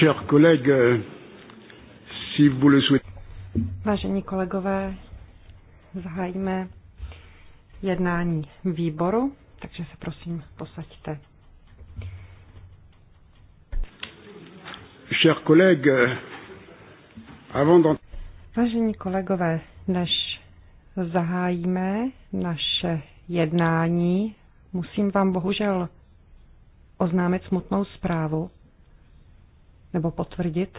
Chers collègues, euh, si vous le souhaitez. Vážení kolegové, zahájíme jednání výboru, takže se prosím posaďte. Chers collègues, euh, avant Vážení kolegové, než zahájíme naše jednání, musím vám bohužel oznámit smutnou zprávu nebo potvrdit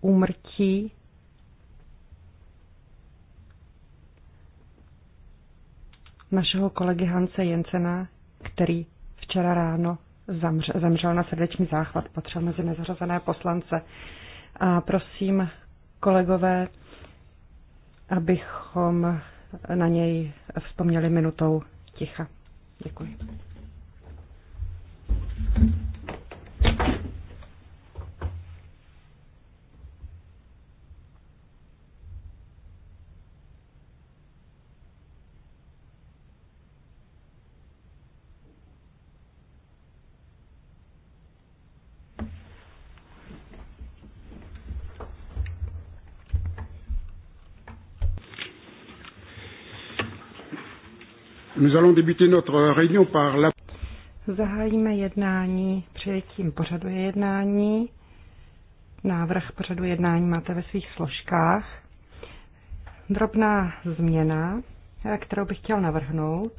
úmrtí našeho kolegy Hance Jensena, který včera ráno zemřel na srdeční záchvat, patřil mezi nezařazené poslance. A prosím, kolegové, abychom na něj vzpomněli minutou ticha. Děkuji. Nous allons débuter notre réunion par la... Zahájíme jednání přijetím pořadu jednání. Návrh pořadu jednání máte ve svých složkách. Drobná změna, kterou bych chtěl navrhnout,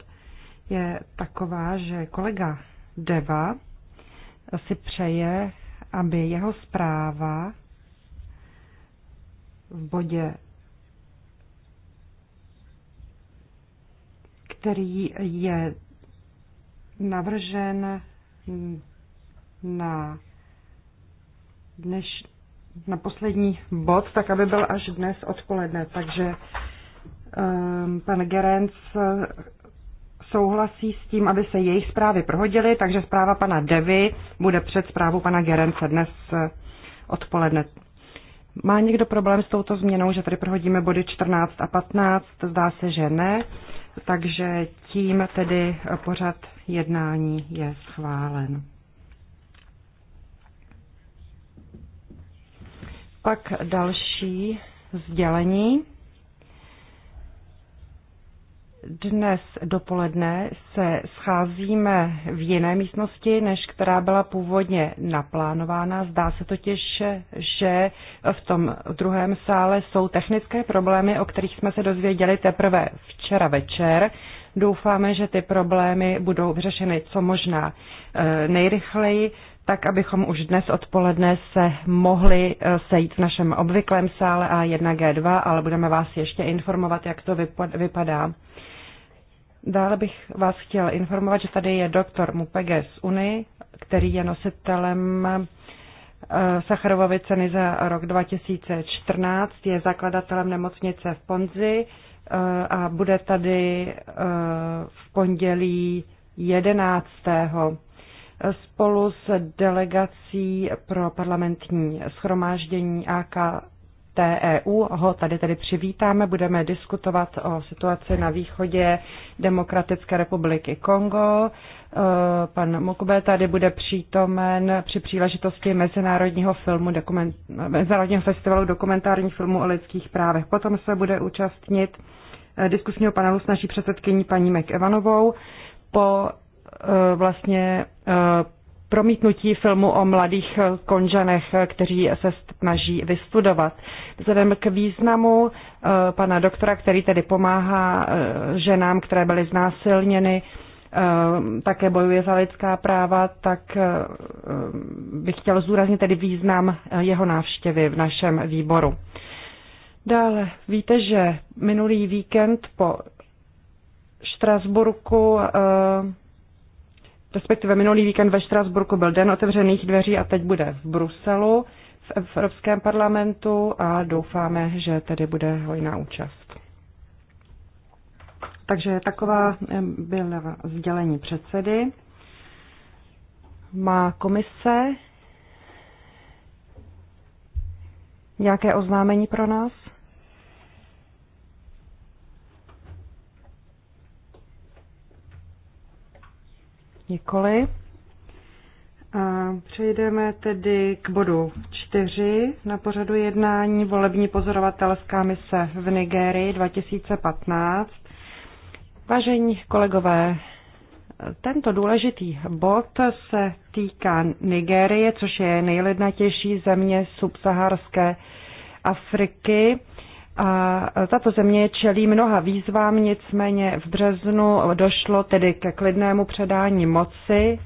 je taková, že kolega Deva si přeje, aby jeho zpráva v bodě který je navržen na, dneš, na poslední bod, tak aby byl až dnes odpoledne. Takže um, pan Gerenc eh, souhlasí s tím, aby se jejich zprávy prohodily, takže zpráva pana Devy bude před zprávou pana Gerence dnes eh, odpoledne. Má někdo problém s touto změnou, že tady prohodíme body 14 a 15? Zdá se, že ne takže tím tedy pořad jednání je schválen. Pak další sdělení. Dnes dopoledne se scházíme v jiné místnosti, než která byla původně naplánována. Zdá se totiž, že v tom druhém sále jsou technické problémy, o kterých jsme se dozvěděli teprve včera večer. Doufáme, že ty problémy budou vyřešeny co možná e, nejrychleji, tak abychom už dnes odpoledne se mohli e, sejít v našem obvyklém sále A1G2, ale budeme vás ještě informovat, jak to vypadá. Dále bych vás chtěl informovat, že tady je doktor Mupege z Unii, který je nositelem eh, Sacharovovy ceny za rok 2014, je zakladatelem nemocnice v Ponzi eh, a bude tady eh, v pondělí 11. spolu s delegací pro parlamentní schromáždění AK té EU. Ho tady tedy přivítáme, budeme diskutovat o situaci na východě Demokratické republiky Kongo. Eh, pan Mokube tady bude přítomen při příležitosti Mezinárodního, filmu, dokument, Mezinárodního festivalu dokumentárních filmů o lidských právech. Potom se bude účastnit eh, diskusního panelu s naší předsedkyní paní McEvanovou po eh, vlastně promítnutí filmu o mladých eh, konžanech, eh, kteří se snaží vystudovat. Vzhledem k významu eh, pana doktora, který tedy pomáhá ženám, které byly znásilněny, také bojuje za lidská práva, tak bych chtěl zúraznit tedy význam jeho návštěvy v našem výboru. Dále víte, že minulý víkend po Štrasburku respektive minulý víkend ve Štrasburku byl den otevřených dveří a teď bude v Bruselu v Evropském parlamentu a doufáme, že tedy bude hojná účast. Takže taková byla sdělení předsedy. Má komise nějaké oznámení pro nás? Nikoli. A přejdeme tedy k bodu čtyři na pořadu jednání volební pozorovatelská mise v Nigérii 2015. Vážení kolegové, tento důležitý bod se týká Nigérie, což je nejlednatější země subsaharské Afriky. A tato země čelí mnoha výzvám, nicméně v březnu došlo tedy ke klidnému předání moci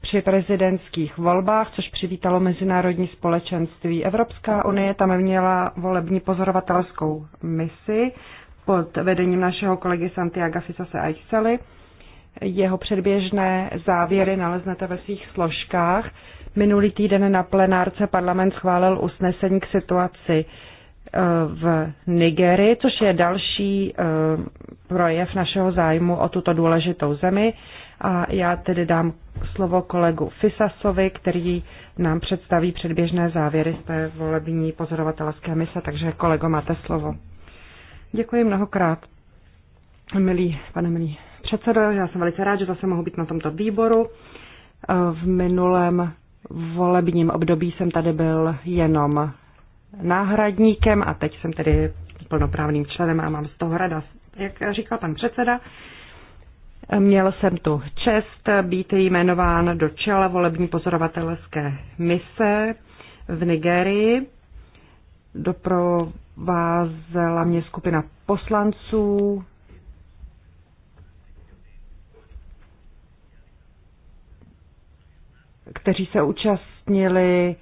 při prezidentských volbách, což přivítalo mezinárodní společenství. Evropská unie tam měla volební pozorovatelskou misi pod vedením našeho kolegy Santiago Fisase Aixeli. Jeho předběžné závěry naleznete ve svých složkách. Minulý týden na plenárce parlament schválil usnesení k situaci Eh, v Nigeri, což je další eh, projev našeho zájmu o tuto důležitou zemi. A já tedy dám slovo kolegu Fisasovi, který nám představí předběžné závěry z té volební pozorovatelské mise. Takže kolego, máte slovo. Děkuji mnohokrát. Milý pane milý předsedo, já jsem velice rád, že zase mohu být na tomto výboru. Eh, v minulém volebním období jsem tady byl jenom náhradníkem a teď jsem tedy plnoprávným členem a mám z toho rada, Jak říkal pan předseda, Měl jsem tu čest být jmenován do čela volební pozorovatelské mise v Nigerii. Doprovázela mě skupina poslanců. kteří se účastnili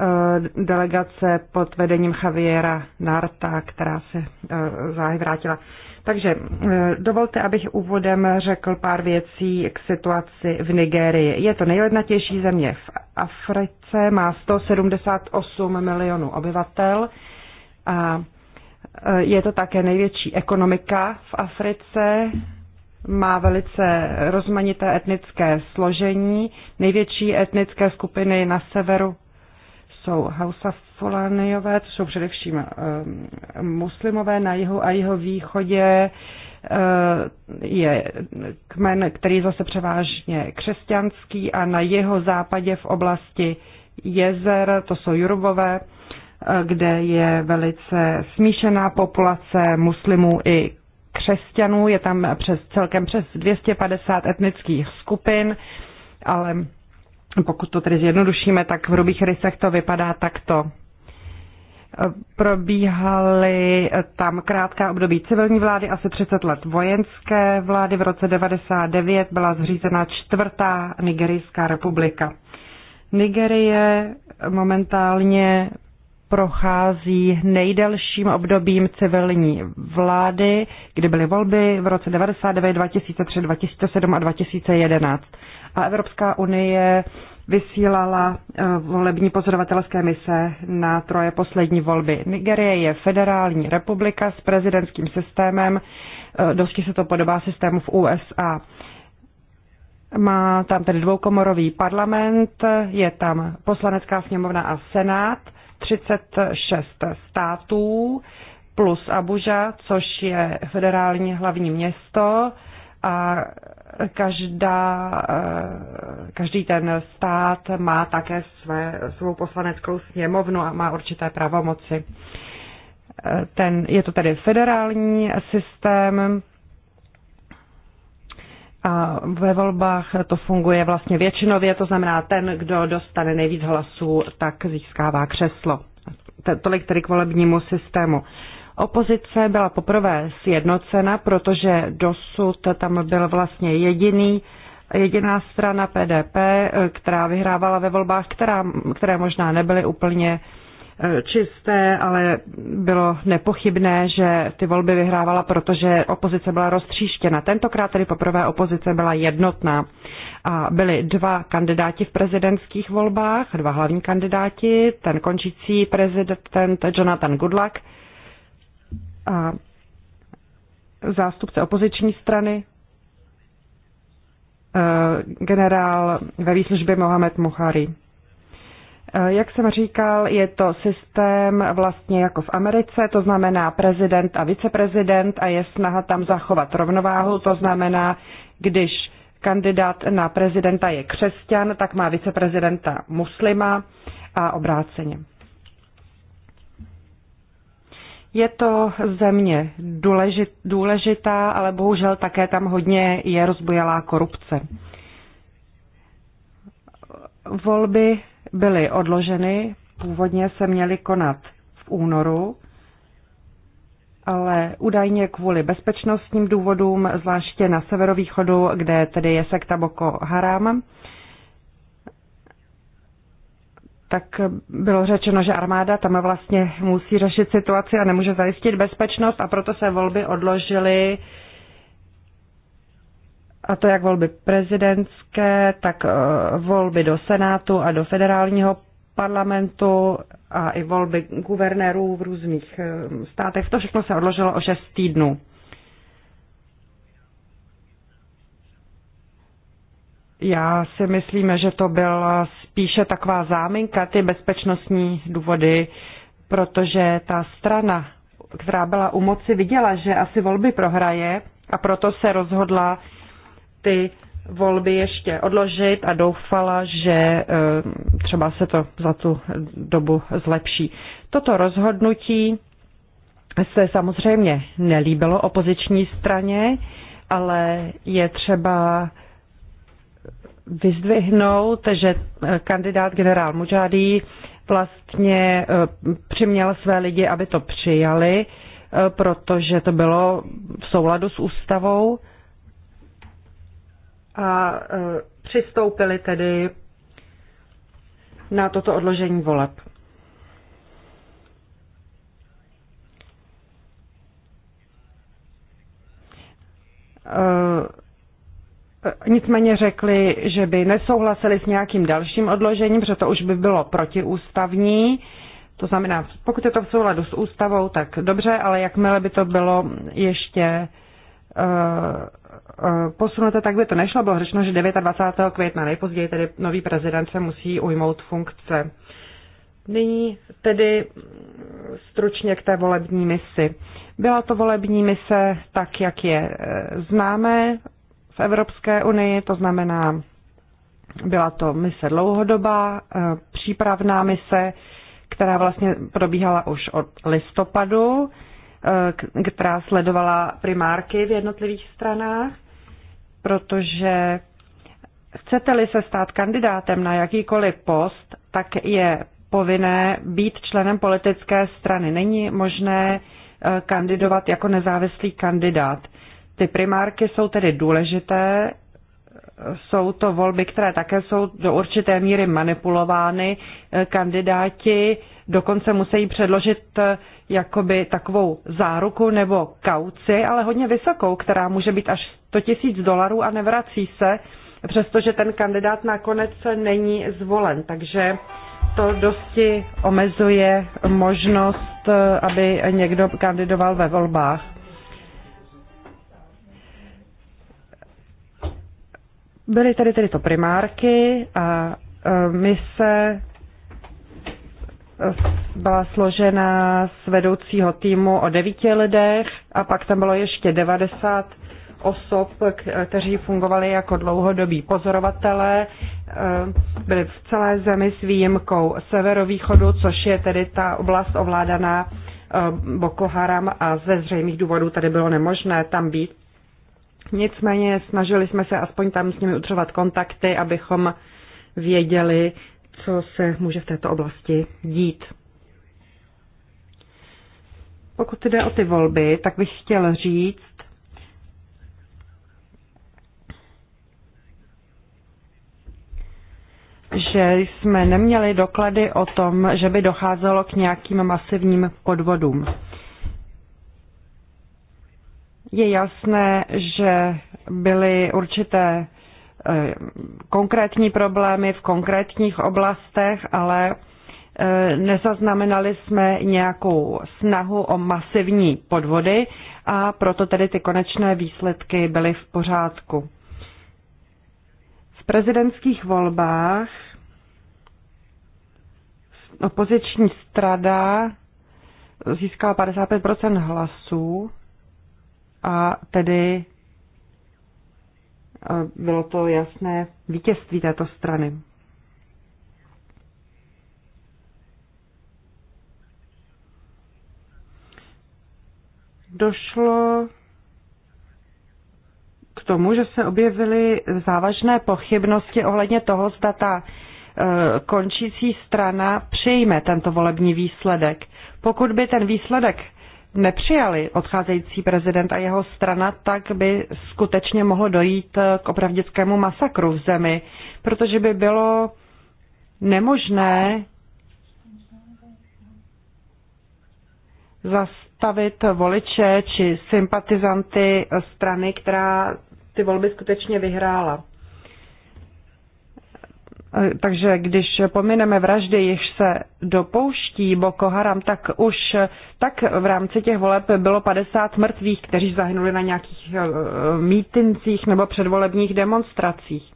Eh, delegace pod vedením Javiera Narta, která se eh, záhy vrátila. Takže eh, dovolte, abych úvodem řekl pár věcí k situaci v Nigérii. Je to nejlednatější země v Africe, má 178 milionů obyvatel a je to také největší ekonomika v Africe, má velice rozmanité etnické složení, největší etnické skupiny na severu jsou Hausafulaniové, to jsou především eh, muslimové na jihu a jeho východě eh, je kmen, který je zase převážně křesťanský a na jeho západě v oblasti jezer, to jsou Jurubové, eh, kde je velice smíšená populace muslimů i křesťanů. Je tam přes, celkem přes 250 etnických skupin, ale pokud to tedy zjednodušíme, tak v hrubých rysech to vypadá takto. Probíhaly tam krátká období civilní vlády, asi 30 let vojenské vlády. V roce 99 byla zřízena čtvrtá nigerijská republika. Nigerie momentálně prochází nejdelším obdobím civilní vlády, kdy byly volby v roce 99, 2003, 2007 a 2011. A Evropská unie vysílala eh, volební pozorovatelské mise na troje poslední volby. Nigerie je federální republika s prezidentským systémem, eh, dosti se to podobá systému v USA. Má tam tedy dvoukomorový parlament, je tam poslanecká sněmovna a senát 36 států plus Abuja, což je federální hlavní město a každá, eh, každý ten stát má také své, svou poslaneckou sněmovnu a má určité pravomoci. Eh, ten, je to tedy federální systém, a ve volbách to funguje vlastně většinově, to znamená ten, kdo dostane nejvíc hlasů, tak získává křeslo. Tolik tedy k volebnímu systému. Opozice byla poprvé sjednocena, protože dosud tam byl vlastně jediný, jediná strana PDP, která vyhrávala ve volbách, která, které možná nebyly úplně uh, Eh, čisté, ale bylo nepochybné, že ty volby vyhrávala, protože opozice byla roztříštěna. Tentokrát tedy poprvé opozice byla jednotná. A byli dva kandidáti v prezidentských volbách, dva hlavní kandidáti, ten končící prezident Jonathan Goodluck a zástupce opoziční strany eh, generál ve výslužbě Mohamed Muhari. Eh, jak jsem říkal, je to systém vlastně jako v Americe, to znamená prezident a viceprezident a je snaha tam zachovat rovnováhu, to znamená, když kandidát na prezidenta je křesťan, tak má viceprezidenta muslima a obráceně. Je to země důležitá, ale bohužel také tam hodně je rozbujelá korupce. Volby byly odloženy. Původně se měly konat v únoru, ale údajně kvůli bezpečnostním důvodům, zvláště na severovýchodu, kde tedy je sekta Boko Haram, tak bylo řečeno, že armáda tam vlastně musí řešit situaci a nemůže zajistit bezpečnost a proto se volby odložily a to jak volby prezidentské, tak e, volby do Senátu a do federálního parlamentu a i volby guvernérů v různých e, státech. To všechno se odložilo o šest týdnů. Já si myslím, že to byla spíše taková záminka, ty bezpečnostní důvody, protože ta strana, která byla u moci, viděla, že asi volby prohraje a proto se rozhodla ty volby ještě odložit a doufala, že eh, třeba se to za tu dobu zlepší. Toto rozhodnutí se samozřejmě nelíbilo opoziční straně, ale je třeba vyzdvihnout, že eh, kandidát generál Mujadi vlastně eh, přiměl své lidi, aby to přijali, protože to bylo v souladu s ústavou a e, přistoupili tedy na toto odložení voleb. E, e, nicméně řekli, že by nesouhlasili s nějakým dalším odložením, protože to už by bylo protiústavní. To znamená, pokud je to v souladu s ústavou, tak dobře, ale jakmile by to bylo ještě Eh, posunuto, tak by to nešlo. Bylo řečeno, že 29. května nejpozději tedy nový prezident se musí ujmout funkce. Nyní tedy stručně k té volební misi. Byla to volební mise tak, jak je eh, známé v Evropské unii, to znamená, byla to mise dlouhodobá, eh, přípravná mise, která vlastně probíhala už od listopadu Eh, která sledovala primárky v jednotlivých stranách, protože chcete-li se stát kandidátem na jakýkoliv post, tak je povinné být členem politické strany. Není možné eh, kandidovat jako nezávislý kandidát. Ty primárky jsou tedy důležité, jsou to volby, které také jsou do určité míry manipulovány. Eh, kandidáti dokonce musí předložit eh, jakoby takovou záruku nebo kauci, ale hodně vysokou, která může být až 100 tisíc dolarů a nevrací se, přestože ten kandidát nakonec není zvolen. Takže to dosti omezuje možnost, eh, aby někdo kandidoval ve volbách. Byly tady tedy to primárky a e, mise e, byla složena z vedoucího týmu o devíti lidech a pak tam bylo ještě 90 osob, kteří fungovali jako dlouhodobí pozorovatelé, e, byli v celé zemi s výjimkou severovýchodu, což je tedy ta oblast ovládaná Boko Haram a ze zřejmých důvodů tady bylo nemožné tam být. Nicméně snažili jsme se aspoň tam s nimi utřovat kontakty, abychom věděli, co se může v této oblasti dít. Pokud jde o ty volby, tak bych chtěl říct, že jsme neměli doklady o tom, že by docházelo k nějakým masivním podvodům. Je jasné, že byly určité eh, konkrétní problémy v konkrétních oblastech, ale eh, nezaznamenali jsme nějakou snahu o masivní podvody a proto tedy ty konečné výsledky byly v pořádku. V prezidentských volbách opoziční strada získala 55 hlasů a tedy eh, bylo to jasné vítězství této strany. Došlo k tomu, že se objevily závažné pochybnosti ohledně toho, zda ta eh, končící strana přijme tento volební výsledek. Pokud by ten výsledek nepřijali odcházející prezident a jeho strana, tak by skutečně mohlo dojít eh, k opravdickému masakru v zemi, protože by bylo nemožné zastavit voliče či sympatizanty strany, která ty volby skutečně vyhrála. Eh, takže když pomineme vraždy, již se dopouští Boko Haram, tak už eh, tak v rámci těch voleb bylo 50 mrtvých, kteří zahynuli na nějakých eh, mítincích nebo předvolebních demonstracích.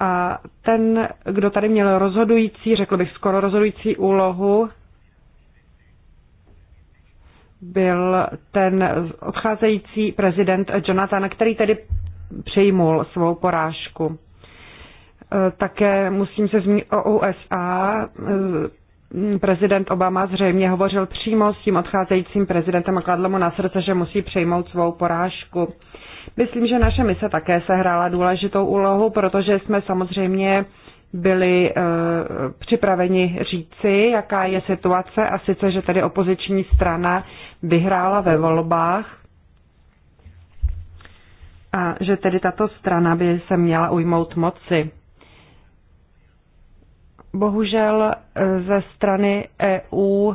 A ten, kdo tady měl rozhodující, řekl bych skoro rozhodující úlohu, byl ten odcházející prezident Jonathan, který tedy přejmul svou porážku. Eh, také musím se zmínit o USA. Eh, prezident Obama zřejmě hovořil přímo s tím odcházejícím prezidentem a kladl mu na srdce, že musí přejmout svou porážku. Myslím, že naše mise také sehrála důležitou úlohu, protože jsme samozřejmě byli e, připraveni říci, jaká je situace a sice, že tedy opoziční strana vyhrála ve volbách a že tedy tato strana by se měla ujmout moci bohužel eh, ze strany EU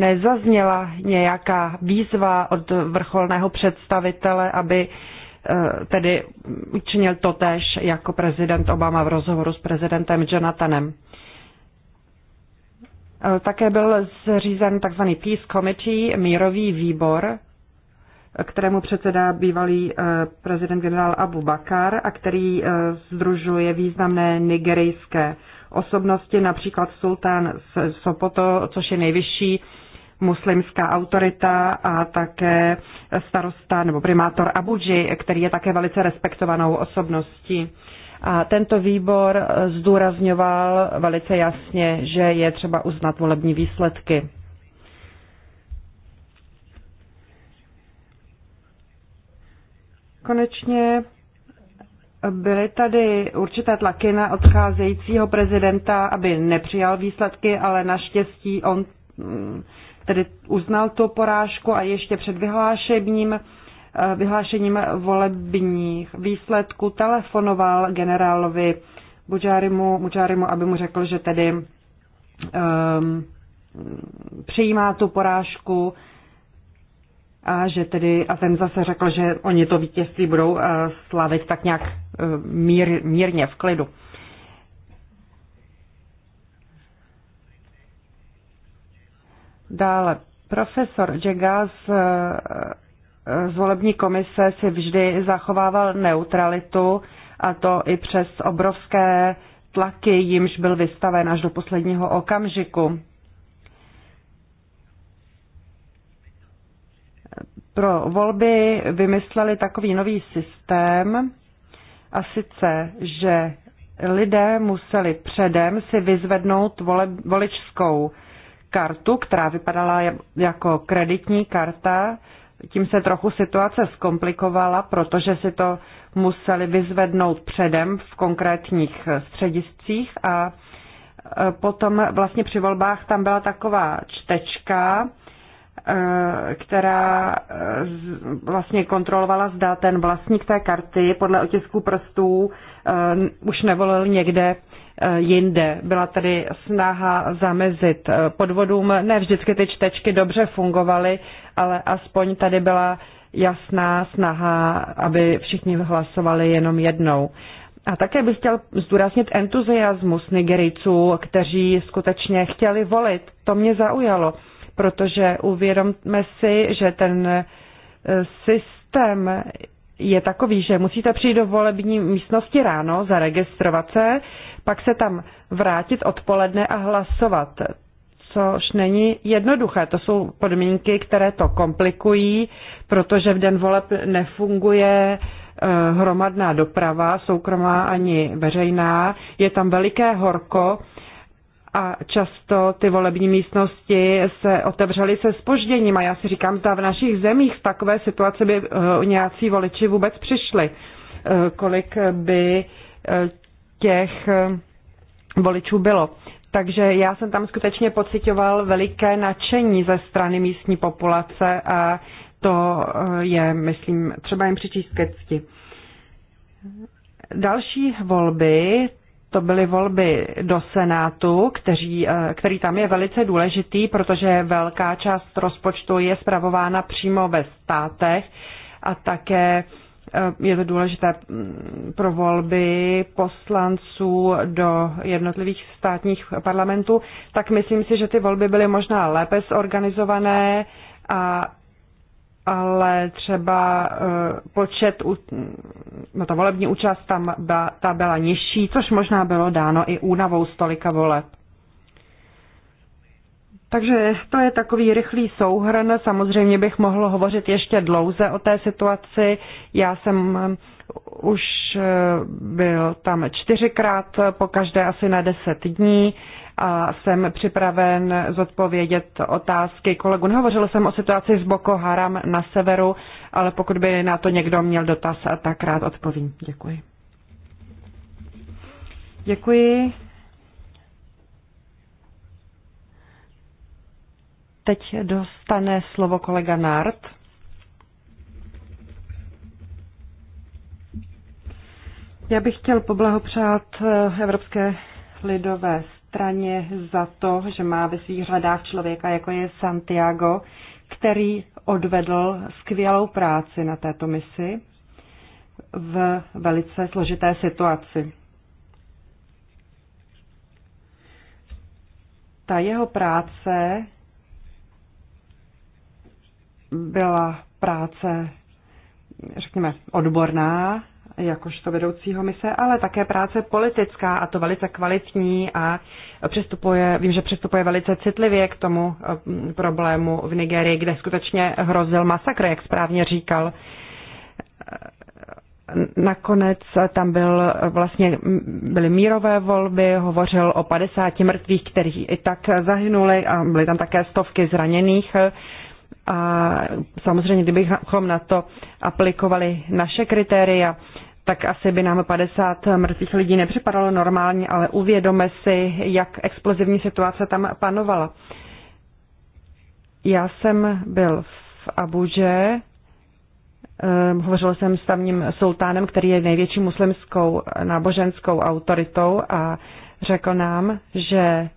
nezazněla nějaká výzva od vrcholného představitele, aby eh, tedy učinil totéž jako prezident Obama v rozhovoru s prezidentem Jonathanem. Eh, také byl zřízen tzv. Peace Committee, mírový výbor, kterému předsedá bývalý prezident generál Abu Bakar a který združuje významné nigerijské osobnosti, například sultán Sopoto, což je nejvyšší muslimská autorita a také starosta nebo primátor Abuji, který je také velice respektovanou osobností. A tento výbor zdůrazňoval velice jasně, že je třeba uznat volební výsledky. Konečně Byly tady určité tlaky na odcházejícího prezidenta, aby nepřijal výsledky, ale naštěstí on mm, tedy uznal tu porážku a ještě před vyhlášením, eh, vyhlášením volebních výsledků telefonoval generálovi Bučárimu, Bučárimu, aby mu řekl, že tedy um, přijímá tu porážku a že tedy, a ten zase řekl, že oni to vítězství budou uh, slavit tak nějak mír, mírně v klidu. Dále, profesor Jegas z, z volební komise si vždy zachovával neutralitu a to i přes obrovské tlaky, jimž byl vystaven až do posledního okamžiku. Pro volby vymysleli takový nový systém, a sice, že lidé museli předem si vyzvednout vole, voličskou kartu, která vypadala jako kreditní karta. Tím se trochu situace zkomplikovala, protože si to museli vyzvednout předem v konkrétních střediscích a e, potom vlastně při volbách tam byla taková čtečka, Eh, která eh, vlastně kontrolovala, zda ten vlastník té karty podle otisků prstů eh, už nevolil někde jinde. Byla tedy snaha zamezit podvodům. Ne vždycky ty čtečky dobře fungovaly, ale aspoň tady byla jasná snaha, aby všichni hlasovali jenom jednou. A také bych chtěl zdůraznit entuziasmus Nigericů, kteří skutečně chtěli volit. To mě zaujalo protože uvědomme si, že ten e, systém je takový, že musíte přijít do volební místnosti ráno, zaregistrovat se, pak se tam vrátit odpoledne a hlasovat, což není jednoduché. To jsou podmínky, které to komplikují, protože v den voleb nefunguje e, hromadná doprava, soukromá ani veřejná. Je tam veliké horko, a často ty volební místnosti se otevřely se spožděním a já si říkám, že v našich zemích v takové situace by eh, nějací voliči vůbec přišli, eh, kolik by eh, těch voličů bylo. Takže já jsem tam skutečně pocitoval veliké nadšení ze strany místní populace a to je, myslím, třeba jim přičíst ke cti. Další volby, to byly volby do Senátu, kteří, eh, který tam je velice důležitý, protože velká část rozpočtu je spravována přímo ve státech a také eh, je to důležité mm, pro volby poslanců do jednotlivých státních parlamentů, tak myslím si, že ty volby byly možná lépe zorganizované a ale třeba eh, počet, no ta volební účast tam byla, ta byla nižší, což možná bylo dáno i únavou stolika voleb. Takže to je takový rychlý souhrn. Samozřejmě bych mohl hovořit ještě dlouze o té situaci. Já jsem eh, už eh, byl tam čtyřikrát, po každé asi na deset dní a jsem připraven zodpovědět otázky kolegů. Nehovořil jsem o situaci s Boko Haram na severu, ale pokud by na to někdo měl dotaz, tak rád odpovím. Děkuji. Děkuji. Teď dostane slovo kolega Nart. Já bych chtěl poblahopřát Evropské lidové straně za to, že má ve svých řadách člověka, jako je Santiago, který odvedl skvělou práci na této misi v velice složité situaci. Ta jeho práce byla práce, řekněme, odborná, jakožto vedoucího mise, ale také práce politická a to velice kvalitní a přistupuje, vím, že přistupuje velice citlivě k tomu eh, problému v Nigerii, kde skutečně hrozil masakr, jak správně říkal. Eh, nakonec tam byl eh, vlastně, byly mírové volby, hovořil o 50 mrtvých, kteří i tak zahynuli a byly tam také stovky zraněných. A samozřejmě, kdybychom na to aplikovali naše kritéria, tak asi by nám 50 mrtvých lidí nepřipadalo normálně, ale uvědome si, jak explozivní situace tam panovala. Já jsem byl v Abuže, eh, hovořil jsem s tamním sultánem, který je největší muslimskou náboženskou autoritou a řekl nám, že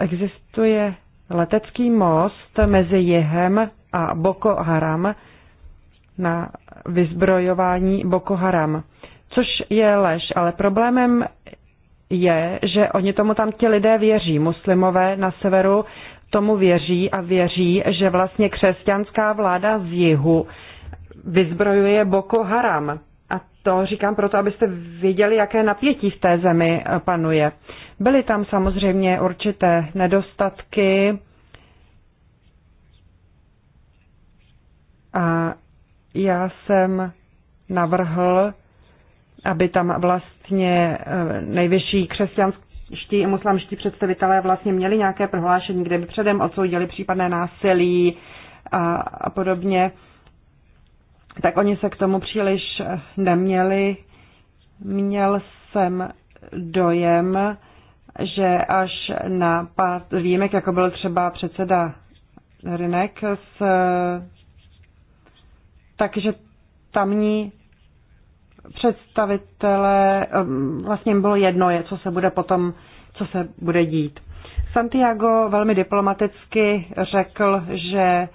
existuje letecký most mezi jehem a Boko Haram na vyzbrojování Boko Haram. Což je lež, ale problémem je, že oni tomu tam ti lidé věří. Muslimové na severu tomu věří a věří, že vlastně křesťanská vláda z jihu vyzbrojuje Boko Haram. A to říkám proto, abyste věděli, jaké napětí v té zemi panuje. Byly tam samozřejmě určité nedostatky, A já jsem navrhl, aby tam vlastně eh, nejvyšší křesťanští a muslimští představitelé vlastně měli nějaké prohlášení, kde by předem odsoudili případné násilí a, a podobně. Tak oni se k tomu příliš eh, neměli. Měl jsem dojem, že až na pár výjimek, jako byl třeba předseda Rynek z takže tamní představitele ehm, vlastně bylo jedno, je, co se bude potom, co se bude dít. Santiago velmi diplomaticky řekl, že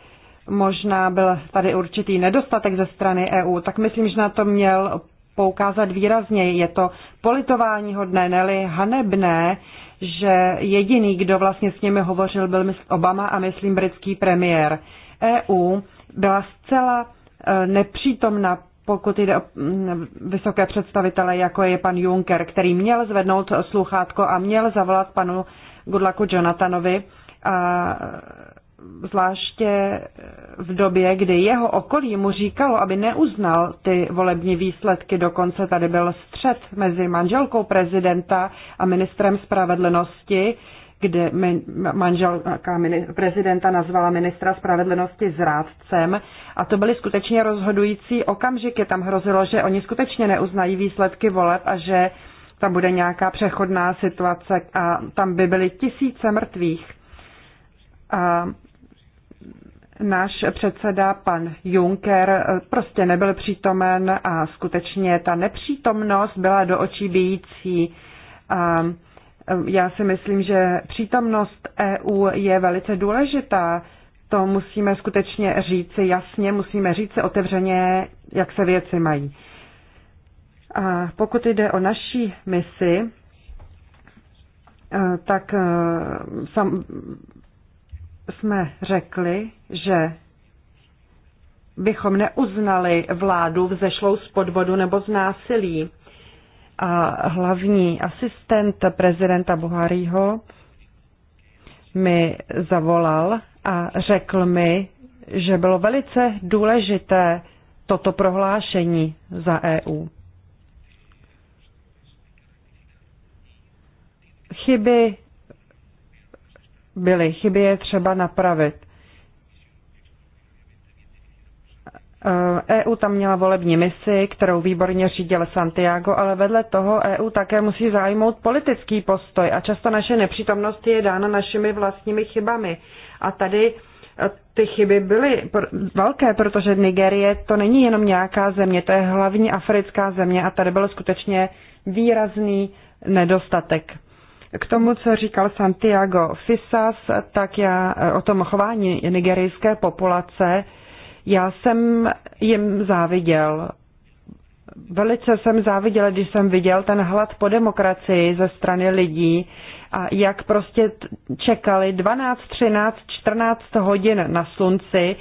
možná byl tady určitý nedostatek ze strany EU, tak myslím, že na to měl poukázat výrazně. Je to politování hodné, neli hanebné, že jediný, kdo vlastně s nimi hovořil, byl Obama a myslím britský premiér. EU byla zcela Eh, nepřítomna, pokud jde o mm, vysoké představitele, jako je pan Juncker, který měl zvednout sluchátko a měl zavolat panu Gudlaku Jonathanovi. A eh, zvláště v době, kdy jeho okolí mu říkalo, aby neuznal ty volební výsledky. Dokonce tady byl střed mezi manželkou prezidenta a ministrem spravedlnosti, kde manželka eh, prezidenta nazvala ministra spravedlnosti zrádcem. A to byly skutečně rozhodující okamžiky. Tam hrozilo, že oni skutečně neuznají výsledky voleb a že tam bude nějaká přechodná situace a tam by byly tisíce mrtvých. A náš předseda pan Juncker prostě nebyl přítomen a skutečně ta nepřítomnost byla do očí bíjící. Já si myslím, že přítomnost EU je velice důležitá. To musíme skutečně říci jasně, musíme říci otevřeně, jak se věci mají. A pokud jde o naší misi, e, tak e, sam, jsme řekli, že bychom neuznali vládu vzešlou z podvodu nebo z násilí a hlavní asistent prezidenta Buhariho mi zavolal a řekl mi, že bylo velice důležité toto prohlášení za EU. Chyby byly, chyby je třeba napravit. EU eh, e tam měla volební misi, kterou výborně řídil Santiago, ale vedle toho EU také musí zájmout politický postoj a často naše nepřítomnost je dána našimi vlastními chybami. A tady eh, ty chyby byly velké, protože Nigerie to není jenom nějaká země, to je hlavní africká země a tady byl skutečně výrazný nedostatek. K tomu, co říkal Santiago Fisas, tak já eh, o tom chování nigerijské populace, já jsem jim záviděl. Velice jsem záviděl, když jsem viděl ten hlad po demokracii ze strany lidí a jak prostě čekali 12, 13, 14 hodin na slunci,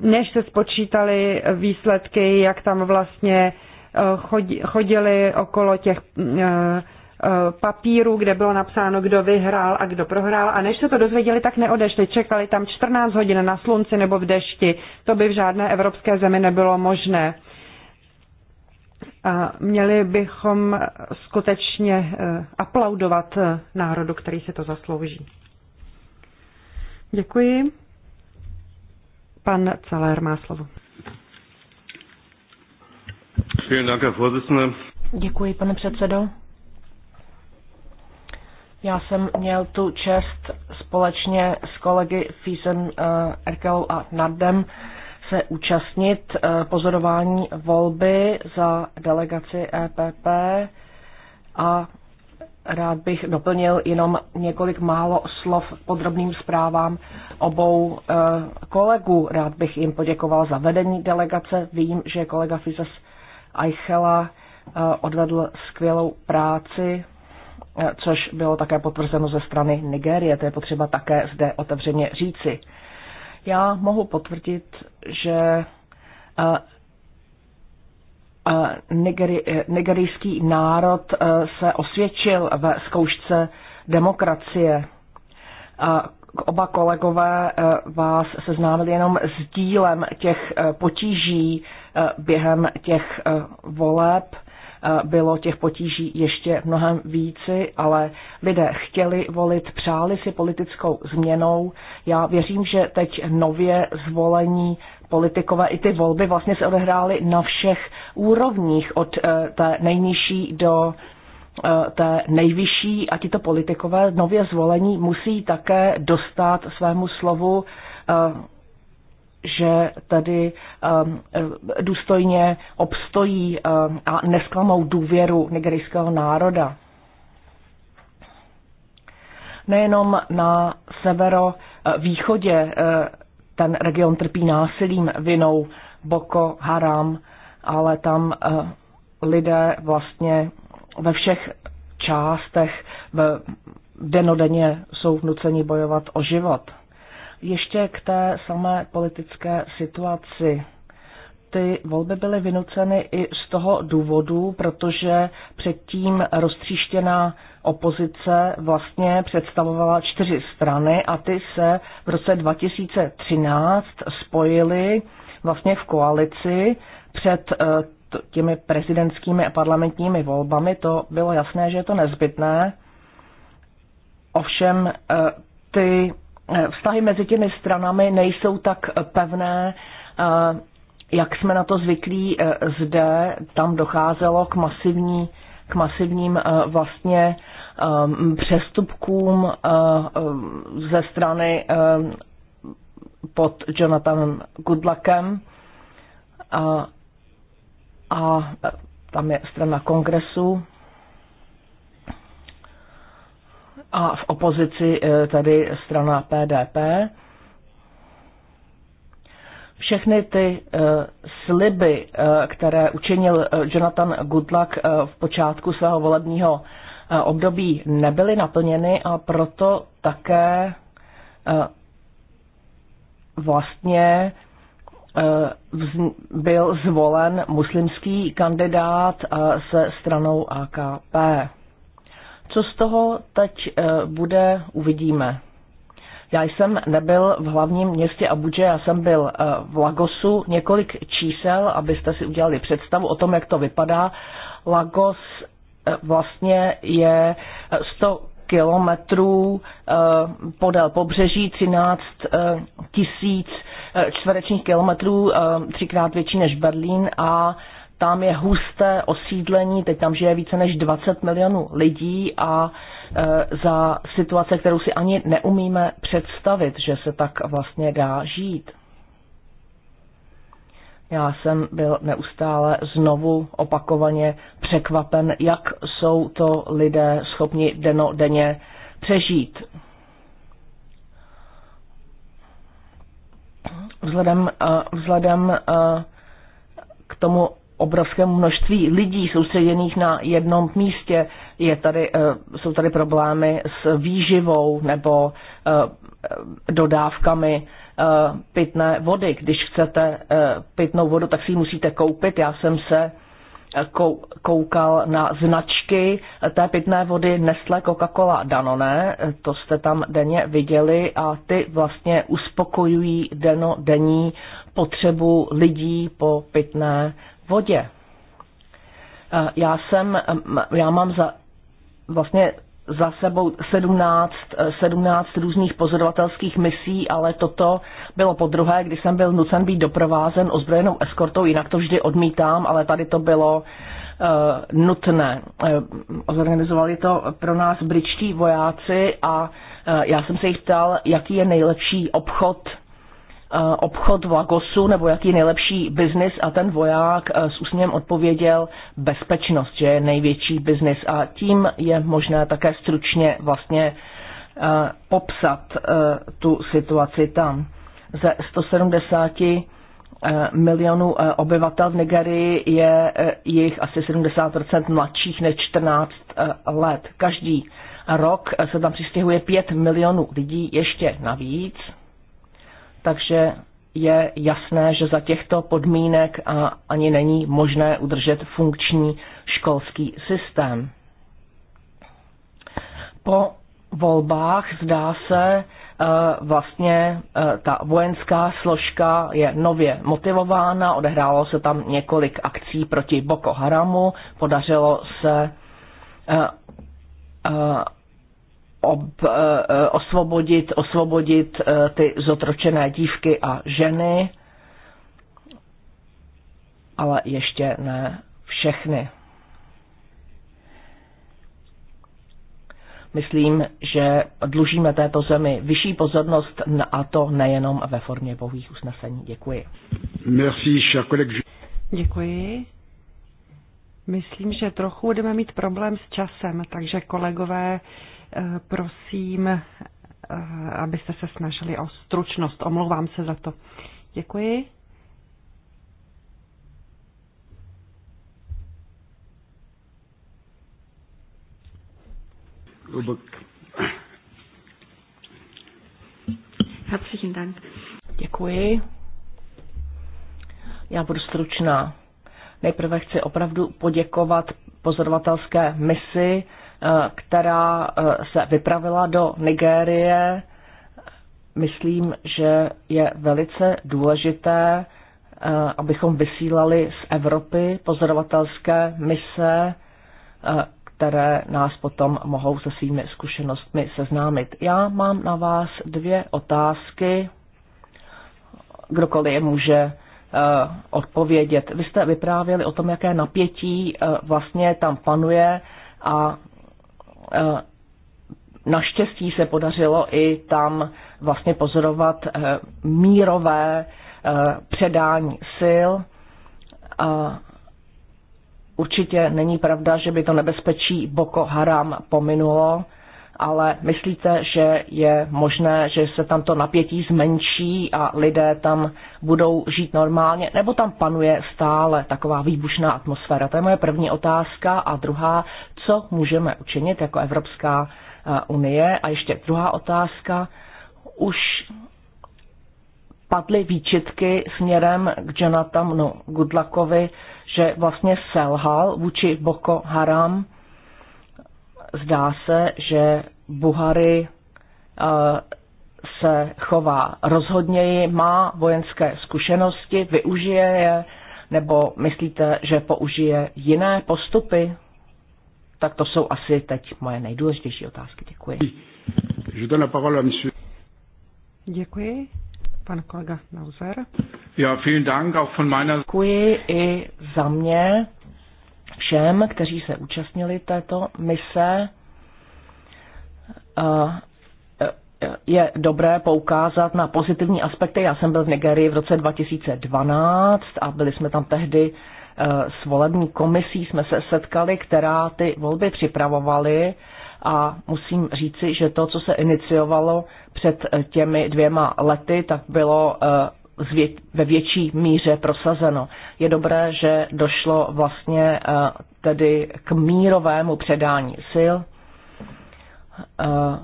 než se spočítali výsledky, jak tam vlastně eh, chodili okolo těch eh, papíru, kde bylo napsáno, kdo vyhrál a kdo prohrál. A než se to dozvěděli, tak neodešli. Čekali tam 14 hodin na slunci nebo v dešti. To by v žádné evropské zemi nebylo možné. A měli bychom skutečně eh, aplaudovat eh, národu, který si to zaslouží. Děkuji. Pan Celer má slovo. Děkuji, pane předsedo. Já jsem měl tu čest společně s kolegy uh, eh, Erkelou a Nardem se účastnit eh, pozorování volby za delegaci EPP a rád bych doplnil jenom několik málo slov podrobným zprávám obou eh, kolegů. Rád bych jim poděkoval za vedení delegace. Vím, že kolega Fizes Eichela odvedl skvělou práci Eh, což bylo také potvrzeno ze strany Nigérie. To je potřeba také zde otevřeně říci. Já mohu potvrdit, že eh, eh, nigerijský národ se osvědčil ve zkoušce demokracie. Oba kolegové vás seznámili jenom s dílem těch potíží během těch voleb bylo těch potíží ještě mnohem víci, ale lidé chtěli volit, přáli si politickou změnou. Já věřím, že teď nově zvolení politikové i ty volby vlastně se odehrály na všech úrovních, od eh, té nejnižší do eh, té nejvyšší a tito politikové nově zvolení musí také dostat svému slovu eh, že tady um, eh, důstojně obstojí um, a nesklamou důvěru nigerijského národa. Nejenom na severovýchodě eh, ten region trpí násilím vinou Boko Haram, ale tam eh, lidé vlastně ve všech částech denodenně jsou vnuceni bojovat o život. Ještě k té samé politické situaci ty volby byly vynuceny i z toho důvodu, protože předtím roztříštěná opozice vlastně představovala čtyři strany a ty se v roce 2013 spojily vlastně v koalici před eh, těmi prezidentskými a parlamentními volbami. To bylo jasné, že je to nezbytné. Ovšem eh, ty Eh, vztahy mezi těmi stranami nejsou tak pevné, eh, jak jsme na to zvyklí eh, zde, tam docházelo k masivní k masivním vlastně přestupkům ze strany pod Jonathanem Goodluckem a, a tam je strana kongresu a v opozici eh, tedy strana PDP. Všechny ty eh, sliby, eh, které učinil Jonathan Goodluck v počátku svého volebního období, nebyly naplněny a proto také vlastně byl zvolen muslimský kandidát se stranou AKP. Co z toho teď eh, bude, uvidíme. Já jsem nebyl v hlavním městě Abuja, já jsem byl eh, v Lagosu. Několik čísel, abyste si udělali představu o tom, jak to vypadá. Lagos eh, vlastně je 100 kilometrů podél pobřeží, 13 tisíc čtverečních kilometrů, třikrát větší než Berlín a tam je husté osídlení, teď tam žije více než 20 milionů lidí a e, za situace, kterou si ani neumíme představit, že se tak vlastně dá žít. Já jsem byl neustále znovu opakovaně překvapen, jak jsou to lidé schopni denně přežít. Vzhledem, e, vzhledem e, k tomu obrovskému množství lidí soustředěných na jednom místě. Je tady, eh, jsou tady problémy s výživou nebo eh, dodávkami eh, pitné vody. Když chcete pitnou vodu, tak si ji musíte koupit. Já jsem se koukal na značky té pitné vody Nestle, Coca-Cola, Danone, to jste tam denně viděli a ty vlastně uspokojují denní potřebu lidí po pitné vodě. Eh, já jsem, eh, já mám za, vlastně za sebou 17, 17 eh, různých pozorovatelských misí, ale toto bylo po druhé, kdy jsem byl nucen být doprovázen ozbrojenou eskortou, jinak to vždy odmítám, ale tady to bylo uh, nutné. Uh, zorganizovali to pro nás britští vojáci a uh, já jsem se jich ptal, jaký je nejlepší obchod Eh, obchod v Lagosu nebo jaký nejlepší biznis a ten voják eh, s úsměvem odpověděl bezpečnost, že je největší biznis a tím je možné také stručně vlastně eh, popsat tu situaci tam. Ze 170 milionů obyvatel v Nigerii je jich asi 70% mladších než 14 let. Každý rok se tam přistěhuje 5 milionů lidí ještě navíc takže je jasné, že za těchto podmínek a ani není možné udržet funkční školský systém. Po volbách zdá se, eh, vlastně eh, ta vojenská složka je nově motivována, odehrálo se tam několik akcí proti Boko Haramu, podařilo se eh, ob, eh, eh, osvobodit, osvobodit eh, ty zotročené dívky a ženy, ale ještě ne všechny. Myslím, že dlužíme této zemi vyšší pozornost a to nejenom ve formě bohých usnesení. Děkuji. Merci, Děkuji. Myslím, že trochu budeme mít problém s časem, takže kolegové, Prosím, eh, abyste se snažili o stručnost. Omlouvám se za to. Děkuji. Herzlichen Dank. Děkuji. Já budu stručná. Nejprve chci opravdu poděkovat pozorovatelské misi Eh, která eh, se vypravila do Nigérie. Myslím, že je velice důležité, eh, abychom vysílali z Evropy pozorovatelské mise, které nás potom mohou se svými zkušenostmi seznámit. Já mám na vás dvě otázky. Kdokoliv je může odpovědět. Vy jste vyprávěli o tom, jaké napětí vlastně tam panuje a Eh, naštěstí se podařilo i tam vlastně pozorovat eh, mírové eh, předání sil. A určitě není pravda, že by to nebezpečí Boko Haram pominulo ale myslíte, že je možné, že se tam to napětí zmenší a lidé tam budou žít normálně, nebo tam panuje stále taková výbušná atmosféra? To je moje první otázka. A druhá, co můžeme učinit jako Evropská eh, unie? A ještě druhá otázka, už padly výčitky směrem k Jonathanu Gudlakovi, že vlastně selhal vůči Boko Haram zdá se, že Buhary eh, se chová rozhodněji, má vojenské zkušenosti, využije je, nebo myslíte, že použije jiné postupy? Tak to jsou asi teď moje nejdůležitější otázky. Děkuji. Děkuji. Pan kolega Nauzer. Děkuji i za mě všem, kteří se účastnili této mise. Eh, eh, je dobré poukázat na pozitivní aspekty. Já jsem byl v Nigerii v roce 2012 a byli jsme tam tehdy eh, s volební komisí, jsme se setkali, která ty volby připravovaly a musím říci, že to, co se iniciovalo před těmi dvěma lety, tak bylo ve větší míře prosazeno. Je dobré, že došlo vlastně eh, tedy k mírovému předání sil. Eh,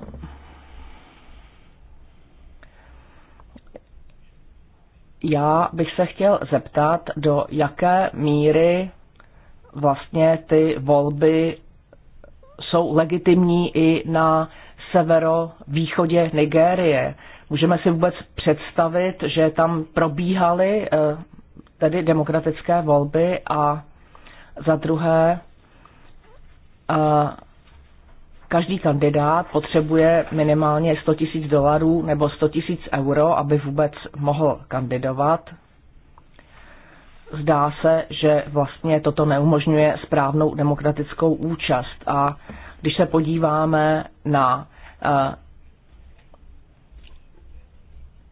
já bych se chtěl zeptat, do jaké míry vlastně ty volby jsou legitimní i na severovýchodě Nigérie Můžeme si vůbec představit, že tam probíhaly eh, tedy demokratické volby a za druhé eh, každý kandidát potřebuje minimálně 100 tisíc dolarů nebo 100 tisíc euro, aby vůbec mohl kandidovat. Zdá se, že vlastně toto neumožňuje správnou demokratickou účast. A když se podíváme na eh,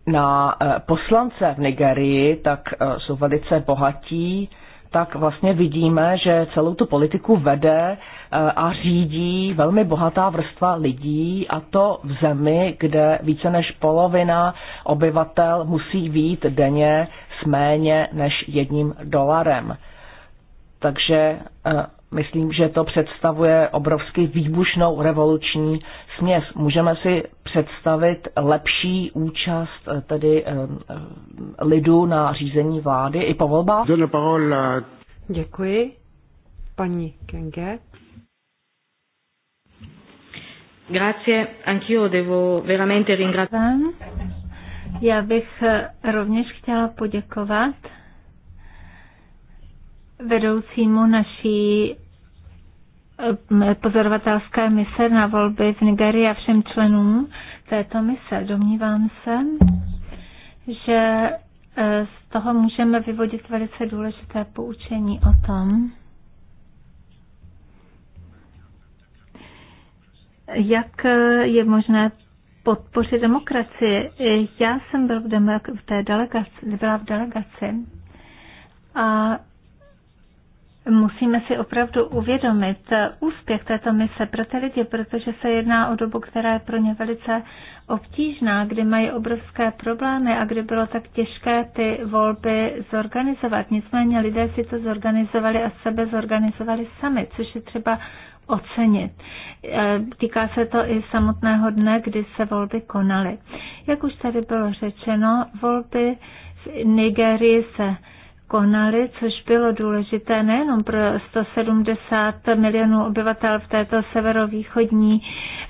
na eh, poslance v Nigerii, tak eh, jsou velice bohatí, tak vlastně vidíme, že celou tu politiku vede eh, a řídí velmi bohatá vrstva lidí a to v zemi, kde více než polovina obyvatel musí být denně s méně než jedním dolarem. Takže Myslím, že to představuje obrovsky výbušnou revoluční směs. Můžeme si představit lepší účast eh, tedy eh, lidu na řízení vlády i po volbách? Děkuji. Paní Kenge. Grazie, anch'io devo veramente ringraziare. Já bych eh, rovněž chtěla poděkovat vedoucímu naší pozorovatelské mise na volby v Nigerii a všem členům této mise. Domnívám se, že eh, z toho můžeme vyvodit velice důležité poučení o tom, jak eh, je možné podpořit demokracii. Já jsem byl v, demok- v té delegaci, byla v delegaci a musíme si opravdu uvědomit úspěch této mise pro ty lidi, protože se jedná o dobu, která je pro ně velice obtížná, kdy mají obrovské problémy a kdy bylo tak těžké ty volby zorganizovat. Nicméně lidé si to zorganizovali a sebe zorganizovali sami, což je třeba ocenit. Eh, týká se to i samotného dne, kdy se volby konaly. Jak už tady bylo řečeno, volby v Nigerii se konali, což bylo důležité nejenom pro 170 milionů obyvatel v této severovýchodní,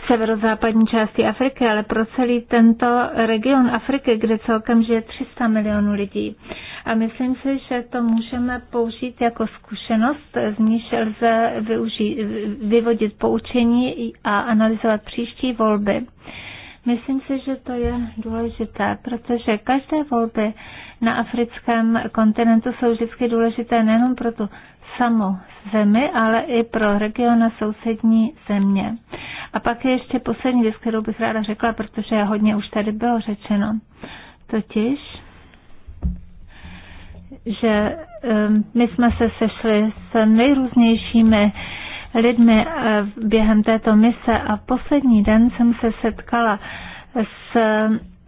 severozápadní části Afriky, ale pro celý tento region Afriky, kde celkem žije 300 milionů lidí. A myslím si, že to můžeme použít jako zkušenost, z níž lze využít, vyvodit poučení a analyzovat příští volby. Myslím si, že to je důležité, protože každé volby na africkém kontinentu jsou vždycky důležité nejenom pro tu samou zemi, ale i pro region a sousední země. A pak je ještě poslední věc, kterou bych ráda řekla, protože hodně už tady bylo řečeno. Totiž, že eh, my jsme se sešli s nejrůznějšími lidmi eh, během této mise a poslední den jsem se setkala s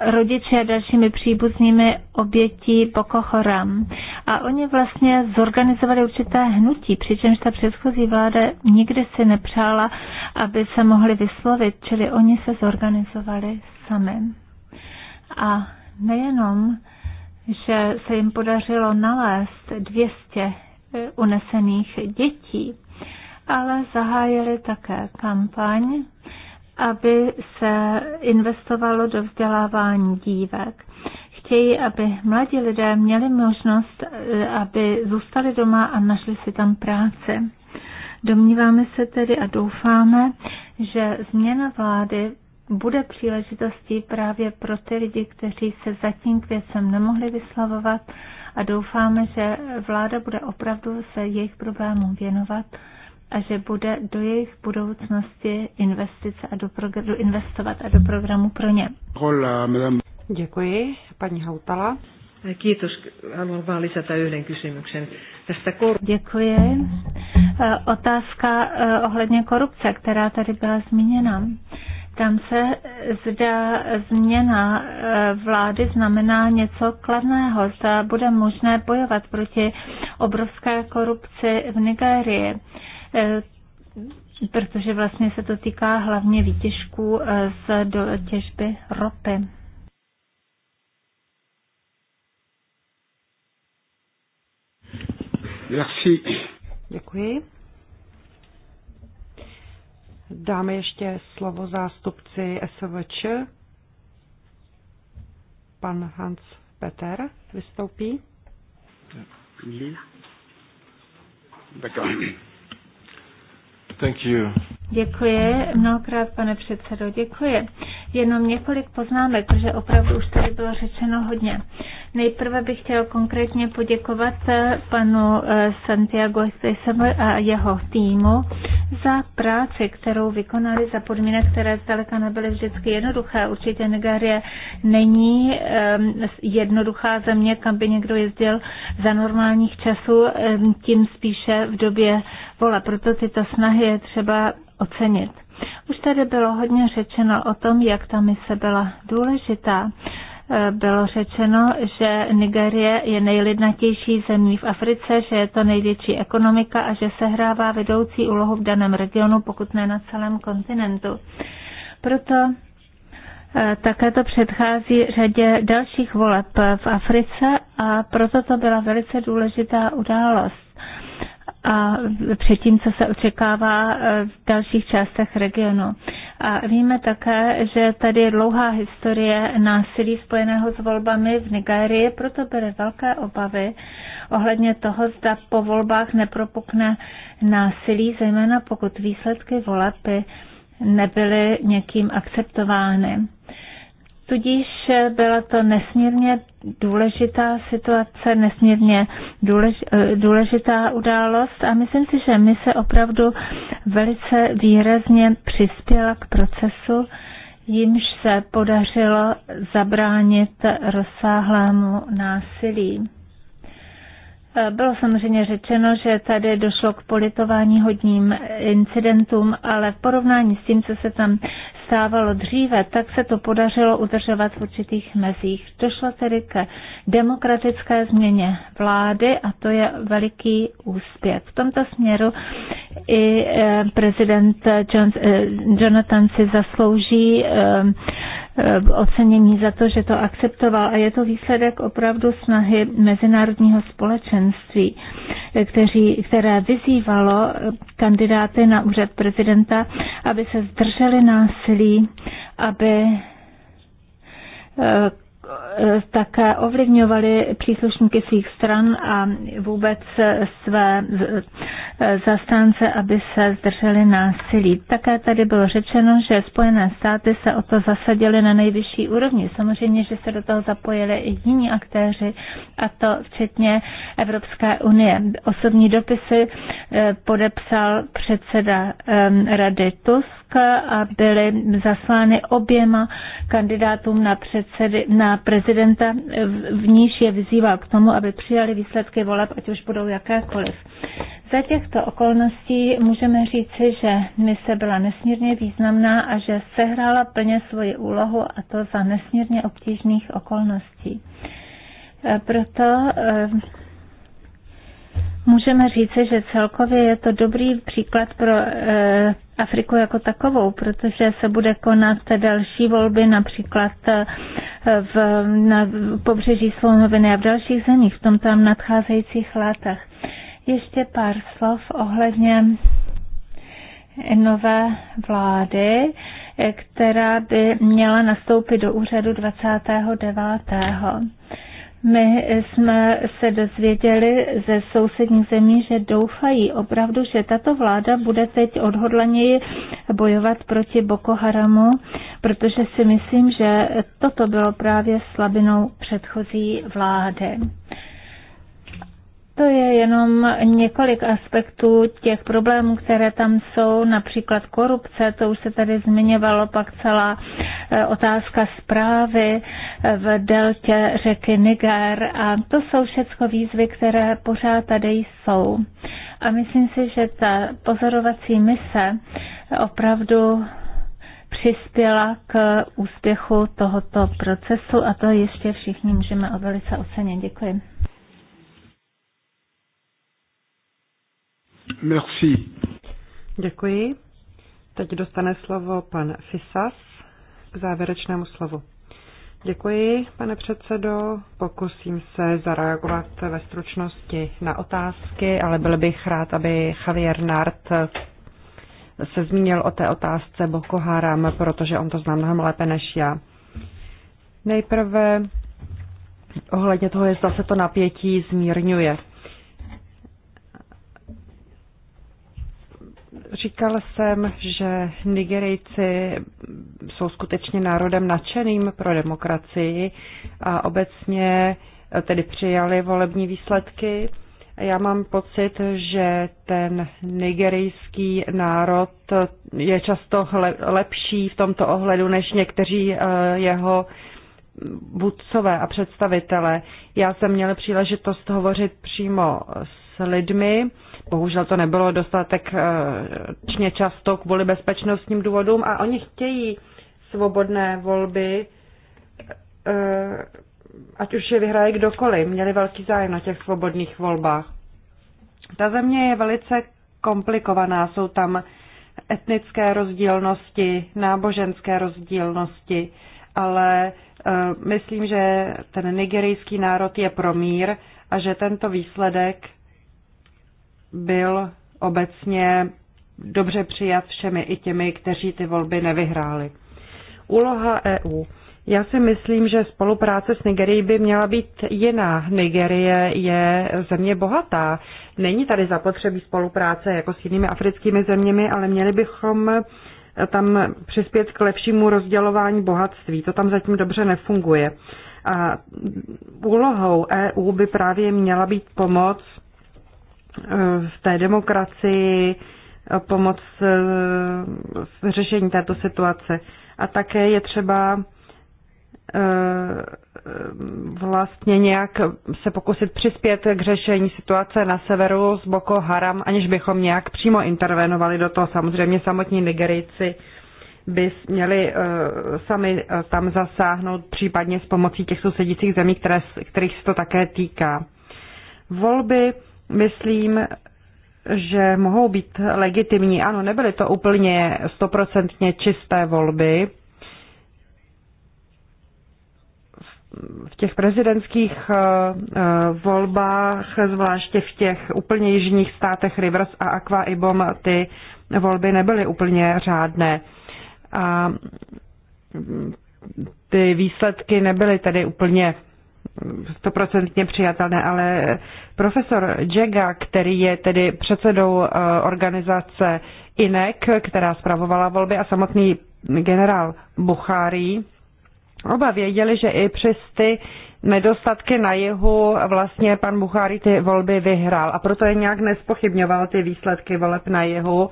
rodiči a dalšími příbuznými obětí Boko Haram. A oni vlastně zorganizovali určité hnutí, přičemž ta předchozí vláda nikdy si nepřála, aby se mohli vyslovit, čili oni se zorganizovali sami. A nejenom, že se jim podařilo nalézt 200 eh, unesených dětí, ale zahájili také kampaň, aby se investovalo do vzdělávání dívek chtějí, aby mladí lidé měli možnost, eh, aby zůstali doma a našli si tam práci. Domníváme se tedy a doufáme, že změna vlády bude příležitostí právě pro ty lidi, kteří se zatím k věcem nemohli vyslavovat a doufáme, že vláda bude opravdu se jejich problémům věnovat a že bude do jejich budoucnosti investice a do progr- investovat a do programu pro ně. Hola, Děkuji, paní Hautala. Kiitos. Haluan vaan lisätä yhden kysymyksen. Tästä kor- Děkuji. E, otázka e, ohledně korupce, která tady byla zmíněna. Tam se zda změna e, vlády znamená něco kladného. Zda bude možné bojovat proti obrovské korupci v Nigérii. Eh, protože vlastně se to týká hlavně výtěžků eh, z těžby ropy. Merci. Děkuji. Dáme ještě slovo zástupci SVČ. Pan Hans Peter vystoupí. D'accord. Thank you. Děkuji, mnohokrát pane předsedo, děkuji. Jenom několik poznámek, protože opravdu už tady bylo řečeno hodně. Nejprve bych chtěl konkrétně poděkovat eh, panu eh, Santiago a jeho týmu za práci, kterou vykonali za podmínek, které zdaleka nebyly vždycky jednoduché. Určitě Nigerie není eh, jednoduchá země, kam by někdo jezdil za normálních časů, tím spíše v době vola. Proto tyto snahy je třeba ocenit. Už tady bylo hodně řečeno o tom, jak ta mise byla důležitá eh, bylo řečeno, že Nigerie je nejlidnatější zemí v Africe, že je to největší ekonomika a že sehrává vedoucí úlohu v daném regionu, pokud ne na celém kontinentu. Proto eh, také to předchází řadě dalších voleb v Africe a proto to byla velice důležitá událost a před tím, co se očekává e, v dalších částech regionu. A víme také, že tady je dlouhá historie násilí spojeného s volbami v Nigérii, proto byly velké obavy ohledně toho, zda po volbách nepropukne násilí, zejména pokud výsledky voleb nebyly někým akceptovány. Tudíž byla to nesmírně důležitá situace, nesmírně eh, důležitá událost a myslím si, že my se opravdu velice výrazně přispěla k procesu, jimž se podařilo zabránit rozsáhlému násilí. Bylo samozřejmě řečeno, že tady došlo k politování hodním incidentům, ale v porovnání s tím, co se tam stávalo dříve, tak se to podařilo udržovat v určitých mezích. Došlo tedy ke demokratické změně vlády a to je veliký úspěch. V tomto směru i eh, prezident eh, Jonathan si zaslouží eh, Eh, ocenění za to, že to akceptoval a je to výsledek opravdu snahy mezinárodního společenství, eh, kteří, které vyzývalo eh, kandidáty na úřad prezidenta, aby se zdrželi násilí, aby také ovlivňovali příslušníky svých stran a vůbec své zastánce, aby se zdrželi násilí. Také tady bylo řečeno, že Spojené státy se o to zasadily na nejvyšší úrovni. Samozřejmě, že se do toho zapojili i jiní aktéři, a to včetně Evropské unie. Osobní dopisy eh, podepsal předseda eh, Rady Tusk, a byly zaslány oběma kandidátům na, předsedy, na prezidenta, v níž je vyzýval k tomu, aby přijali výsledky voleb, ať už budou jakékoliv. Za těchto okolností můžeme říci, že mise byla nesmírně významná a že sehrála plně svoji úlohu a to za nesmírně obtížných okolností. Proto eh, můžeme říci, že celkově je to dobrý příklad pro eh, Afriku jako takovou, protože se bude konat další volby například eh, v, na pobřeží Slonoviny a v dalších zemích v tomto nadcházejících letech. Ještě pár slov ohledně nové vlády, eh, která by měla nastoupit do úřadu 29. My jsme se dozvěděli ze sousedních zemí, že doufají opravdu, že tato vláda bude teď odhodlaněji bojovat proti Boko Haramu, protože si myslím, že toto bylo právě slabinou předchozí vlády. To je jenom několik aspektů těch problémů, které tam jsou, například korupce, to už se tady zmiňovalo, pak celá eh, otázka zprávy eh, v deltě řeky Niger a to jsou všechno výzvy, které pořád tady jsou. A myslím si, že ta pozorovací mise eh, opravdu přispěla k úspěchu tohoto procesu a to ještě všichni můžeme velice ocenit. Děkuji. Merci. Děkuji. Teď dostane slovo pan Fisas k závěrečnému slovu. Děkuji, pane předsedo. Pokusím se zareagovat ve stručnosti na otázky, ale byl bych rád, aby Javier Nart se zmínil o té otázce Boko Haram, protože on to zná mnohem lépe než já. Nejprve ohledně toho, jestli se to napětí zmírňuje. Říkal jsem, že Nigerijci jsou skutečně národem nadšeným pro demokracii a obecně tedy přijali volební výsledky. Já mám pocit, že ten nigerijský národ je často lepší v tomto ohledu než někteří eh, jeho vůdcové a představitele. Já jsem měl příležitost hovořit přímo s s lidmi. Bohužel to nebylo dostatečně eh, často kvůli bezpečnostním důvodům a oni chtějí svobodné volby, eh, ať už je vyhraje kdokoliv. Měli velký zájem na těch svobodných volbách. Ta země je velice komplikovaná. Jsou tam etnické rozdílnosti, náboženské rozdílnosti, ale eh, myslím, že ten nigerijský národ je pro mír a že tento výsledek byl obecně dobře přijat všemi i těmi, kteří ty volby nevyhráli. Úloha EU. Já si myslím, že spolupráce s Nigerií by měla být jiná. Nigerie je země bohatá. Není tady zapotřebí spolupráce jako s jinými africkými zeměmi, ale měli bychom tam přispět k lepšímu rozdělování bohatství. To tam zatím dobře nefunguje. A úlohou EU by právě měla být pomoc v té demokracii, pomoc eh, v řešení této situace. A také je třeba eh, vlastně nějak se pokusit přispět k řešení situace na severu z Boko Haram, aniž bychom nějak přímo intervenovali do toho. Samozřejmě samotní Nigerijci by měli eh, sami tam zasáhnout, případně s pomocí těch sousedících zemí, které, kterých se to také týká. Volby myslím, že mohou být legitimní. Ano, nebyly to úplně stoprocentně čisté volby. V těch prezidentských eh, eh, volbách, zvláště v těch úplně jižních státech Rivers a Aqua Ibom, ty volby nebyly úplně řádné. A mm, ty výsledky nebyly tedy úplně stoprocentně přijatelné, ale profesor Jega, který je tedy předsedou eh, organizace INEC, která zpravovala volby a samotný generál Buchari, oba věděli, že i přes ty nedostatky na jihu vlastně pan Buchari ty volby vyhrál a proto je nějak nespochybňoval ty výsledky voleb na jihu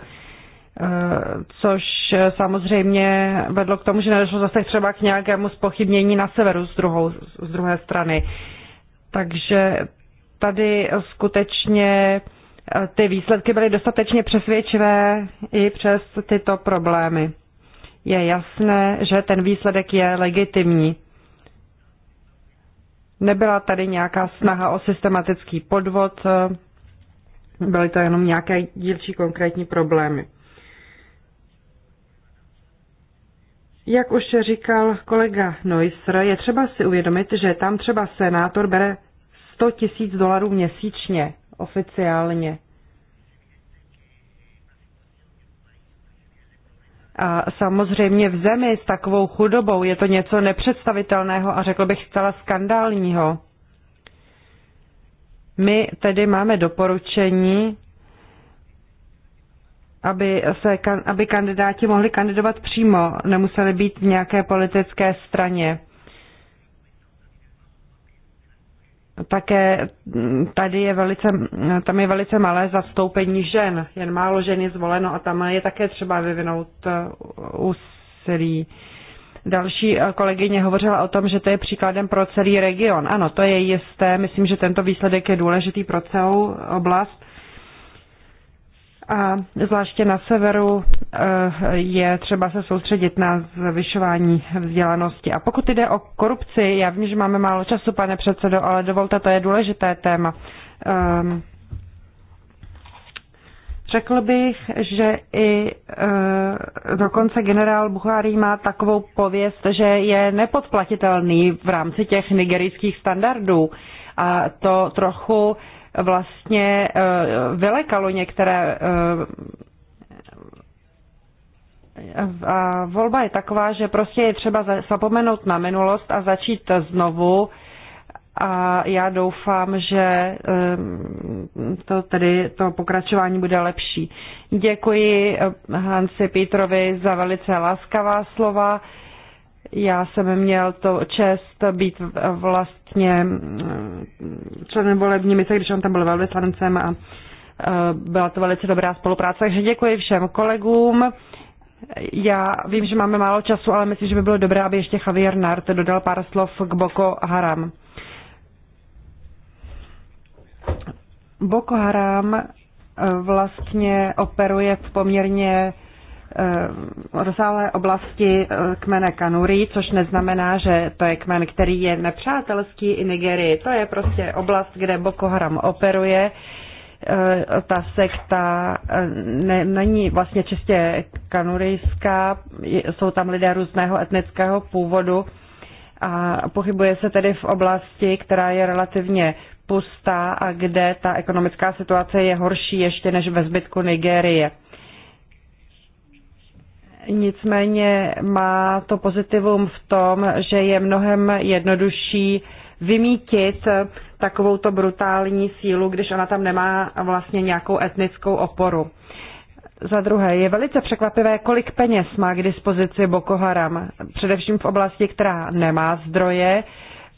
Eh, což eh, samozřejmě vedlo k tomu, že nedošlo zase třeba k nějakému spochybnění na severu z, druhou, z druhé strany. Takže tady skutečně eh, ty výsledky byly dostatečně přesvědčivé i přes tyto problémy. Je jasné, že ten výsledek je legitimní. Nebyla tady nějaká snaha o systematický podvod, byly to jenom nějaké dílčí konkrétní problémy. Jak už říkal kolega Neusser, je třeba si uvědomit, že tam třeba senátor bere 100 tisíc dolarů měsíčně oficiálně. A samozřejmě v zemi s takovou chudobou je to něco nepředstavitelného a řekl bych zcela skandálního. My tedy máme doporučení aby, se, aby kandidáti mohli kandidovat přímo, nemuseli být v nějaké politické straně. Také mm, tady je velice, tam je velice malé zastoupení žen, jen málo žen je zvoleno a tam je také třeba vyvinout eh, úsilí. Další eh, kolegyně hovořila o tom, že to je příkladem pro celý region. Ano, to je jisté. Myslím, že tento výsledek je důležitý pro celou oblast a zvláště na severu eh, je třeba se soustředit na zvyšování vzdělanosti. A pokud jde o korupci, já vím, že máme málo času, pane předsedo, ale dovolte, to je důležité téma. Ehm, řekl bych, že i eh, dokonce generál Buchari má takovou pověst, že je nepodplatitelný v rámci těch nigerijských standardů. A to trochu vlastně eh, vylekalo některé eh, a volba je taková, že prostě je třeba zapomenout na minulost a začít znovu. A já doufám, že eh, to tedy to pokračování bude lepší. Děkuji Hansi Pítrovi za velice laskavá slova. Já jsem měl to čest být vlastně členem volební mise, když on tam byl velvyslancem a eh, byla to velice dobrá spolupráce. Takže děkuji všem kolegům. Já vím, že máme málo času, ale myslím, že by bylo dobré, aby ještě Javier Nart dodal pár slov k Boko Haram. Boko Haram eh, vlastně operuje v poměrně Eh, rozsáhlé oblasti eh, kmene Kanuri, což neznamená, že to je kmen, který je nepřátelský i Nigerii. To je prostě oblast, kde Boko Haram operuje. Eh, ta sekta ne, není vlastně čistě kanurijská, jsou tam lidé různého etnického původu a pohybuje se tedy v oblasti, která je relativně pustá a kde ta ekonomická situace je horší ještě než ve zbytku Nigérie Nicméně má to pozitivum v tom, že je mnohem jednodušší vymítit to brutální sílu, když ona tam nemá vlastně nějakou etnickou oporu. Za druhé, je velice překvapivé, kolik peněz má k dispozici Boko Haram, především v oblasti, která nemá zdroje.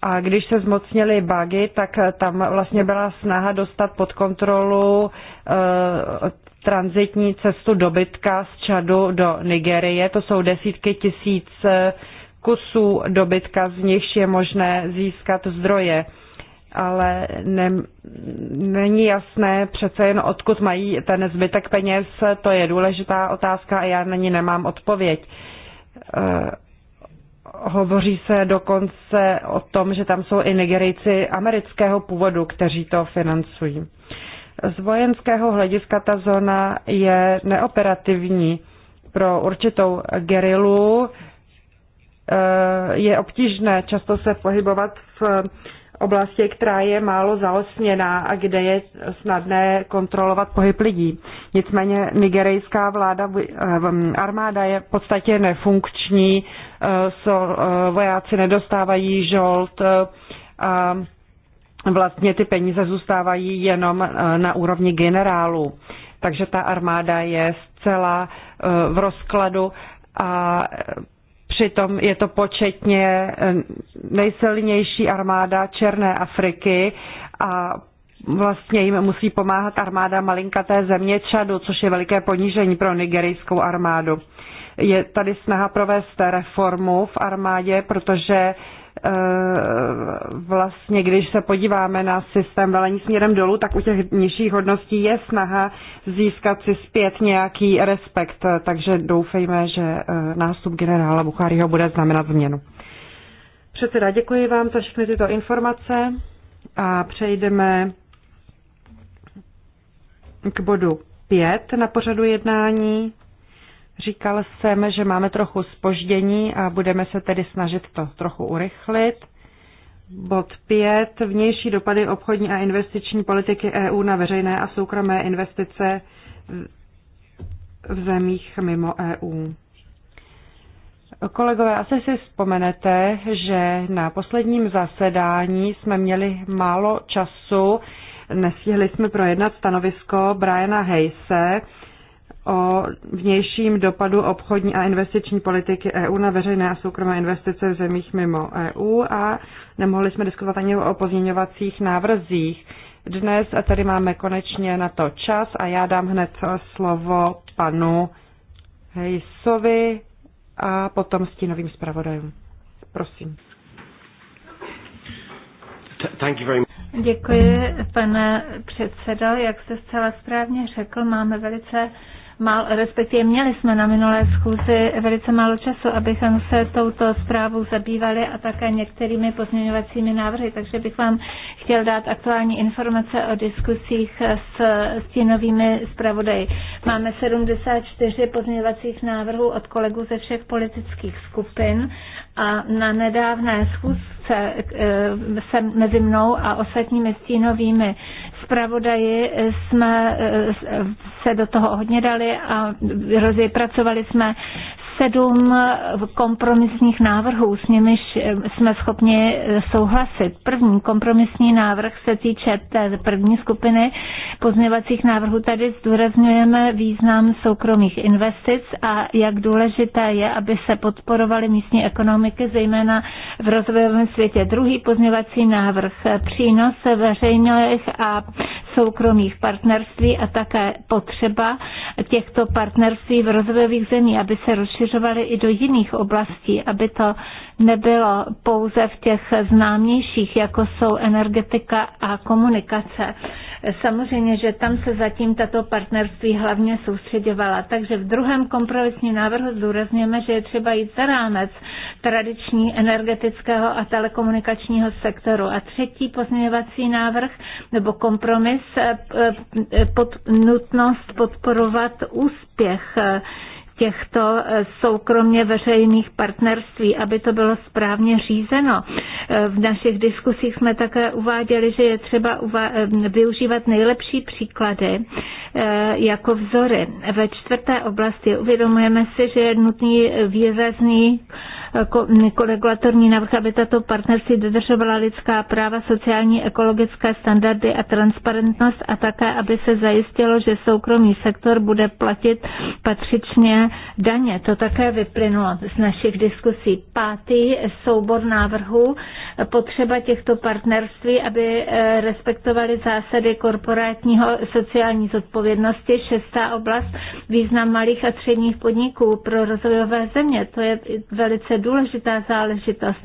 A když se zmocnili bagy, tak tam vlastně byla snaha dostat pod kontrolu eh, transitní cestu dobytka z Čadu do Nigerie. To jsou desítky tisíc eh, kusů dobytka, z nichž je možné získat zdroje. Ale ne, není jasné přece jen, odkud mají ten zbytek peněz. To je důležitá otázka a já na ní nemám odpověď. Eh, hovoří se dokonce o tom, že tam jsou i Nigerijci amerického původu, kteří to financují. Z vojenského hlediska ta zóna je neoperativní. Pro určitou gerilu eh, je obtížné často se pohybovat v oblasti, která je málo zalesněná a kde je snadné kontrolovat pohyb lidí. Nicméně nigerejská vláda, eh, armáda je v podstatě nefunkční, eh, vojáci nedostávají žolt a vlastně ty peníze zůstávají jenom eh, na úrovni generálu, Takže ta armáda je zcela eh, v rozkladu a eh, přitom je to početně nejsilnější armáda Černé Afriky a vlastně jim musí pomáhat armáda malinkaté země Čadu, což je veliké ponížení pro nigerijskou armádu. Je tady snaha provést reformu v armádě, protože Eh, vlastně, když se podíváme na systém velení směrem dolů, tak u těch nižších hodností je snaha získat si zpět nějaký respekt. Takže doufejme, že eh, nástup generála Buchariho bude znamenat změnu. Předseda, děkuji vám za všechny tyto informace a přejdeme k bodu 5 na pořadu jednání. Říkal jsem, že máme trochu spoždění a budeme se tedy snažit to trochu urychlit. Bod 5. Vnější dopady obchodní a investiční politiky EU na veřejné a soukromé investice v zemích mimo EU. Kolegové, asi si vzpomenete, že na posledním zasedání jsme měli málo času, nestihli jsme projednat stanovisko Briana Hayse, o vnějším dopadu obchodní a investiční politiky EU na veřejné a soukromé investice v zemích mimo EU a nemohli jsme diskutovat ani o pozměňovacích návrzích. Dnes a tady máme konečně na to čas a já dám hned slovo panu Hejsovi a potom stínovým zpravodajům. Prosím. Thank you very much. Děkuji, pane předsedo. Jak jste zcela správně řekl, máme velice Mal, respektive měli jsme na minulé schůzi velice málo času, abychom se touto zprávou zabývali a také některými pozměňovacími návrhy, takže bych vám chtěl dát aktuální informace o diskusích s stínovými zpravodaji. Máme 74 pozměňovacích návrhů od kolegů ze všech politických skupin a na nedávné schůzce eh, se mezi mnou a ostatními stínovými zpravodaji jsme eh, se do toho hodně dali a rozpracovali jsme sedm kompromisních návrhů, s nimiž eh, jsme schopni eh, souhlasit. První kompromisní návrh se týče té první skupiny pozměvacích návrhů. Tady zdůrazňujeme význam soukromých investic a jak důležité je, aby se podporovaly místní ekonomiky, zejména v rozvojovém světě. Druhý pozměvací návrh eh, přínos veřejných a soukromých partnerství a také potřeba těchto partnerství v rozvojových zemí, aby se rozšiřovaly i do jiných oblastí, aby to nebylo pouze v těch známějších, jako jsou energetika a komunikace. Samozřejmě, že tam se zatím tato partnerství hlavně soustředovala. Takže v druhém kompromisním návrhu zdůrazněme, že je třeba jít za rámec tradiční energetického a telekomunikačního sektoru. A třetí pozměňovací návrh nebo kompromis Eh, pod, nutnost podporovat úspěch eh, těchto eh, soukromně veřejných partnerství, aby to bylo správně řízeno. V našich diskusích jsme také uváděli, že je třeba využívat nejlepší příklady jako vzory. Ve čtvrté oblasti uvědomujeme si, že je nutný výrazný regulatorní návrh, aby tato partnerství dodržovala lidská práva, sociální, ekologické standardy a transparentnost a také, aby se zajistilo, že soukromý sektor bude platit patřičně daně. To také vyplynulo z našich diskusí. Pátý soubor návrhů, potřeba těchto partnerství, aby eh, respektovali zásady korporátního sociální zodpovědnosti. Šestá oblast, význam malých a středních podniků pro rozvojové země. To je velice důležité důležitá záležitost.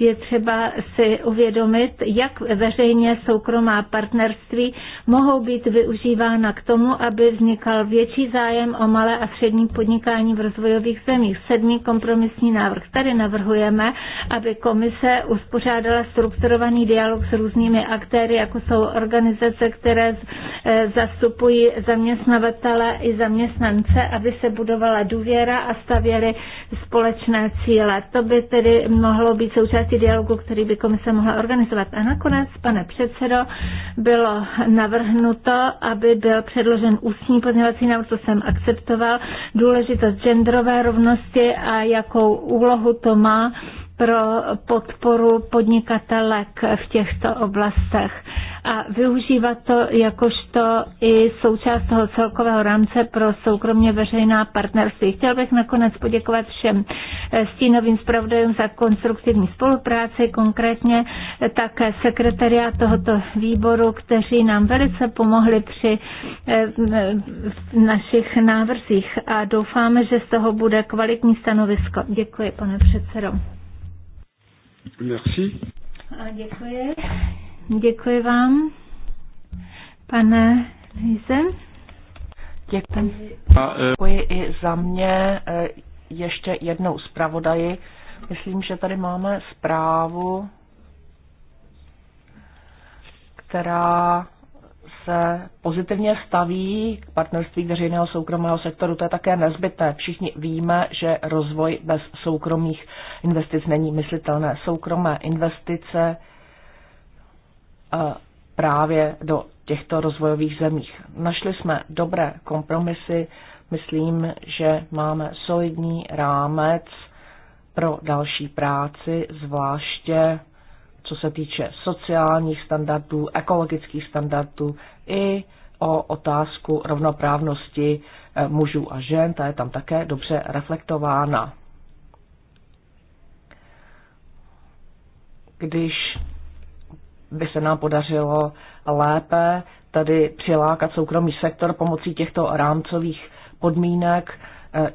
Je třeba si uvědomit, jak veřejně soukromá partnerství mohou být využívána k tomu, aby vznikal větší zájem o malé a střední podnikání v rozvojových zemích. Sedmý kompromisní návrh. Tady navrhujeme, aby komise uspořádala strukturovaný dialog s různými aktéry, jako jsou organizace, které e, zastupují zaměstnavatele i zaměstnance, aby se budovala důvěra a stavěly společné cíle. To by tedy mohlo být součástí součástí dialogu, který by komise mohla organizovat. A nakonec, pane předsedo, bylo navrhnuto, aby byl předložen ústní pozměňovací návrh, co jsem akceptoval, důležitost genderové rovnosti a jakou úlohu to má pro podporu podnikatelek v těchto oblastech a využívat to jakožto i součást toho celkového rámce pro soukromně veřejná partnerství. Chtěl bych nakonec poděkovat všem eh, stínovým zpravodajům za konstruktivní spolupráci, konkrétně také sekretariát tohoto výboru, kteří nám velice pomohli při eh, našich návrzích a doufáme, že z toho bude kvalitní stanovisko. Děkuji, pane předsedo. Merci. A děkuji. Děkuji vám, pane Lise. Děkuji. E, děkuji i za mě e, ještě jednou zpravodaji. Myslím, že tady máme zprávu, která se pozitivně staví k partnerství veřejného soukromého sektoru. To je také nezbytné. Všichni víme, že rozvoj bez soukromých investic není myslitelné. Soukromé investice právě do těchto rozvojových zemích. Našli jsme dobré kompromisy, myslím, že máme solidní rámec pro další práci, zvláště co se týče sociálních standardů, ekologických standardů i o otázku rovnoprávnosti eh, mužů a žen, ta je tam také dobře reflektována. Když by se nám podařilo lépe tady přilákat soukromý sektor pomocí těchto rámcových podmínek.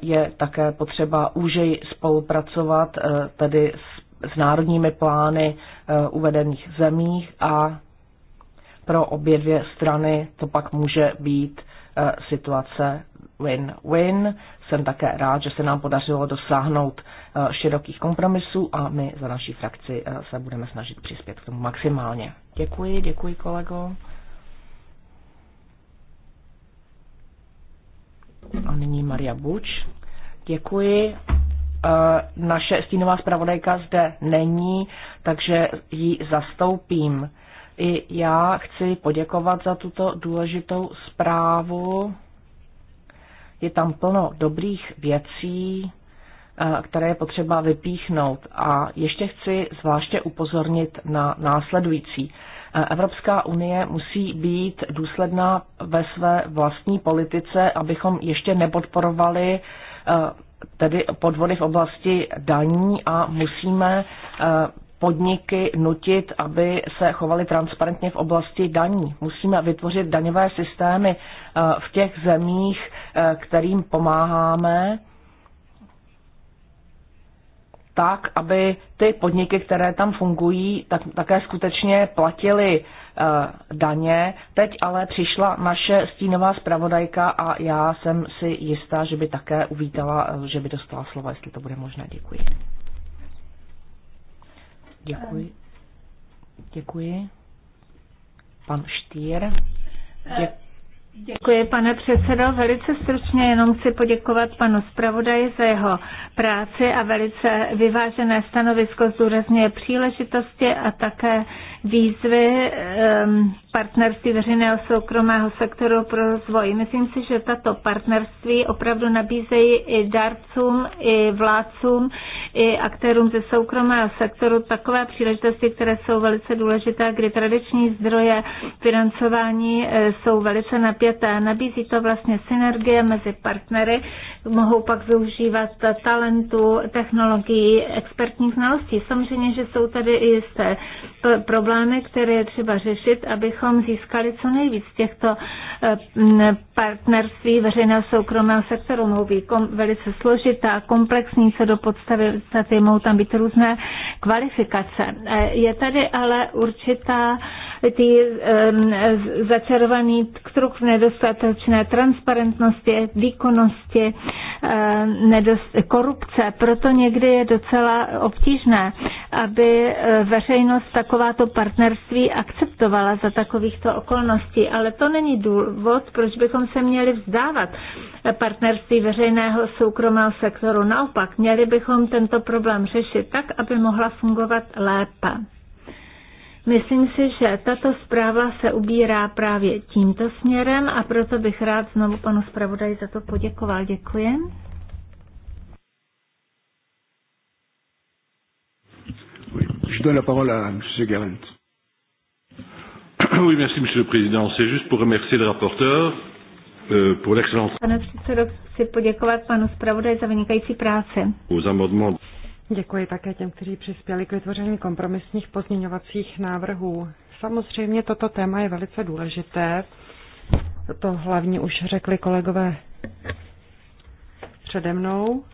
Je také potřeba úžej spolupracovat eh, tedy s, s národními plány eh, uvedených zemích a pro obě dvě strany to pak může být eh, situace win-win. Jsem také rád, že se nám podařilo dosáhnout Eh, širokých kompromisů a my za naší frakci eh, se budeme snažit přispět k tomu maximálně. Děkuji, děkuji kolego. A nyní Maria Buč. Děkuji. Eh, naše stínová zpravodajka zde není, takže ji zastoupím. I já chci poděkovat za tuto důležitou zprávu. Je tam plno dobrých věcí, které je potřeba vypíchnout. A ještě chci zvláště upozornit na následující. E, Evropská unie musí být důsledná ve své vlastní politice, abychom ještě nepodporovali e, tedy podvody v oblasti daní a musíme e, podniky nutit, aby se chovali transparentně v oblasti daní. Musíme vytvořit daňové systémy v těch zemích, kterým pomáháme tak, aby ty podniky, které tam fungují, tak, také skutečně platily eh, daně. Teď ale přišla naše stínová zpravodajka a já jsem si jistá, že by také uvítala, eh, že by dostala slova, jestli to bude možné. Děkuji. Děkuji. Eh. Děkuji. Pan Štýr. Děkuji. Děkuji, pane předsedo. Velice stručně jenom chci poděkovat panu zpravodaji za jeho práci a velice vyvážené stanovisko zdůrazňuje příležitosti a také výzvy ehm, partnerství veřejného soukromého sektoru pro rozvoj. Myslím si, že tato partnerství opravdu nabízejí i darcům, i vládcům, i aktérům ze soukromého sektoru takové příležitosti, které jsou velice důležité, kdy tradiční zdroje financování eh, jsou velice napěté. Nabízí to vlastně synergie mezi partnery, mohou pak využívat talentu, technologií, expertních znalostí. Samozřejmě, že jsou tady i jisté problémy, problémy, které je třeba řešit, abychom získali co nejvíc těchto eh, partnerství veřejného soukromého sektoru. Mohou být velice složitá, komplexní, co do podstavy tady mohou tam být různé kvalifikace. Eh, je tady ale určitá ty um, začarované kruh nedostatečné transparentnosti, výkonnosti, um, nedost- korupce. Proto někdy je docela obtížné, aby e, veřejnost takováto partnerství akceptovala za takovýchto okolností. Ale to není důvod, proč bychom se měli vzdávat partnerství veřejného soukromého sektoru. Naopak, měli bychom tento problém řešit tak, aby mohla fungovat lépe. Myslím si, že tato zpráva se ubírá právě tímto směrem a proto bych rád znovu panu zpravodaji za to poděkoval. Děkuji. Je donne la parole à M. Garant. Oui, merci, Monsieur le Président. C'est juste pour remercier le rapporteur euh, pour l'excellence. Pane předsedo, chci poděkovat panu zpravodaji za vynikající práce. Aux amendements Děkuji také těm, kteří přispěli k vytvoření kompromisních pozměňovacích návrhů. Samozřejmě toto téma je velice důležité. To hlavně už řekli kolegové přede mnou.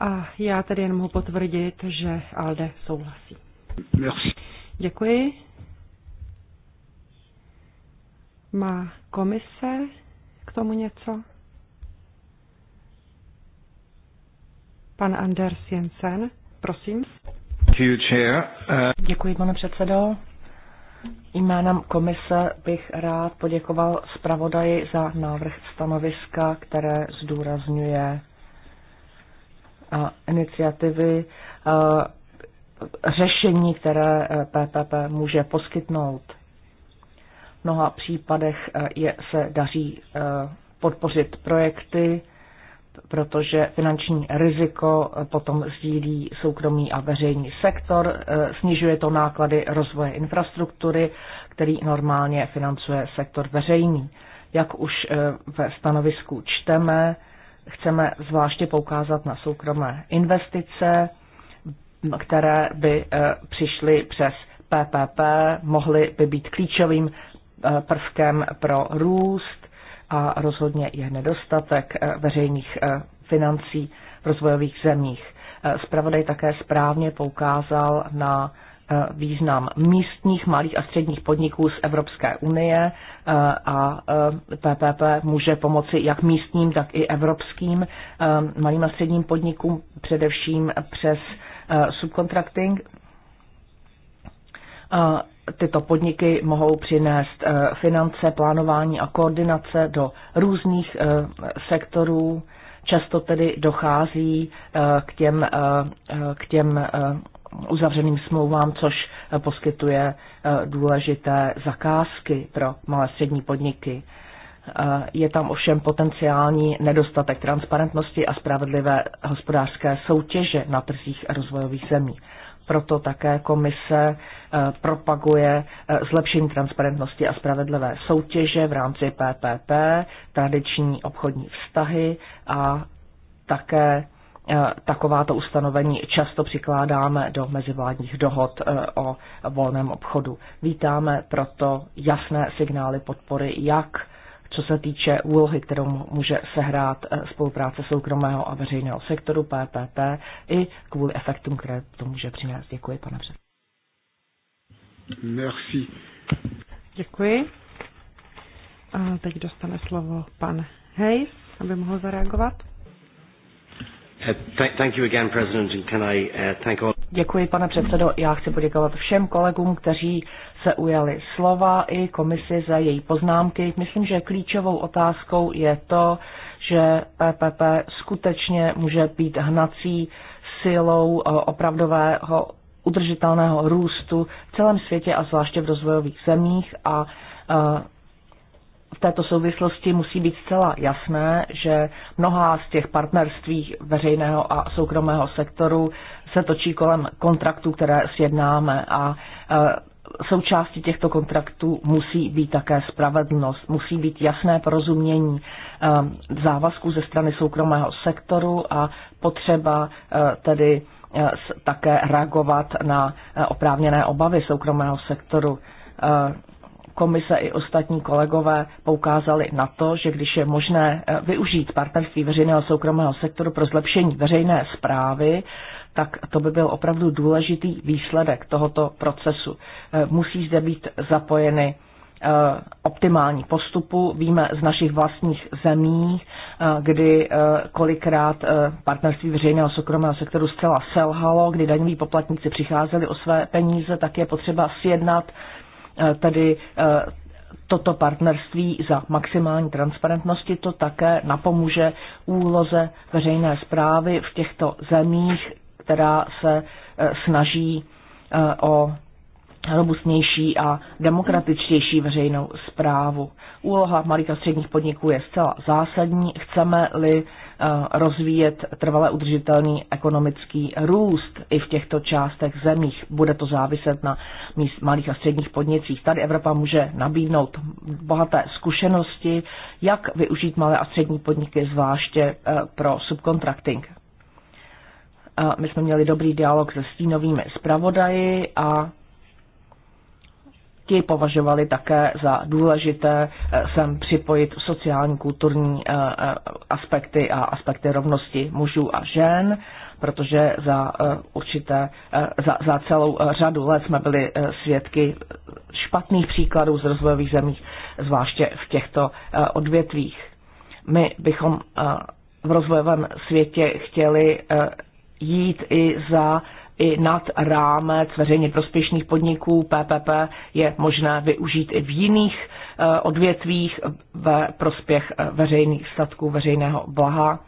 A já tedy jen mohu potvrdit, že Alde souhlasí. Děkuji. Má komise k tomu něco? Pan Anders Jensen, prosím. Uh, Děkuji, pane předsedo. Jménem komise bych rád poděkoval zpravodaji za návrh stanoviska, které zdůrazňuje iniciativy eh, řešení, které PPP eh, může poskytnout. V mnoha případech eh, je, se daří podpořit projekty, protože finanční riziko potom sdílí soukromý a veřejný sektor, eh, snižuje to náklady rozvoje infrastruktury, který normálně financuje sektor veřejný. Jak už eh, ve stanovisku čteme, chceme zvláště poukázat na soukromé investice, které by eh, přišly přes PPP, mohly by být klíčovým prvkem pro růst a rozhodně je nedostatek eh, veřejných eh, financí v rozvojových zemích. Spravodaj eh, také správně poukázal na význam místních malých a středních podniků z Evropské unie a PPP může pomoci jak místním, tak i evropským malým a středním podnikům, především přes subcontracting tyto podniky mohou přinést e, finance, plánování a koordinace do různých e, sektorů. Často tedy dochází e, k těm, k těm uzavřeným smlouvám, což poskytuje důležité zakázky pro malé střední podniky. Je tam ovšem potenciální nedostatek transparentnosti a spravedlivé hospodářské soutěže na trzích rozvojových zemí. Proto také komise eh, propaguje eh, zlepšení transparentnosti a spravedlivé soutěže v rámci PPP, tradiční obchodní vztahy a také eh, takováto ustanovení často přikládáme do mezivládních dohod o volném obchodu. Vítáme proto jasné signály podpory jak co se týče úlohy, kterou může sehrát eh, spolupráce soukromého a veřejného sektoru PPP i kvůli efektům, které to může přinést. Děkuji, pane předsedo. Merci. Děkuji. A teď dostane slovo pan Hayes, aby mohl zareagovat. Uh, uh, Děkuji, pane předsedo. Já chci poděkovat všem kolegům, kteří se ujali slova i komisi za její poznámky. Myslím, že klíčovou otázkou je to, že PPP skutečně může být hnací silou eh, opravdového udržitelného růstu v celém světě a zvláště v rozvojových zemích a eh, v této souvislosti musí být zcela jasné, že mnoha z těch partnerství veřejného a soukromého sektoru se točí kolem kontraktů, které sjednáme a eh, součástí těchto kontraktů musí být také spravedlnost, musí být jasné porozumění ehm, závazků ze strany soukromého sektoru a potřeba eh, tedy eh, také reagovat na eh, oprávněné obavy soukromého sektoru. Komise i ostatní kolegové poukázali na to, že když je možné využít partnerství veřejného a soukromého sektoru pro zlepšení veřejné zprávy, tak to by byl opravdu důležitý výsledek tohoto procesu. Eh, musí zde být zapojeny eh, optimální postupu. Víme z našich vlastních zemí, eh, kdy kolikrát partnerství veřejného soukromého sektoru zcela selhalo, kdy daňoví poplatníci přicházeli o své peníze, tak je potřeba sjednat tedy toto partnerství za maximální transparentnosti to také napomůže úloze veřejné zprávy v těchto zemích která se eh, snaží eh, o robustnější a demokratičtější veřejnou zprávu. Úloha malých a středních podniků je zcela zásadní, chceme-li eh, rozvíjet trvale udržitelný ekonomický růst i v těchto částech zemích. Bude to záviset na míst malých a středních podnicích. Tady Evropa může nabídnout bohaté zkušenosti, jak využít malé a střední podniky, zvláště pro subkontrakting. My jsme měli dobrý dialog se stínovými zpravodaji a ti považovali také za důležité eh, sem připojit sociální, kulturní eh, eh, aspekty a aspekty rovnosti mužů a žen, protože za určité, za, za celou řadu let jsme byli svědky špatných příkladů z rozvojových zemí, zvláště v těchto odvětvích. My bychom v rozvojovém světě chtěli jít i za i nad rámec veřejně prospěšných podniků PPP je možné využít i v jiných eh, odvětvích ve prospěch eh, veřejných statků, veřejného blaha.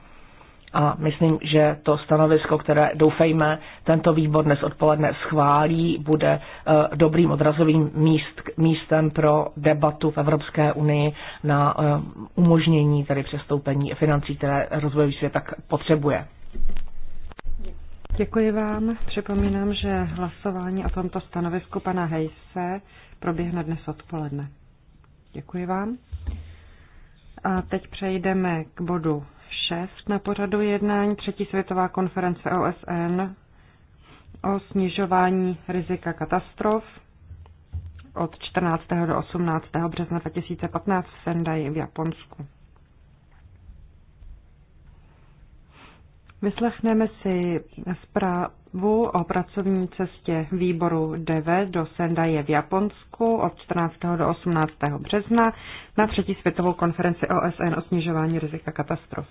A myslím, že to stanovisko, které doufejme tento výbor dnes odpoledne schválí, bude eh, dobrým odrazovým míst, místem pro debatu v Evropské unii na umožnění tedy přestoupení financí, které rozvojový svět tak potřebuje. Děkuji vám. Připomínám, že hlasování o tomto stanovisku pana Hejse proběhne dnes odpoledne. Děkuji vám. A teď přejdeme k bodu 6 na pořadu jednání Třetí světová konference OSN o snižování rizika katastrof od 14. do 18. března 2015 v Sendai v Japonsku. Vyslechneme si zprávu o pracovní cestě výboru DV do Sendaje v Japonsku od 14. do 18. března na třetí světovou konferenci OSN o snižování rizika katastrof.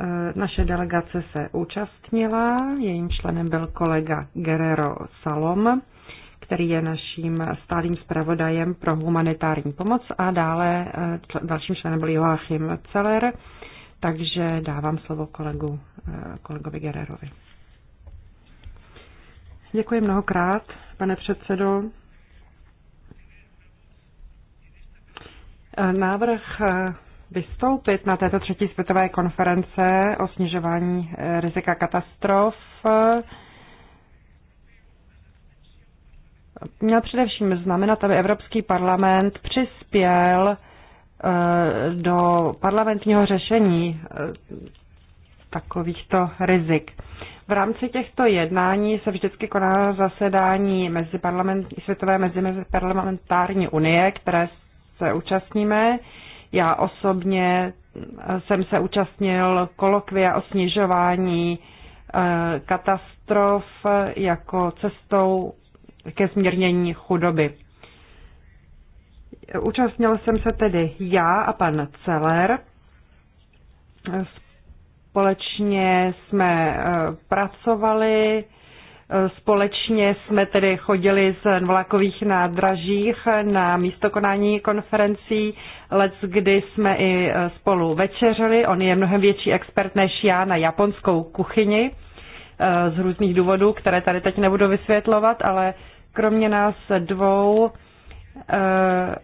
E, naše delegace se účastnila, jejím členem byl kolega Guerrero Salom, který je naším stálým zpravodajem pro humanitární pomoc a dále e, dalším členem byl Joachim Celer, takže dávám slovo kolegu, eh, kolegovi Gererovi. Děkuji mnohokrát, pane předsedo. Eh, návrh eh, vystoupit na této třetí světové konference o snižování rizika katastrof měl především znamenat, aby Evropský parlament přispěl Eh, do parlamentního řešení eh, takovýchto rizik. V rámci těchto jednání se vždycky koná zasedání parlament Světové parlamentární unie, které se účastníme. Já osobně eh, jsem se účastnil kolokvia o snižování katastrof jako cestou ke zmírnění chudoby. Účastnil jsem se tedy já a pan Celer. Společně jsme eh, pracovali, eh, společně jsme tedy chodili z vlakových nádražích na místo konání konferencí, lec kdy jsme i eh, spolu večeřili. On je mnohem větší expert než já na japonskou kuchyni z různých důvodů, které tady teď nebudu vysvětlovat, ale kromě nás dvou Eh,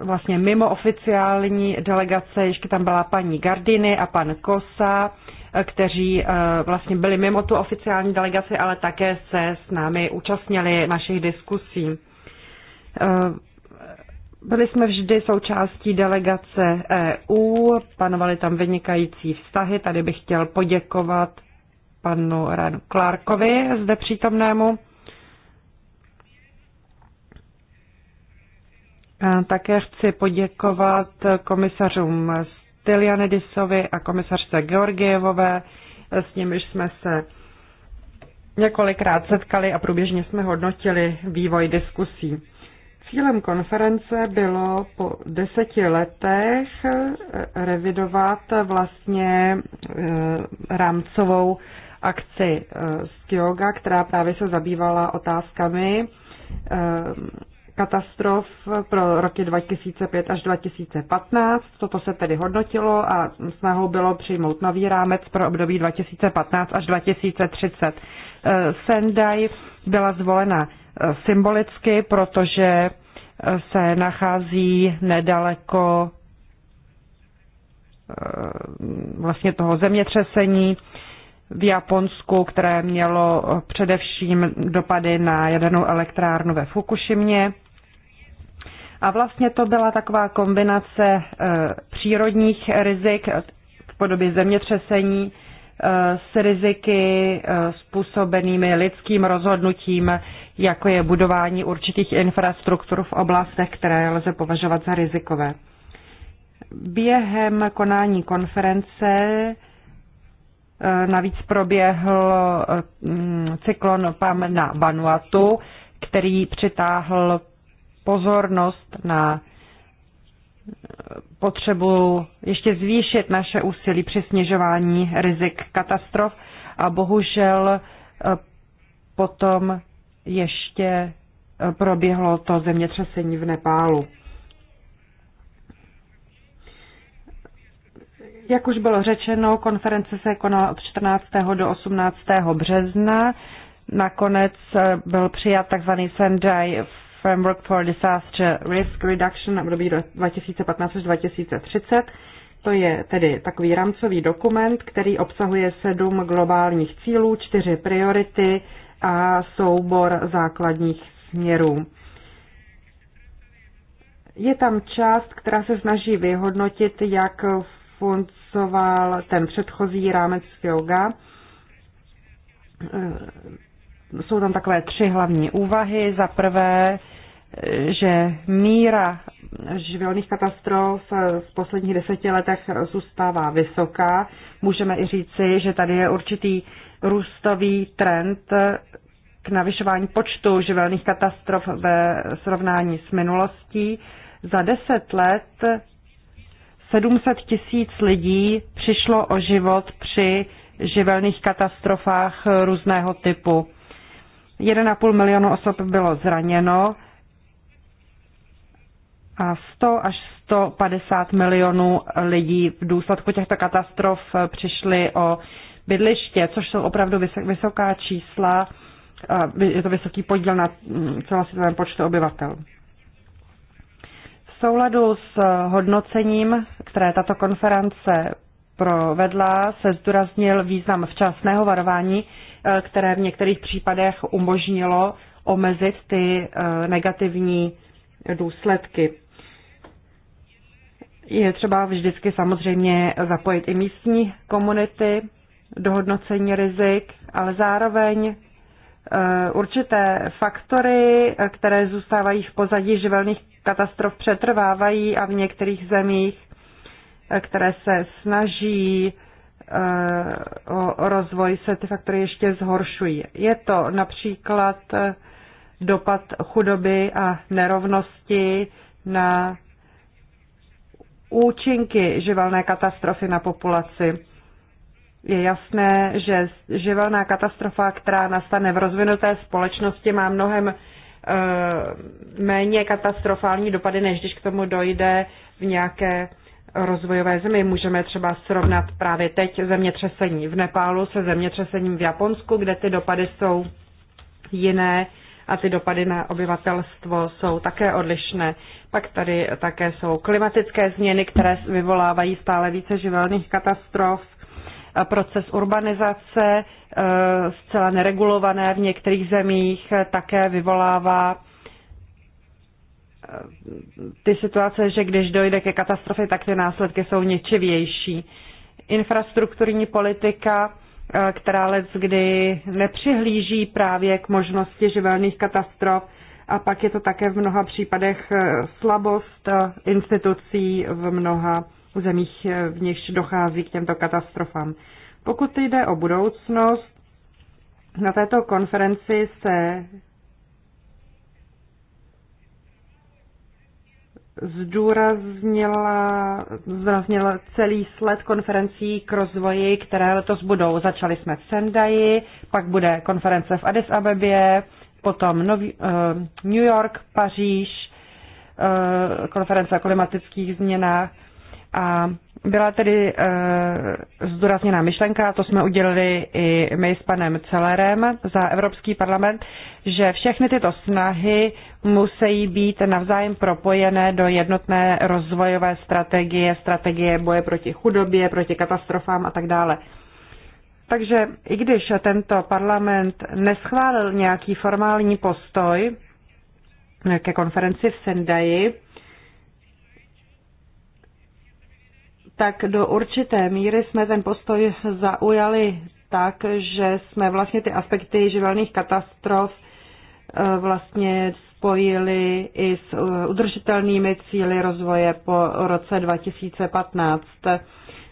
vlastně mimo oficiální delegace, ještě tam byla paní Gardiny a pan Kosa, eh, kteří eh, vlastně byli mimo tu oficiální delegaci, ale také se s námi účastnili našich diskusí. Byli jsme vždy součástí delegace EU, panovaly tam vynikající vztahy. Tady bych chtěl poděkovat panu Radu Klárkovi zde přítomnému. Také chci poděkovat komisařům Stylianidisovi a komisařce Georgievové, s nimiž jsme se několikrát setkali a průběžně jsme hodnotili vývoj diskusí. Cílem konference bylo po deseti letech eh, revidovat vlastně eh, rámcovou akci eh, z Kyoga, která právě se zabývala otázkami katastrof pro roky 2005 až 2015. Toto se tedy hodnotilo a snahou bylo přijmout nový rámec pro období 2015 až 2030. Sendai byla zvolena eh, symbolicky, protože eh, se nachází nedaleko eh, vlastně toho zemětřesení v Japonsku, které mělo především dopady na jadernou elektrárnu ve Fukušimě. A vlastně to byla taková kombinace eh, přírodních rizik v podobě zemětřesení eh, s riziky eh, způsobenými lidským rozhodnutím, jako je budování určitých infrastruktur v oblastech, které lze považovat za rizikové. Během konání konference navíc proběhl mm, cyklon PAM na Vanuatu, který přitáhl pozornost na potřebu ještě zvýšit naše úsilí při snižování rizik katastrof a bohužel eh, potom ještě eh, proběhlo to zemětřesení v Nepálu. Jak už bylo řečeno, konference se konala od 14. do 18. března. Nakonec eh, byl přijat tzv. Sendai Framework for Disaster Risk Reduction na období 2015 až 2030. To je tedy takový rámcový dokument, který obsahuje sedm globálních cílů, čtyři priority a soubor základních směrů. Je tam část, která se snaží vyhodnotit, jak funcoval ten předchozí rámec yoga jsou tam takové tři hlavní úvahy. Za prvé, že míra živelných katastrof v posledních deseti letech zůstává vysoká. Můžeme i říci, že tady je určitý růstový trend k navyšování počtu živelných katastrof ve srovnání s minulostí. Za deset let 700 tisíc lidí přišlo o život při živelných katastrofách různého typu. 1,5 milionu osob bylo zraněno a 100 až 150 milionů lidí v důsledku těchto katastrof přišli o bydliště, což jsou opravdu vysoká čísla. Je to vysoký podíl na mm, celosvětovém počtu obyvatel. V souladu s hodnocením, které tato konference provedla, se zdůraznil význam včasného varování Eh, které v některých případech umožnilo omezit ty eh, negativní důsledky. Je třeba vždycky samozřejmě zapojit i místní komunity do hodnocení rizik, ale zároveň eh, určité faktory, které zůstávají v pozadí živelných katastrof, přetrvávají a v některých zemích, které se snaží o rozvoj se ty faktory ještě zhoršují. Je to například e, dopad chudoby a nerovnosti na účinky živelné katastrofy na populaci. Je jasné, že živelná katastrofa, která nastane v rozvinuté společnosti, má mnohem e, méně katastrofální dopady, než když k tomu dojde v nějaké rozvojové zemi. Můžeme třeba srovnat právě teď zemětřesení v Nepálu se zemětřesením v Japonsku, kde ty dopady jsou jiné a ty dopady na obyvatelstvo jsou také odlišné. Pak tady také jsou klimatické změny, které vyvolávají stále více živelných katastrof, proces urbanizace, eh, zcela neregulované v některých zemích, eh, také vyvolává ty situace, že když dojde ke katastrofě, tak ty následky jsou ničivější. Infrastrukturní politika, eh, která let kdy nepřihlíží právě k možnosti živelných katastrof a pak je to také v mnoha případech eh, slabost eh, institucí v mnoha zemích, v nichž dochází k těmto katastrofám. Pokud jde o budoucnost, na této konferenci se zdůraznila, zdůraznila celý sled konferencí k rozvoji, které letos budou. Začali jsme v Sendai, pak bude konference v Addis Abebě, potom Nový, uh, New York, Paříž, uh, konference o klimatických změnách a byla tedy uh, zdůrazněná myšlenka, to jsme udělali i my s panem Celerem za Evropský parlament, že všechny tyto snahy musí být navzájem propojené do jednotné rozvojové strategie, strategie boje proti chudobě, proti katastrofám a tak dále. Takže i když tento parlament neschválil nějaký formální postoj ke konferenci v Sendai, tak do určité míry jsme ten postoj zaujali tak, že jsme vlastně ty aspekty živelných katastrof eh, vlastně spojili i s eh, udržitelnými cíly rozvoje po roce 2015.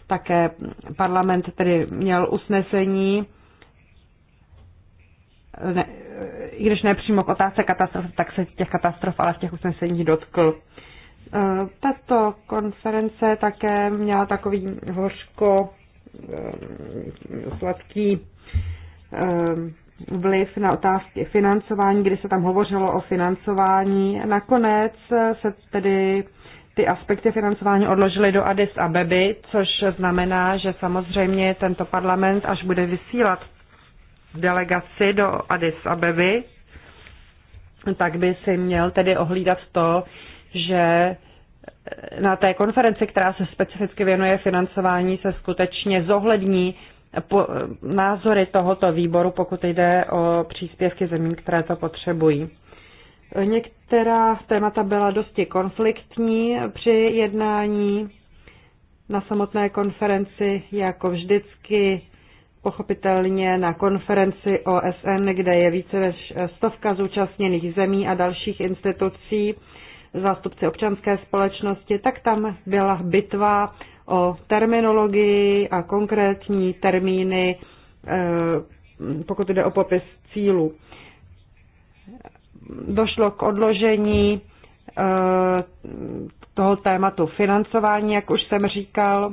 Také parlament tedy měl usnesení, ne, i když nepřímo k otázce katastrof, tak se těch katastrof, ale v těch usnesení dotkl. Tato konference také měla takový hořko eh, sladký eh, vliv na otázky financování, kdy se tam hovořilo o financování. Nakonec se tedy ty aspekty financování odložily do Addis Abeby, což znamená, že samozřejmě tento parlament, až bude vysílat delegaci do Addis Abeby, tak by si měl tedy ohlídat to, že eh, na té konferenci, která se specificky věnuje financování, se skutečně zohlední po, eh, názory tohoto výboru, pokud jde o příspěvky zemí, které to potřebují. Některá témata byla dosti konfliktní při jednání na samotné konferenci, jako vždycky pochopitelně na konferenci OSN, kde je více než stovka zúčastněných zemí a dalších institucí, zástupci občanské společnosti, tak tam byla bitva o terminologii a konkrétní termíny, eh, pokud jde o popis cílů. Došlo k odložení eh, toho tématu financování, jak už jsem říkal,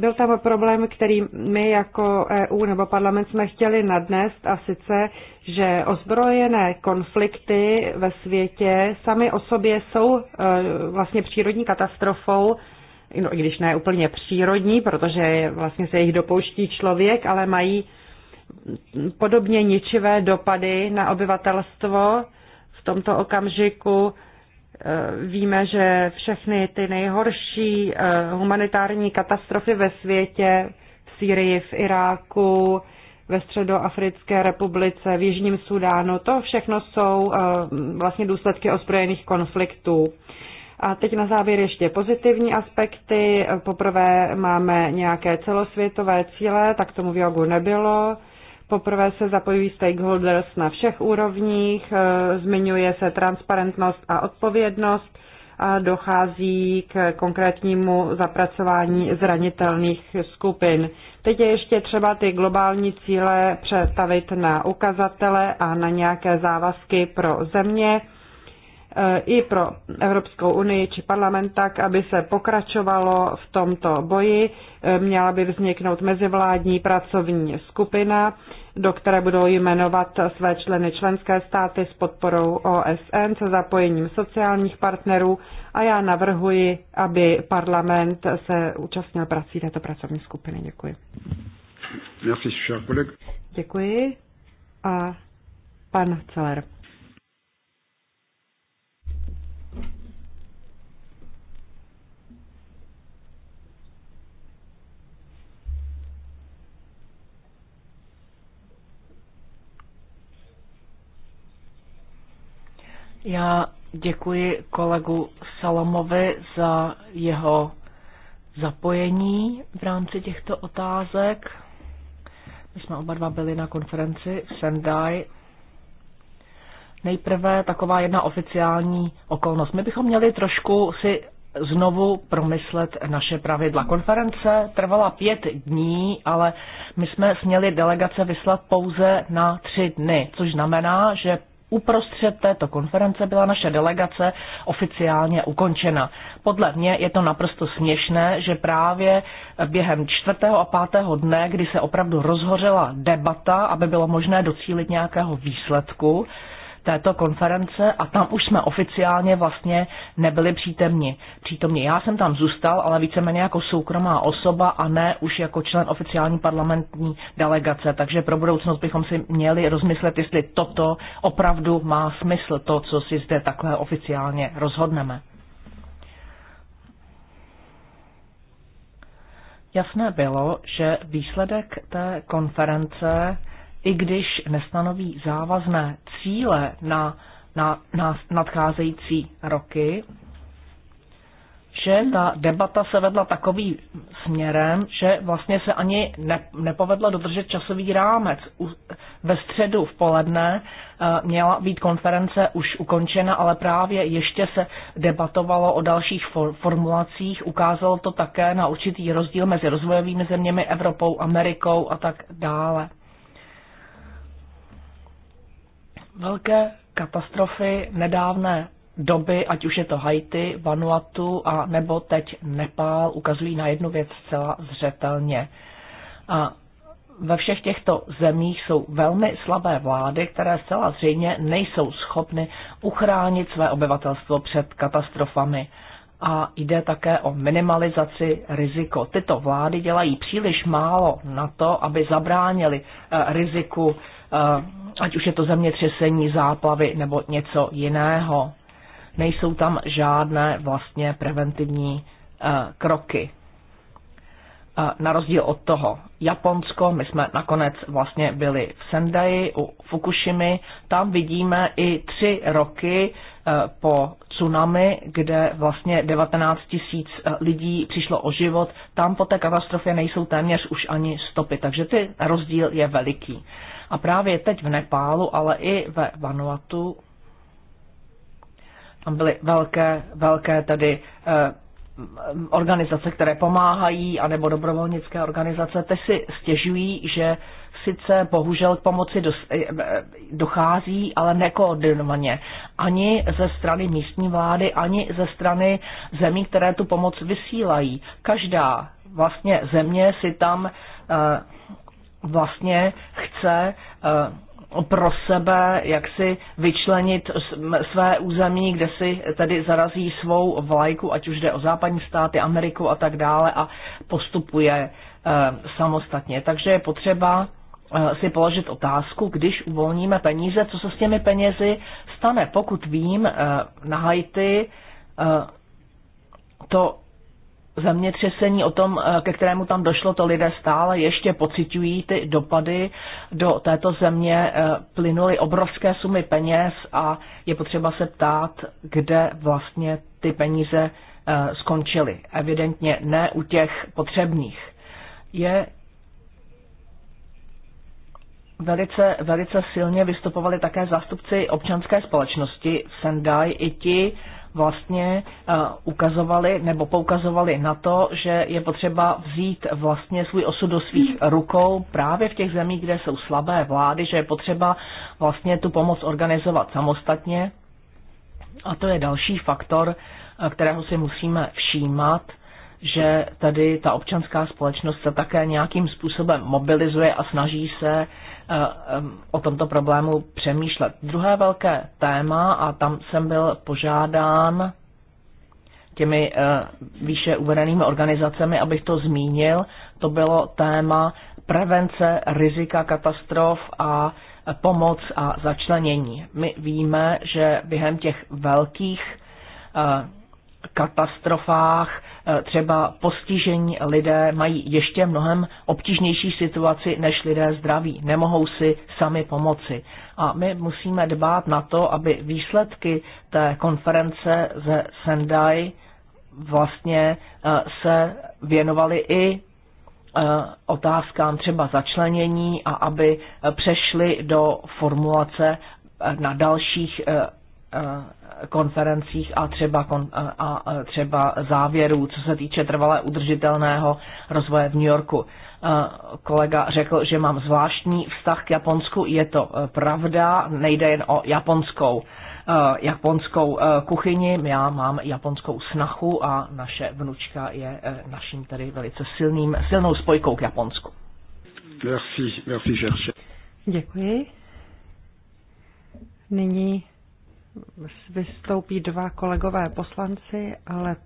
Byl tam problém, který my jako EU nebo parlament jsme chtěli nadnést a sice, že ozbrojené konflikty ve světě sami o sobě jsou e, vlastně přírodní katastrofou, no, i když ne úplně přírodní, protože vlastně se jich dopouští člověk, ale mají podobně ničivé dopady na obyvatelstvo v tomto okamžiku Eh, víme, že všechny ty nejhorší eh, humanitární katastrofy ve světě, v Sýrii, v Iráku, ve Středoafrické republice, v Jižním Sudánu, to všechno jsou eh, vlastně důsledky ozbrojených konfliktů. A teď na závěr ještě pozitivní aspekty. Poprvé máme nějaké celosvětové cíle, tak tomu v jogu nebylo. Poprvé se zapojují stakeholders na všech úrovních, eh, zmiňuje se transparentnost a odpovědnost a dochází k konkrétnímu zapracování zranitelných skupin. Teď je ještě třeba ty globální cíle přestavit na ukazatele a na nějaké závazky pro země Eh, i pro Evropskou unii či parlament tak, aby se pokračovalo v tomto boji. Eh, měla by vzniknout mezivládní pracovní skupina, do které budou jmenovat své členy členské státy s podporou OSN se zapojením sociálních partnerů a já navrhuji, aby parlament se účastnil prací této pracovní skupiny. Děkuji. Děkuji. A pan Celer. Já děkuji kolegu Salamovi za jeho zapojení v rámci těchto otázek. My jsme oba dva byli na konferenci v Sendai. Nejprve taková jedna oficiální okolnost. My bychom měli trošku si znovu promyslet naše pravidla. Konference trvala pět dní, ale my jsme směli delegace vyslat pouze na tři dny, což znamená, že uprostřed této konference byla naše delegace oficiálně ukončena. Podle mě je to naprosto směšné, že právě během čtvrtého a pátého dne, kdy se opravdu rozhořela debata, aby bylo možné docílit nějakého výsledku, této konference a tam už jsme oficiálně vlastně nebyli přítomni. přítomni. Já jsem tam zůstal, ale víceméně jako soukromá osoba a ne už jako člen oficiální parlamentní delegace. Takže pro budoucnost bychom si měli rozmyslet, jestli toto opravdu má smysl, to, co si zde takhle oficiálně rozhodneme. Jasné bylo, že výsledek té konference i když nestanoví závazné cíle na, na, na nadcházející roky, že ta debata se vedla takovým směrem, že vlastně se ani ne, nepovedla dodržet časový rámec. U, ve středu v poledne eh, měla být konference už ukončena, ale právě ještě se debatovalo o dalších for, formulacích. Ukázalo to také na určitý rozdíl mezi rozvojovými zeměmi, Evropou, Amerikou a tak dále. Velké katastrofy nedávné doby, ať už je to Haiti, Vanuatu a nebo teď Nepál, ukazují na jednu věc zcela zřetelně. A ve všech těchto zemích jsou velmi slabé vlády, které zcela zřejmě nejsou schopny uchránit své obyvatelstvo před katastrofami. A jde také o minimalizaci riziko. Tyto vlády dělají příliš málo na to, aby zabránili eh, riziku Eh, ať už je to zemětřesení, záplavy nebo něco jiného. Nejsou tam žádné vlastně preventivní eh, kroky. Eh, na rozdíl od toho Japonsko, my jsme nakonec vlastně byli v Sendai, u Fukushimi, tam vidíme i tři roky po tsunami, kde vlastně 19 tisíc lidí přišlo o život, tam po té katastrofě nejsou téměř už ani stopy, takže ty rozdíl je veliký. A právě teď v Nepálu, ale i ve Vanuatu, tam byly velké, velké tedy eh, organizace, které pomáhají, anebo dobrovolnické organizace, ty si stěžují, že sice bohužel k pomoci eh, eh, dochází, ale nekoordinovaně. Ani ze strany místní vlády, ani ze strany zemí, které tu pomoc vysílají. Každá vlastně země si tam eh, vlastně chce eh, pro sebe, jak si vyčlenit své území, kde si tedy zarazí svou vlajku, ať už jde o západní státy, Ameriku a tak dále a postupuje eh, samostatně. Takže je potřeba eh, si položit otázku, když uvolníme peníze, co se s těmi penězi stane. Pokud vím, na Haiti to zemětřesení, o tom, eh, ke kterému tam došlo, to lidé stále ještě pociťují ty dopady. Do této země eh, plynuly obrovské sumy peněz a je potřeba se ptát, kde vlastně ty peníze eh, skončily. Evidentně ne u těch potřebných. Je Velice, velice silně vystupovali také zástupci občanské společnosti v Sendai. I ti vlastně eh, ukazovali nebo poukazovali na to, že je potřeba vzít vlastně svůj osud do svých rukou právě v těch zemích, kde jsou slabé vlády, že je potřeba vlastně tu pomoc organizovat samostatně. A to je další faktor, eh, kterého si musíme všímat, že tady ta občanská společnost se také nějakým způsobem mobilizuje a snaží se Eh, o tomto problému přemýšlet. Druhé velké téma, a tam jsem byl požádán těmi eh, výše uvedenými organizacemi, abych to zmínil, to bylo téma prevence rizika katastrof a pomoc a začlenění. My víme, že během těch velkých eh, katastrofách Eh, třeba postižení lidé mají ještě mnohem obtížnější situaci než lidé zdraví. Nemohou si sami pomoci. A my musíme dbát na to, aby výsledky té konference ze Sendai vlastně eh, se věnovaly i eh, otázkám třeba začlenění a aby přešly do formulace na dalších konferencích a třeba, kon, a třeba závěrů, co se týče trvalé udržitelného rozvoje v New Yorku. Kolega řekl, že mám zvláštní vztah k Japonsku, je to e, pravda, nejde jen o japonskou, e, japonskou e, kuchyni, já mám japonskou snachu a naše vnučka je naším tedy velice silným, silnou spojkou k Japonsku. Merci, merci, Děkuji. Nyní vystoupí dva kolegové poslanci, ale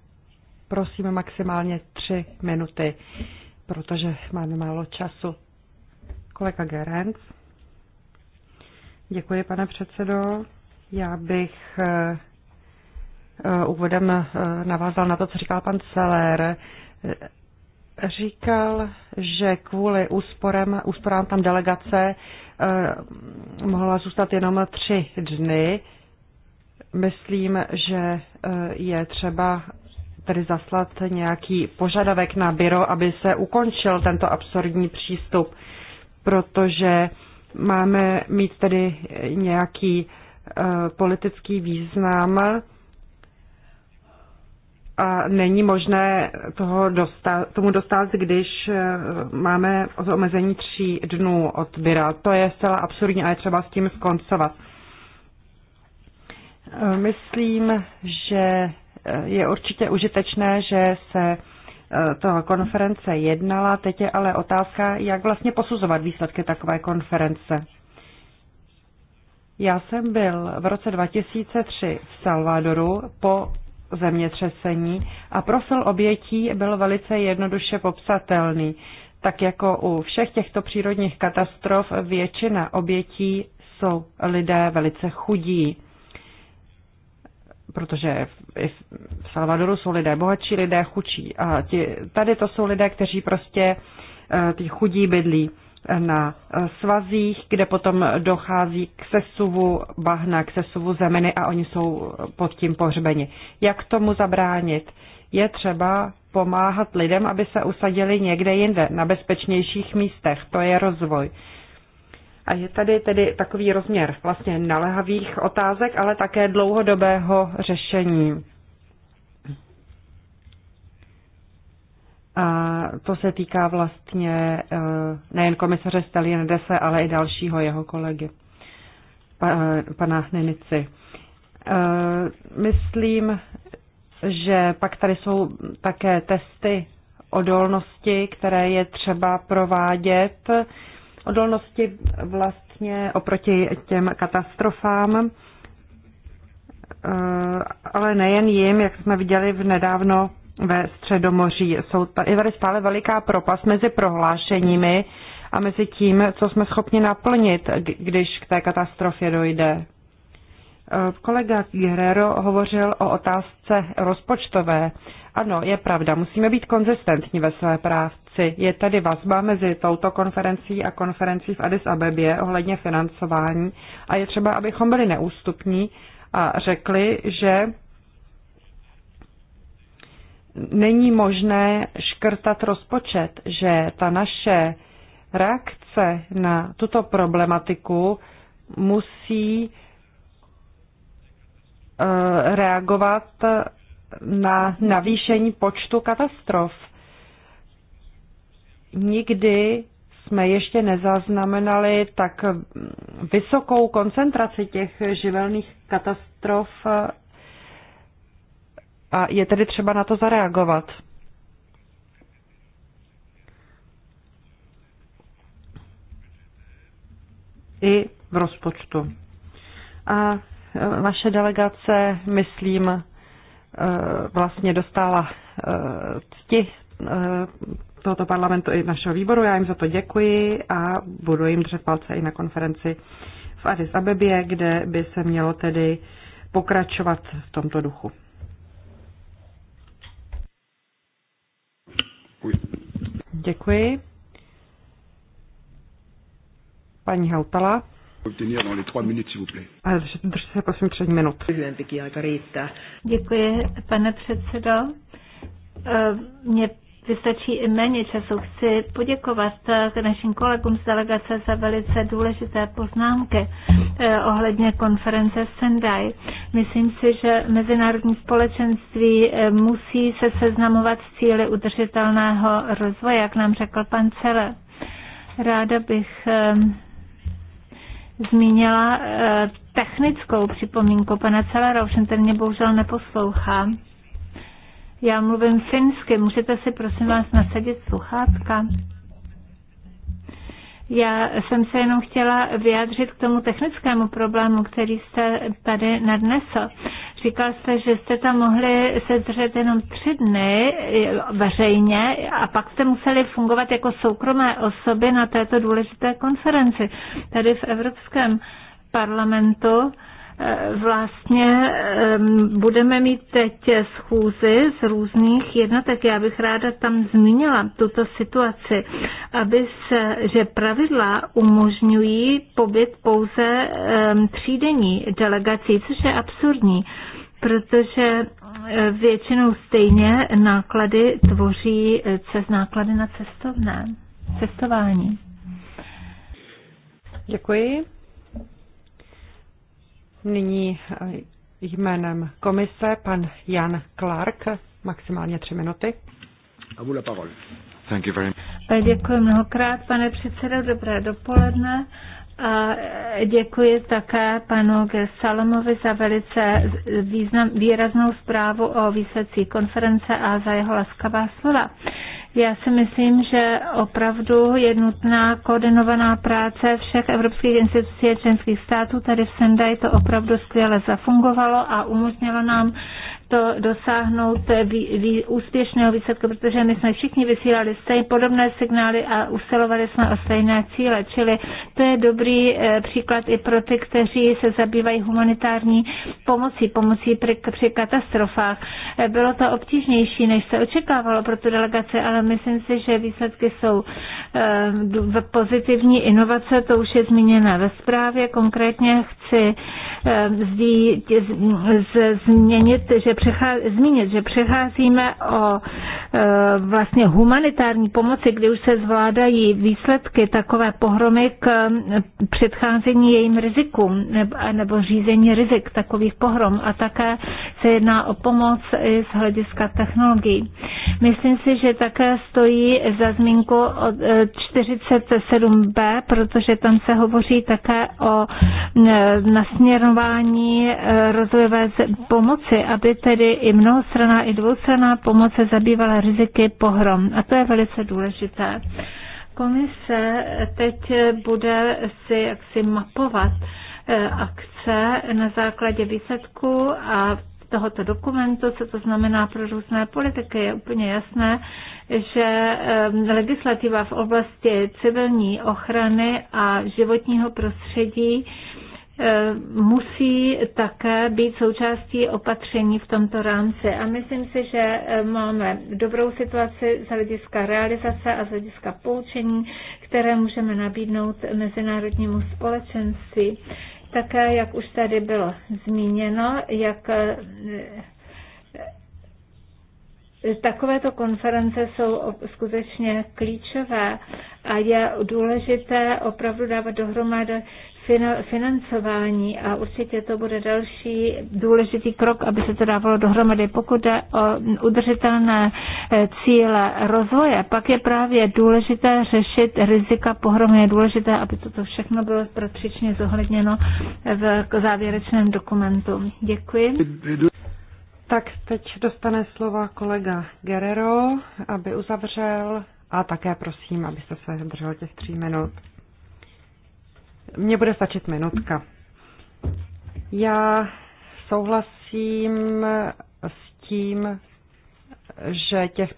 prosím maximálně tři minuty, protože máme málo času. Kolega Gerenc. Děkuji, pane předsedo. Já bych eh, eh, úvodem eh, navázal na to, co říkal pan Celer. Říkal, že kvůli úsporem, úsporám tam delegace mohla zůstat jenom tři dny, myslím, že e, je třeba tedy zaslat nějaký požadavek na byro, aby se ukončil tento absurdní přístup, protože máme mít tedy nějaký e, politický význam a není možné toho dostat, tomu dostat, když e, máme omezení tří dnů od byra. To je zcela absurdní a je třeba s tím skoncovat. Myslím, že eh, je určitě užitečné, že se eh, toho konference jednala. Teď je ale otázka, jak vlastně posuzovat výsledky takové konference. Já jsem byl v roce 2003 v Salvadoru po zemětřesení a profil obětí byl velice jednoduše popsatelný. Tak jako u všech těchto přírodních katastrof většina obětí jsou lidé velice chudí protože i v Salvadoru jsou lidé bohatší, lidé chudší. A ti, tady to jsou lidé, kteří prostě eh, ty chudí bydlí eh, na eh, svazích, kde potom dochází k sesuvu bahna, k sesuvu zeminy a oni jsou pod tím pohřbeni. Jak tomu zabránit? Je třeba pomáhat lidem, aby se usadili někde jinde, na bezpečnějších místech. To je rozvoj. A je tady tedy takový rozměr vlastně nalehavých otázek, ale také dlouhodobého řešení. A to se týká vlastně eh, nejen komisaře Stalianidese, ale i dalšího jeho kolegy, eh, pana Nenici. Eh, myslím, že pak tady jsou také testy odolnosti, které je třeba provádět odolnosti vlastně oproti těm katastrofám, eh, ale nejen jim, jak jsme viděli v nedávno ve Středomoří. Jsou tady stále veliká propast mezi prohlášeními a mezi tím, co jsme schopni naplnit, když k té katastrofě dojde. Eh, kolega Guerrero hovořil o otázce rozpočtové. Ano, je pravda, musíme být konzistentní ve své práci chci. Je tady vazba mezi touto konferencí a konferencí v Addis Abebě ohledně financování a je třeba, abychom byli neústupní a řekli, že není možné škrtat rozpočet, že ta naše reakce na tuto problematiku musí eh, reagovat na navýšení počtu katastrof nikdy jsme ještě nezaznamenali tak vysokou koncentraci těch živelných katastrof a je tedy třeba na to zareagovat. I v rozpočtu. A naše e, delegace, myslím, e, vlastně dostala e, cti tohoto parlamentu i našeho výboru. Já jim za to děkuji a budu jim držet palce i na konferenci v Addis Abebě, kde by se mělo tedy pokračovat v tomto duchu. Děkuji. Paní Hautala. Ale drž se prosím tři minut. Děkuji, pane předsedo. Eh, mě vystačí i méně času. Chci poděkovat našim kolegům z delegace za velice důležité poznámky eh, ohledně konference Sendai. Myslím si, že mezinárodní společenství eh, musí se seznamovat s cíly udržitelného rozvoje, jak nám řekl pan Cele. Ráda bych eh, zmínila technickou připomínku pana Celera, ovšem ten mě bohužel neposlouchá já mluvím finsky, můžete si prosím vás nasadit sluchátka? Já jsem se jenom chtěla vyjádřit k tomu technickému problému, který jste tady nadnesl. Říkal jste, že jste tam mohli se držet jenom tři dny eh, veřejně a pak jste museli fungovat jako soukromé osoby na této důležité konferenci. Tady v Evropském parlamentu vlastně budeme mít teď schůzy z různých jednotek. Já bych ráda tam zmínila tuto situaci, aby se, že pravidla umožňují pobyt pouze třídení delegací, což je absurdní, protože e, většinou stejně náklady tvoří e, cez náklady na cestovné, cestování. Děkuji. Nyní eh, jménem komise pan Jan Clark, maximálně tři minuty. A vůle la parole. Thank you very much. Eh, děkuji mnohokrát, pane předsedo, dobré dopoledne. A eh, děkuji také panu G. Salomovi za velice význam, výraznou zprávu o výsledcích konference a za jeho laskavá slova. Já si myslím, že opravdu je nutná koordinovaná práce všech evropských institucí a členských států. Tady v Sendai to opravdu skvěle zafungovalo a umožnilo nám to dosáhnout vý, vý, úspěšného výsledku, protože my jsme všichni vysílali stejné podobné signály a usilovali jsme o stejné cíle. Čili to je dobrý eh, příklad i pro ty, kteří se zabývají humanitární pomocí, pomocí při, při katastrofách. Eh, bylo to obtížnější, než se očekávalo pro tu delegaci, ale myslím si, že výsledky jsou eh, pozitivní. Inovace, to už je zmíněna ve zprávě. Konkrétně chci změnit, že zmínit, že přecházíme o e, vlastně humanitární pomoci, kdy už se zvládají výsledky takové pohromy k předcházení jejím rizikům nebo řízení rizik takových pohrom a také se jedná o pomoc i z hlediska technologií. Myslím si, že také stojí za zmínku od e, 47b, protože tam se hovoří také o e, nasměrování rozvojové pomoci, aby ty tedy i mnohostraná, i dvoustraná pomoc se zabývala riziky pohrom. A to je velice důležité. Komise teď bude si jaksi mapovat eh, akce na základě výsledků a tohoto dokumentu, co to znamená pro různé politiky. Je úplně jasné, že eh, legislativa v oblasti civilní ochrany a životního prostředí Eh, musí také být součástí opatření v tomto rámci. A myslím si, že eh, máme dobrou situaci z hlediska realizace a z hlediska poučení, které můžeme nabídnout mezinárodnímu společenství. Také, jak už tady bylo zmíněno, jak eh, Takovéto konference jsou skutečně klíčové a je důležité opravdu dávat dohromady financování a určitě to bude další důležitý krok, aby se to dávalo dohromady. Pokud jde o udržitelné eh, cíle rozvoje, pak je právě důležité řešit rizika pohromy. Je důležité, aby toto všechno bylo patřičně zohledněno v závěrečném dokumentu. Děkuji. Tak teď dostane slova kolega Guerrero, aby uzavřel a také prosím, abyste se držel těch tří minut. Mně bude stačit minutka. Já souhlasím s tím, že těch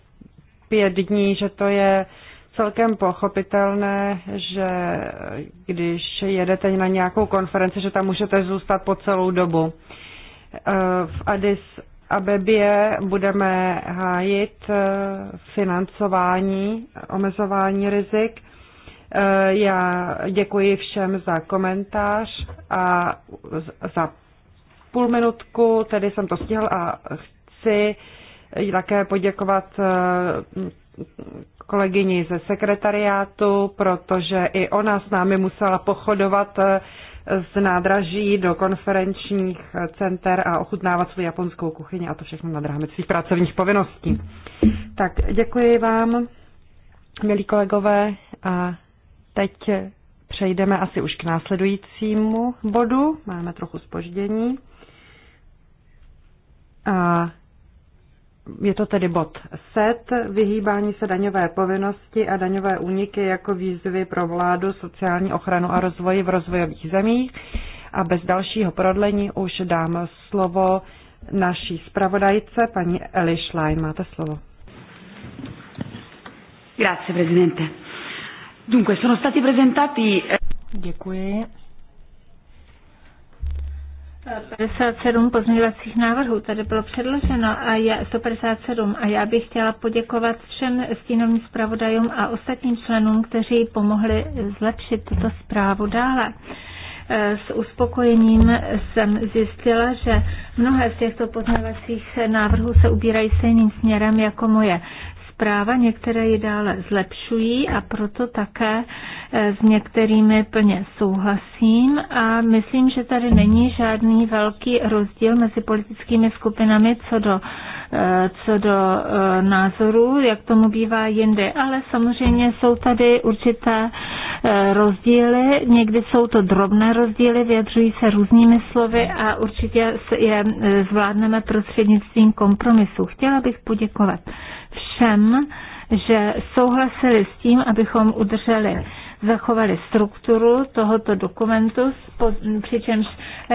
pět dní, že to je celkem pochopitelné, že když jedete na nějakou konferenci, že tam můžete zůstat po celou dobu. Eh, v Addis Abebě budeme hájit eh, financování, omezování rizik Eh, já děkuji všem za komentář a za půl minutku, tedy jsem to stihl a chci také poděkovat eh, kolegyni ze sekretariátu, protože i ona s námi musela pochodovat eh, z nádraží do konferenčních center a ochutnávat svou japonskou kuchyni a to všechno nad rámec svých pracovních povinností. Tak děkuji vám, milí kolegové, a Teď přejdeme asi už k následujícímu bodu. Máme trochu spoždění. A je to tedy bod SET, vyhýbání se daňové povinnosti a daňové úniky jako výzvy pro vládu, sociální ochranu a rozvoji v rozvojových zemích. A bez dalšího prodlení už dám slovo naší zpravodajce, paní Eli Schlein. Máte slovo. Grazie, prezidente. Dunque, sono stati presentati... Eh, Děkuji. 57 pozměňovacích návrhů tady bylo předloženo a je 157 a já bych chtěla poděkovat všem stínovým zpravodajům a ostatním členům, kteří pomohli zlepšit tuto zprávu dále. Eh, s uspokojením jsem zjistila, že mnohé z těchto poznávacích návrhů se ubírají stejným směrem jako moje zpráva, některé ji dále zlepšují a proto také eh, s některými plně souhlasím a myslím, že tady není žádný velký rozdíl mezi politickými skupinami co do, eh, co do eh, názoru, jak tomu bývá jinde, ale samozřejmě jsou tady určité rozdíly, někdy jsou to drobné rozdíly, vyjadřují se různými slovy a určitě je e, zvládneme prostřednictvím kompromisu. Chtěla bych poděkovat všem, že souhlasili s tím, abychom udrželi zachovali strukturu tohoto dokumentu, přičemž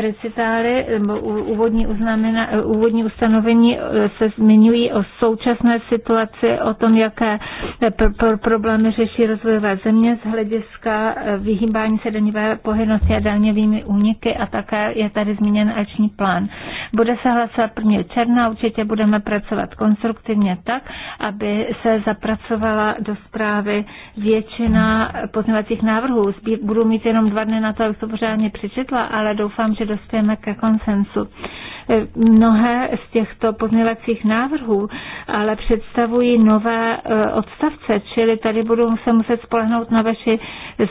recitály nebo úvodní, uznamená, úvodní ustanovení e, se zmiňují o současné situaci, o tom, jaké e, pro, pro, problémy řeší rozvojové země z hlediska e, vyhýbání se daňové pohybnosti a daňovými úniky a také je tady zmíněn ační plán. Bude se hlasovat 1. června, určitě budeme pracovat konstruktivně tak, aby se zapracovala do zprávy většina pozměňovacích pozměňovacích návrhů. Budu mít jenom dva dny na to, abych to pořádně přečetla, ale doufám, že dostaneme ke konsensu. E, mnohé z těchto pozměňovacích návrhů ale představují nové e, odstavce, čili tady budu se muset spolehnout na vaši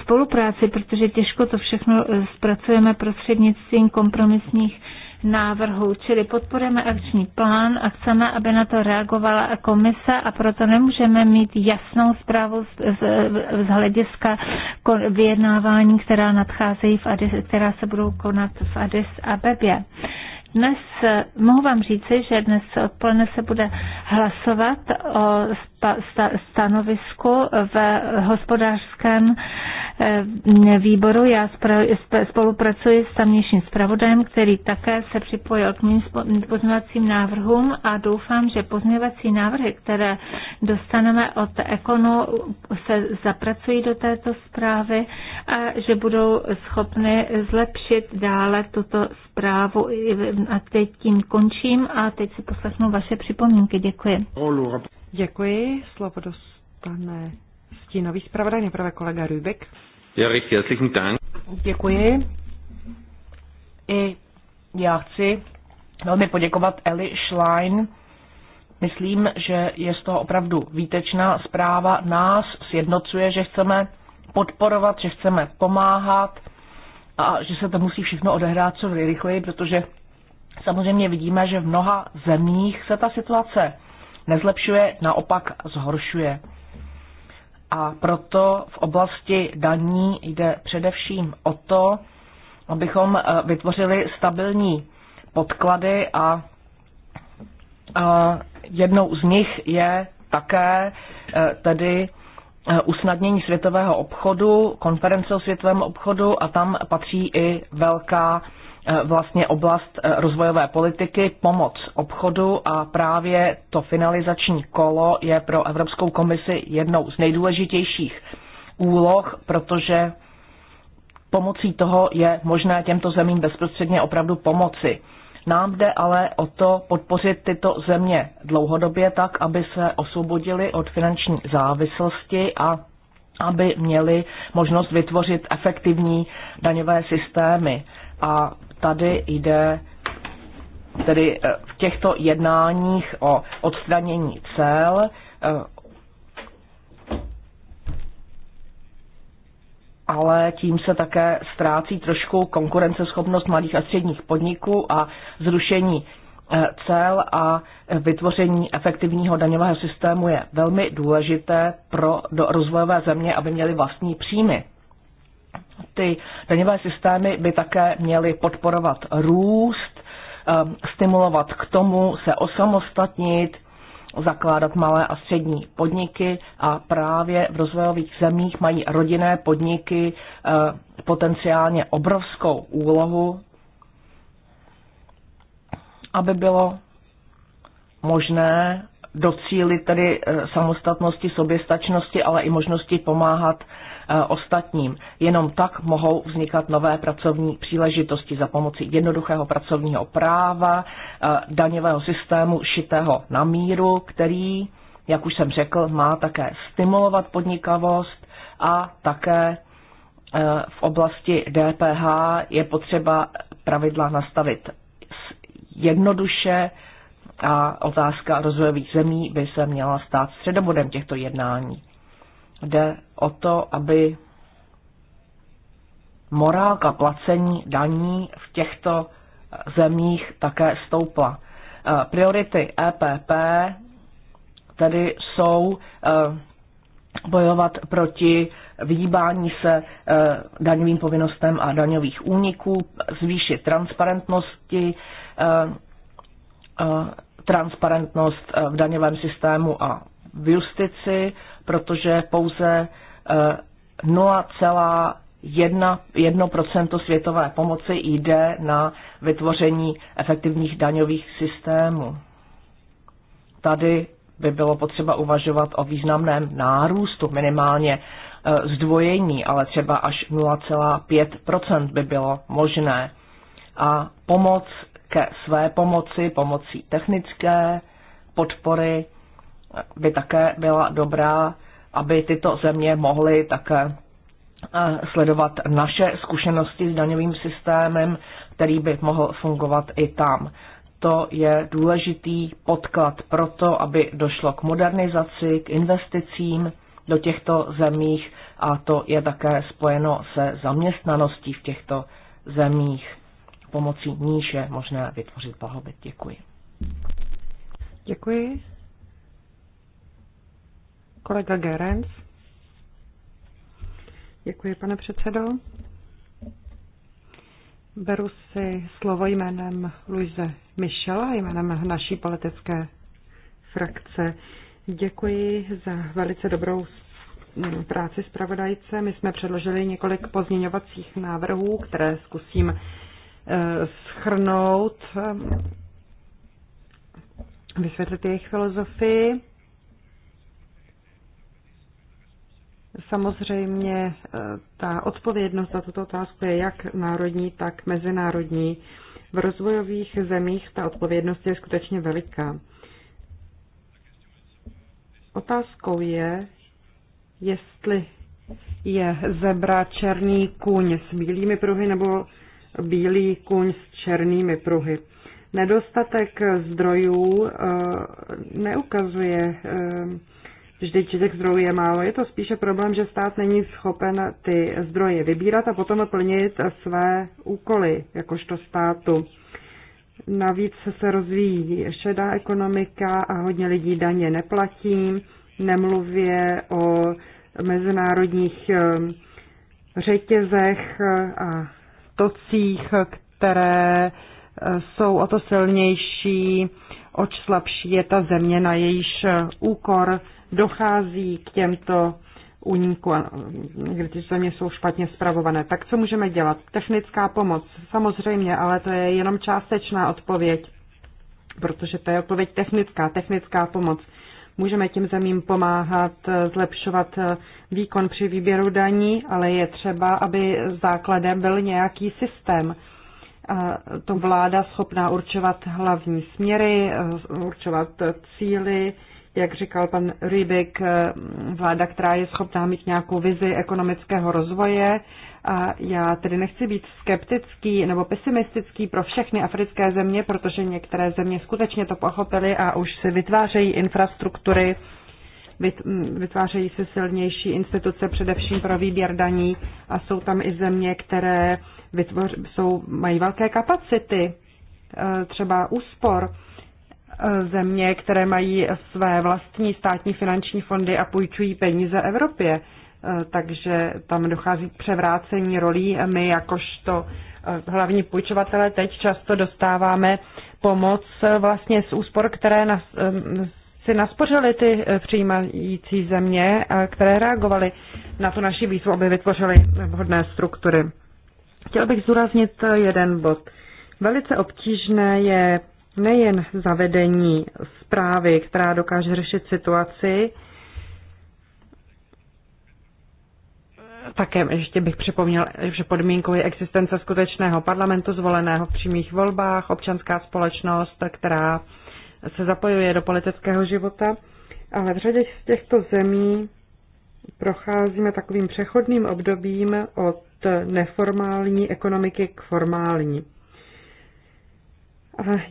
spolupráci, protože těžko to všechno e, zpracujeme prostřednictvím kompromisních návrhu, čili podporujeme akční plán a chceme, aby na to reagovala komise a proto nemůžeme mít jasnou zprávu z, z, z hlediska vyjednávání, která nadcházejí, v Adis, která se budou konat v Addis Abebě. Dnes mohu vám říci, že dnes odpoledne se bude hlasovat o stanovisku v hospodářském eh, výboru. Já spolupracuji s tamnějším zpravodajem, který také se připojil k mým pozměvacím návrhům a doufám, že pozměvací návrhy, které dostaneme od Ekonu, se zapracují do této zprávy a že budou schopny zlepšit dále tuto zprávu. A teď tím končím a teď si poslechnu vaše připomínky. Děkuji. Děkuji. Slovo dostane stínový zpravodaj, nejprve kolega Rübek. Ja, recht herzlichen Dank. Děkuji. I já chci velmi poděkovat Eli Schlein. Myslím, že je z toho opravdu výtečná zpráva. Nás sjednocuje, že chceme podporovat, že chceme pomáhat a že se to musí všechno odehrát co nejrychleji, protože samozřejmě vidíme, že v mnoha zemích se ta situace nezlepšuje, naopak zhoršuje. A proto v oblasti daní jde především o to, abychom eh, vytvořili stabilní podklady a jednou z nich je také eh, tedy eh, usnadnění světového obchodu, konference o světovém obchodu a tam patří i velká E, vlastně oblast e, rozvojové politiky, pomoc obchodu a právě to finalizační kolo je pro Evropskou komisi jednou z nejdůležitějších úloh, protože pomocí toho je možné těmto zemím bezprostředně opravdu pomoci. Nám jde ale o to podpořit tyto země dlouhodobě tak, aby se osvobodili od finanční závislosti a aby měli možnost vytvořit efektivní daňové systémy. A tady jde tedy eh, v těchto jednáních o odstranění cel eh, ale tím se také ztrácí trošku konkurenceschopnost malých a středních podniků a zrušení eh, cel a vytvoření efektivního daňového systému je velmi důležité pro do rozvojové země, aby měly vlastní příjmy. Ty daňové systémy by také měly podporovat růst, ehm, stimulovat k tomu se osamostatnit, zakládat malé a střední podniky a právě v rozvojových zemích mají rodinné podniky eh, potenciálně obrovskou úlohu, aby bylo možné docílit tedy eh, samostatnosti, soběstačnosti, ale i možnosti pomáhat eh, ostatním. Jenom tak mohou vznikat nové pracovní příležitosti za pomoci jednoduchého pracovního práva, eh, daňového systému šitého na míru, který, jak už jsem řekl, má také stimulovat podnikavost a také v oblasti DPH je potřeba pravidla nastavit jednoduše, a otázka rozvojových zemí by se měla stát středobodem těchto jednání. Jde o to, aby morálka placení daní v těchto eh, zemích také stoupla. Eh, priority EPP tedy jsou eh, bojovat proti vyhýbání se daňovým povinnostem a daňových úniků, zvýšit transparentnosti, transparentnost eh, v daňovém systému a v justici, protože pouze 0,1% eh, světové pomoci jde na vytvoření efektivních daňových systémů. Tady by bylo potřeba uvažovat o významném nárůstu, minimálně eh, zdvojení, ale třeba až 0,5% by bylo možné. A pomoc ke své pomoci, pomocí technické podpory by také byla dobrá, aby tyto země mohly také eh, sledovat naše zkušenosti s daňovým systémem, který by mohl fungovat i tam. To je důležitý podklad pro to, aby došlo k modernizaci, k investicím do těchto zemích a to je také spojeno se zaměstnaností v těchto zemích pomocí níž je možné vytvořit blahobyt. Děkuji. Děkuji. Kolega Gerenc. Děkuji, pane předsedo. Beru si slovo jménem Luise Michela, jménem naší politické frakce. Děkuji za velice dobrou mm, práci zpravodajce. My jsme předložili několik pozměňovacích návrhů, které zkusím schrnout, vysvětlit jejich filozofii. Samozřejmě eh, ta odpovědnost za tuto otázku je jak národní, tak mezinárodní. V rozvojových zemích ta odpovědnost je skutečně veliká. Otázkou je, jestli je zebra černý kůň s bílými pruhy nebo bílý kuň s černými pruhy. Nedostatek zdrojů eh, neukazuje eh, Vždyť těch zdrojů je málo. Je to spíše problém, že stát není schopen ty zdroje vybírat a potom plnit své úkoly jakožto státu. Navíc se rozvíjí šedá ekonomika a hodně lidí daně neplatí, nemluvě o mezinárodních eh, řetězech a tocích, které eh, jsou o to silnější, oč slabší je ta země, na jejíž eh, úkor dochází k těmto úniku, mm, kdy ty země jsou špatně zpravované. Tak co můžeme dělat? Technická pomoc, samozřejmě, ale to je jenom částečná odpověď, protože to je odpověď technická, technická pomoc. Můžeme těm zemím pomáhat zlepšovat výkon při výběru daní, ale je třeba, aby základem byl nějaký systém. To vláda schopná určovat hlavní směry, určovat cíly, jak říkal pan Rybik, vláda, která je schopná mít nějakou vizi ekonomického rozvoje a já tedy nechci být skeptický nebo pesimistický pro všechny africké země, protože některé země skutečně to pochopily a už si vytvářejí infrastruktury, vytvářejí se silnější instituce především pro výběr daní a jsou tam i země, které vytvoř, jsou, mají velké kapacity, e, třeba úspor e, země, které mají své vlastní státní finanční fondy a půjčují peníze Evropě. Eh, takže tam dochází k převrácení rolí. My jakožto eh, hlavní půjčovatele teď často dostáváme pomoc eh, vlastně z úspor, které nas, si naspořily ty přijímající země, které reagovaly na tu naši výzvu, aby vytvořily vhodné struktury. Chtěl bych zúraznit jeden bod. Velice obtížné je nejen zavedení zprávy, která dokáže řešit situaci, Také ještě bych připomněl, že podmínkou je existence skutečného parlamentu zvoleného v přímých volbách, občanská společnost, která se zapojuje do politického života, ale v řadě z těchto zemí procházíme takovým přechodným obdobím od neformální ekonomiky k formální.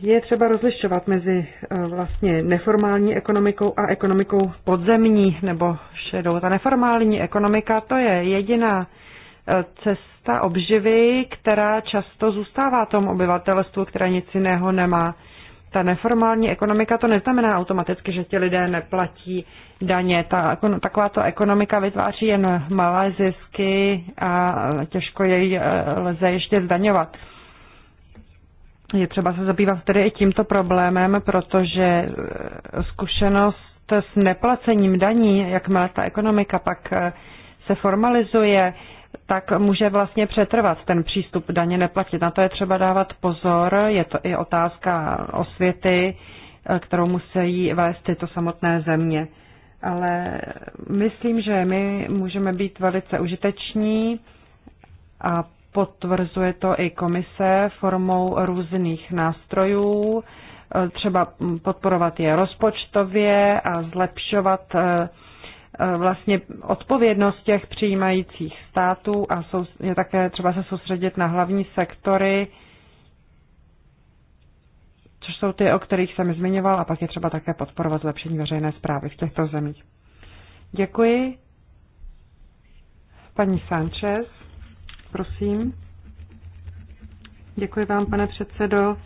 Je třeba rozlišovat mezi eh, vlastně neformální ekonomikou a ekonomikou podzemní nebo šedou. Ta neformální ekonomika to je jediná eh, cesta obživy, která často zůstává tomu obyvatelstvu, které nic jiného nemá. Ta neformální ekonomika to neznamená automaticky, že ti lidé neplatí daně. Ta, takováto ekonomika vytváří jen malé zisky a eh, těžko jej lze ještě zdaňovat je třeba se zabývat tedy i tímto problémem, protože eh, zkušenost s neplacením daní, jakmile ta ekonomika pak eh, se formalizuje, tak může vlastně přetrvat ten přístup daně neplatit. Na to je třeba dávat pozor, je to i otázka osvěty, eh, kterou musí vést tyto samotné země. Ale myslím, že my můžeme být velice užiteční a potvrzuje to i komise formou různých nástrojů, e, třeba podporovat je rozpočtově a zlepšovat e, e, vlastně odpovědnost těch přijímajících států a sou, je také třeba se soustředit na hlavní sektory, což jsou ty, o kterých jsem zmiňoval, a pak je třeba také podporovat zlepšení veřejné zprávy v těchto zemích. Děkuji. Paní Sanchez prosím. Děkuji vám, pane předsedo.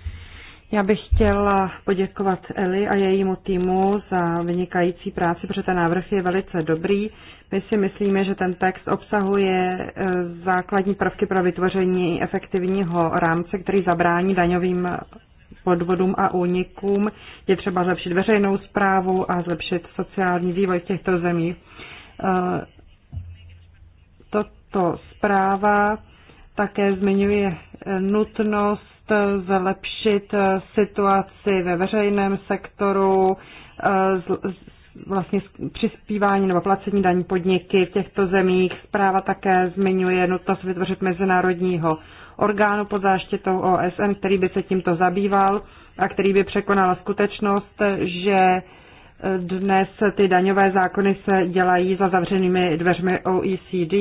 Já bych chtěla poděkovat Eli a jejímu týmu za vynikající práci, protože ten návrh je velice dobrý. My si myslíme, že ten text obsahuje e, základní prvky pro vytvoření efektivního rámce, který zabrání daňovým podvodům a únikům. Je třeba zlepšit veřejnou zprávu a zlepšit sociální vývoj v těchto zemích. E, tato zpráva také zmiňuje nutnost zlepšit situaci ve veřejném sektoru, vlastně přispívání nebo placení daní podniky v těchto zemích. Zpráva také zmiňuje nutnost vytvořit mezinárodního orgánu pod záštitou OSN, který by se tímto zabýval a který by překonal skutečnost, že dnes ty daňové zákony se dělají za zavřenými dveřmi OECD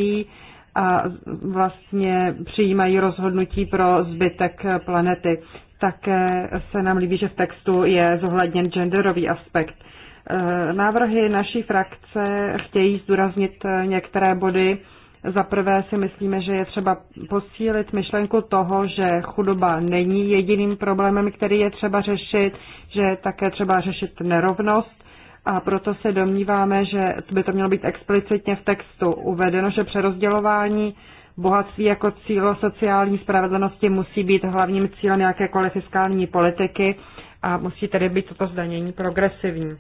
a vlastně přijímají rozhodnutí pro zbytek planety. Také se nám líbí, že v textu je zohledněn genderový aspekt. E, návrhy naší frakce chtějí zdůraznit některé body. Za prvé si myslíme, že je třeba posílit myšlenku toho, že chudoba není jediným problémem, který je třeba řešit, že je také třeba řešit nerovnost a proto se domníváme, že by to mělo být explicitně v textu uvedeno, že přerozdělování bohatství jako cílo sociální spravedlnosti musí být hlavním cílem jakékoliv fiskální politiky a musí tedy být toto zdanění progresivní.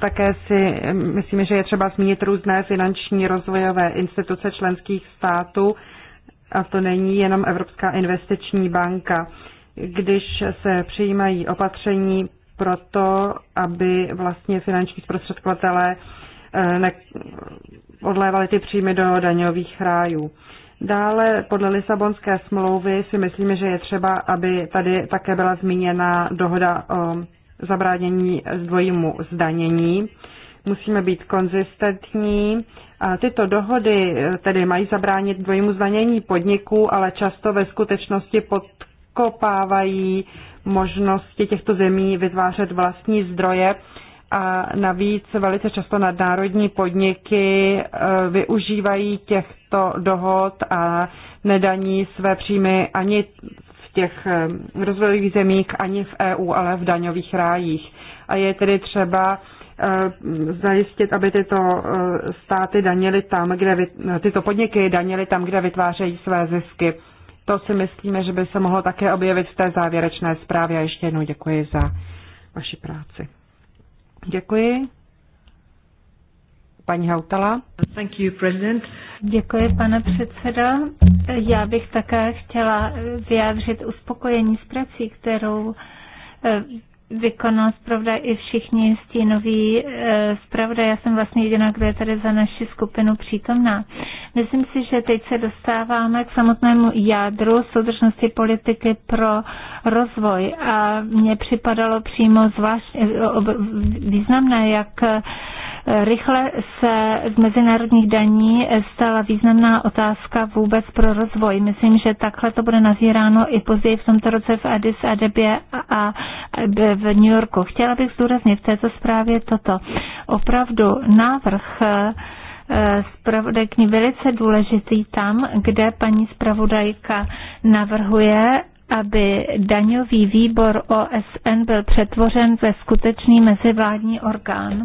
Také si eh, myslím, že je třeba zmínit různé finanční rozvojové instituce členských států, a to není jenom Evropská investiční banka. Když se přijímají opatření proto, aby vlastně finanční zprostředkovatelé eh, odlévali ty příjmy do daňových rájů. Dále podle Lisabonské smlouvy si myslíme, že je třeba, aby tady také byla zmíněna dohoda o zabránění dvojímu zdanění. Musíme být konzistentní. A tyto dohody eh, tedy mají zabránit dvojímu zdanění podniků, ale často ve skutečnosti podkopávají možnosti těchto zemí vytvářet vlastní zdroje a navíc velice často nadnárodní podniky eh, využívají těchto dohod a nedaní své příjmy ani v těch eh, rozvojových zemích, ani v EU, ale v daňových rájích. A je tedy třeba eh, zajistit, aby tyto státy danily tam, kde tyto podniky danily tam, kde vytvářejí své zisky to si myslíme, že by se mohlo také objevit v té závěrečné zprávě. A ještě jednou děkuji za vaši práci. Děkuji. Paní Hautala. Thank you, President. Děkuji, pane předsedo. Já bych také chtěla vyjádřit uspokojení s prací, kterou eh, vykonal zpravda i všichni stínoví e, zpravda. Já jsem vlastně jediná, kdo je tady za naši skupinu přítomná. Myslím si, že teď se dostáváme k samotnému jádru soudržnosti politiky pro rozvoj a mně připadalo přímo zvlášť e, významné, jak Rychle se z mezinárodních daní stala významná otázka vůbec pro rozvoj. Myslím, že takhle to bude nazíráno i později v tomto roce v Addis Adebě a v New Yorku. Chtěla bych zdůraznit v této zprávě toto. Opravdu návrh eh, zpravodajkní velice důležitý tam, kde paní zpravodajka navrhuje, aby daňový výbor OSN byl přetvořen ve skutečný mezivládní orgán.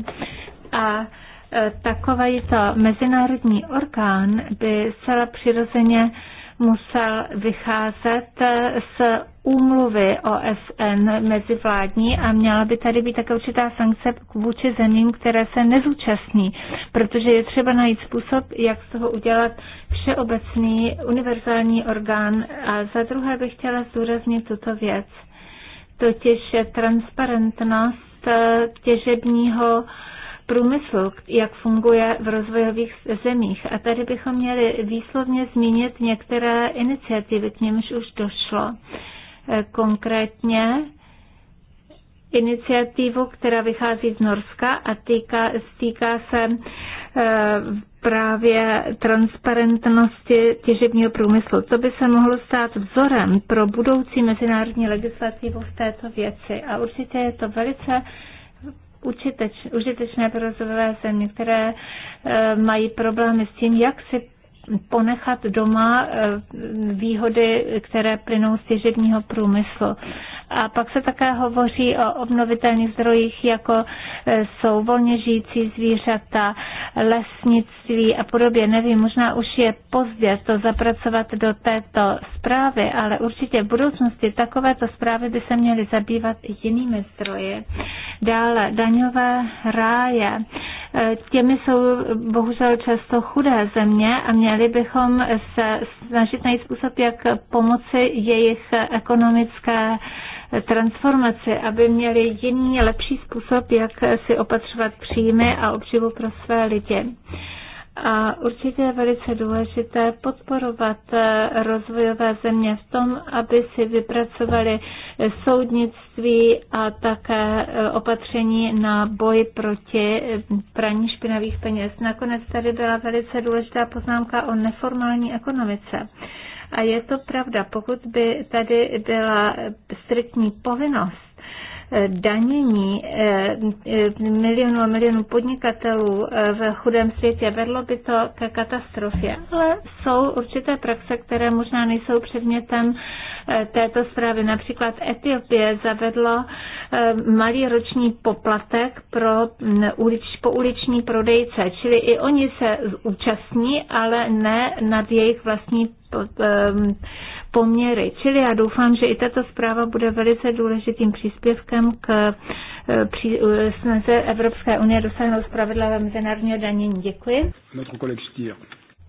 A e, takovýto mezinárodní orgán by zcela přirozeně musel vycházet e, z úmluvy OSN mezivládní a měla by tady být také určitá sankce vůči zemím, které se nezúčastní, protože je třeba najít způsob, jak z toho udělat všeobecný univerzální orgán. A za druhé bych chtěla zdůraznit tuto věc, totiž transparentnost e, těžebního Průmysl, jak funguje v rozvojových zemích. A tady bychom měli výslovně zmínit některé iniciativy, k němž už došlo. Eh, konkrétně iniciativu, která vychází z Norska a týká, týká se eh, právě transparentnosti těžebního průmyslu. To by se mohlo stát vzorem pro budoucí mezinárodní legislativu v této věci. A určitě je to velice učiteč, užitečné pro rozvojové země, které eh, mají problémy s tím, jak si ponechat doma eh, výhody, které plynou z těžebního průmyslu. A pak se také hovoří o obnovitelných zdrojích, jako e, jsou volně žijící zvířata, lesnictví a podobně. Nevím, možná už je pozdě to zapracovat do této zprávy, ale určitě v budoucnosti takovéto zprávy by se měly zabývat i jinými zdroji. Dále daňové ráje. E, těmi jsou bohužel často chudé země a měli bychom se snažit najít způsob, jak pomoci jejich ekonomické transformaci, aby měli jiný, lepší způsob, jak si opatřovat příjmy a obživu pro své lidi. A určitě je velice důležité podporovat eh, rozvojové země v tom, aby si vypracovali eh, soudnictví a také eh, opatření na boj proti praní špinavých peněz. Nakonec tady byla velice důležitá poznámka o neformální ekonomice. A je to pravda, pokud by tady byla striktní povinnost, eh, danění eh, eh, milionů a milionů podnikatelů v chudém světě vedlo by to ke katastrofě. Ale jsou určité praxe, které možná nejsou předmětem této zprávy. Například Etiopie zavedlo malý roční poplatek pro mm, ulič, pouliční prodejce, čili i oni se účastní, ale ne nad jejich vlastní Ehm, poměry. Čili já doufám, že i tato zpráva bude velice důležitým příspěvkem k eh, eh, snaze Evropské unie dosáhnout spravedlivého mezinárodního danění. Děkuji.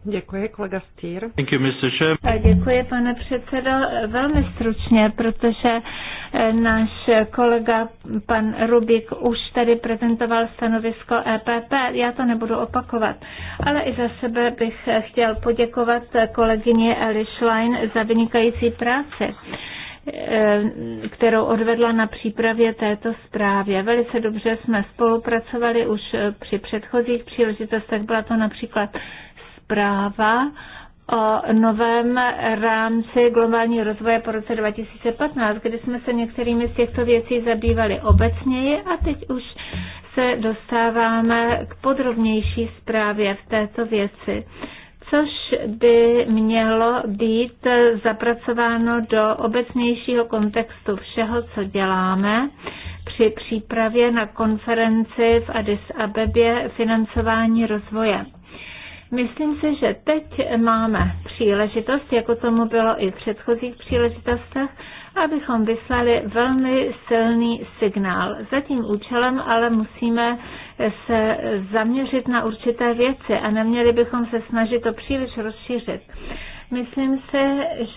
Děkuji, kolega Stýr. Eh, děkuji, pane předsedo. Eh, velmi stručně, protože eh, náš kolega pan Rubik už tady prezentoval stanovisko EPP. Já to nebudu opakovat, ale i za sebe bych chtěl poděkovat kolegyně Eli Schlein za vynikající práci kterou odvedla na přípravě této zprávě. Velice dobře jsme spolupracovali už při předchozích příležitostech. Byla to například zpráva o novém rámci globálního rozvoje po roce 2015, kdy jsme se některými z těchto věcí zabývali obecněji a teď už se dostáváme k podrobnější zprávě v této věci což by mělo být zapracováno do obecnějšího kontextu všeho, co děláme při přípravě na konferenci v Addis Abebě financování rozvoje. Myslím si, že teď máme příležitost, jako tomu bylo i v předchozích příležitostech, abychom vyslali velmi silný signál. Za tím účelem ale musíme se zaměřit na určité věci a neměli bychom se snažit to příliš rozšířit. Myslím si,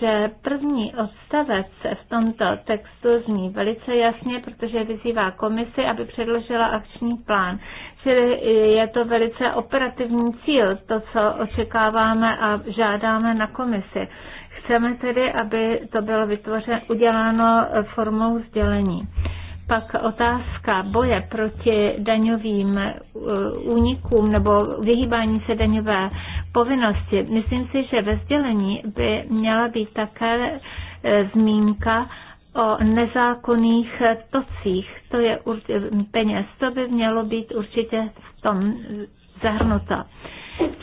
že první odstavec v tomto textu zní velice jasně, protože vyzývá komisi, aby předložila akční plán. Čili je to velice operativní cíl, to, co očekáváme a žádáme na komisi. Chceme tedy, aby to bylo vytvořeno, uděláno formou sdělení pak otázka boje proti daňovým eh, únikům nebo vyhýbání se daňové povinnosti. Myslím si, že ve sdělení by měla být také eh, zmínka o nezákonných eh, tocích. To je peněz. To by mělo být určitě v tom zahrnuto.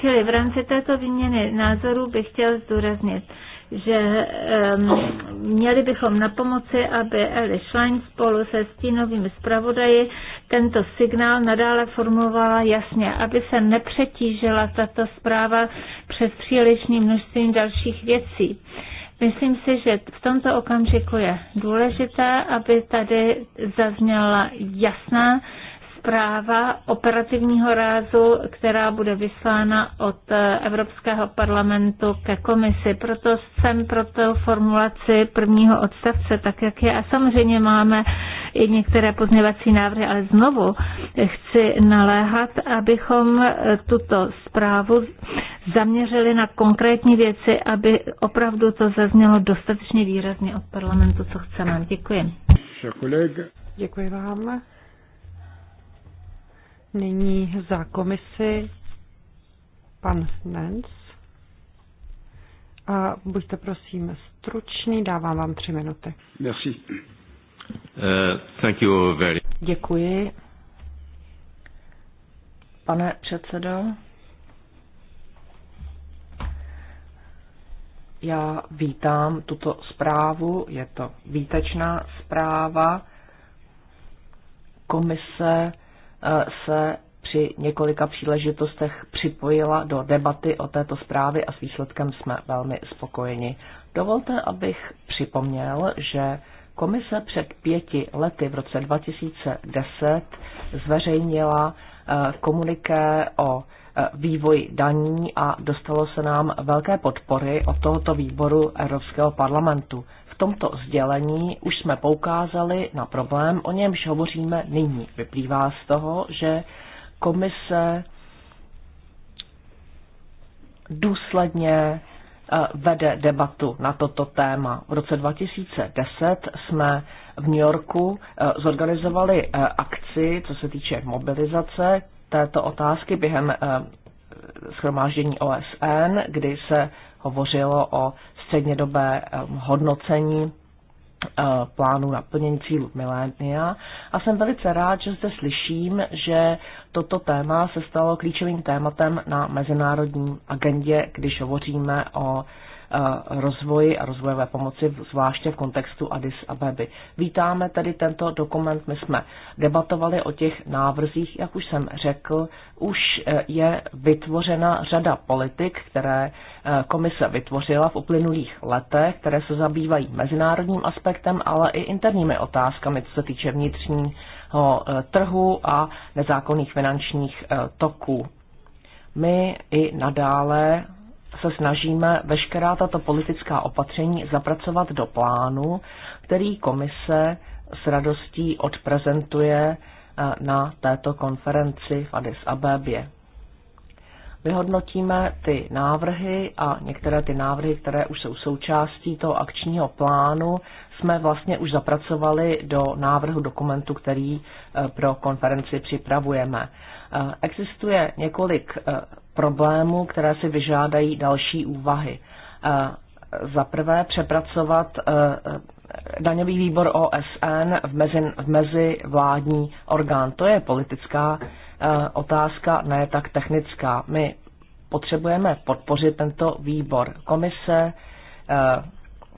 Čili v rámci této výměny názorů bych chtěl zdůraznit, že um, měli bychom na pomoci, aby Eli Schlein spolu se stínovými zpravodaji tento signál nadále formovala jasně, aby se nepřetížila tato zpráva přes příliční množství dalších věcí. Myslím si, že v tomto okamžiku je důležité, aby tady zazněla jasná zpráva operativního rázu, která bude vyslána od Evropského parlamentu ke komisi. Proto jsem pro tu formulaci prvního odstavce, tak jak je. A samozřejmě máme i některé pozměvací návrhy, ale znovu chci naléhat, abychom tuto zprávu zaměřili na konkrétní věci, aby opravdu to zaznělo dostatečně výrazně od parlamentu, co chceme. Děkuji. Děkuji vám. Nyní za komisi pan Nens. A buďte prosím stručný, dávám vám tři minuty. Merci. Uh, thank you very... Děkuji. Pane předsedo, já vítám tuto zprávu, je to výtečná zpráva. Komise Eh, se při několika příležitostech připojila do debaty o této zprávě a s výsledkem jsme velmi spokojeni. Dovolte, abych připomněl, že komise před pěti lety v roce 2010 zveřejnila eh, komuniké o eh, vývoji daní a dostalo se nám velké podpory od tohoto výboru Evropského parlamentu tomto sdělení už jsme poukázali na problém, o němž hovoříme nyní. Vyplývá z toho, že komise důsledně eh, vede debatu na toto téma. V roce 2010 jsme v New Yorku eh, zorganizovali eh, akci, co se týče mobilizace této otázky během schromáždění OSN, kdy se hovořilo o střednědobé eh, hodnocení eh, plánu naplnění cílu milénia a jsem velice rád, že zde slyším, že toto téma se stalo klíčovým tématem na mezinárodní agendě, když hovoříme o Eh, rozvoji a rozvojové pomoci, zvláště v kontextu Addis Abeby. Vítáme tedy tento dokument, my jsme debatovali o těch návrzích, jak už jsem řekl, už eh, je vytvořena řada politik, které eh, komise vytvořila v uplynulých letech, které se zabývají mezinárodním aspektem, ale i interními otázkami, co se týče vnitřního trhu a nezákonných finančních toků. My i nadále se snažíme veškerá tato politická opatření zapracovat do plánu, který komise s radostí odprezentuje eh, na této konferenci v Addis Abebě. Vyhodnotíme ty návrhy a některé ty návrhy, které už jsou součástí toho akčního plánu, jsme vlastně už zapracovali do návrhu dokumentu, který eh, pro konferenci připravujeme. Eh, existuje několik problémů, které si vyžádají další úvahy. Eh, za prvé přepracovat eh, eh, daňový výbor OSN v, mezi, v mezivládní orgán. To je politická otázka, ne tak technická. My potřebujeme podpořit tento výbor. Komise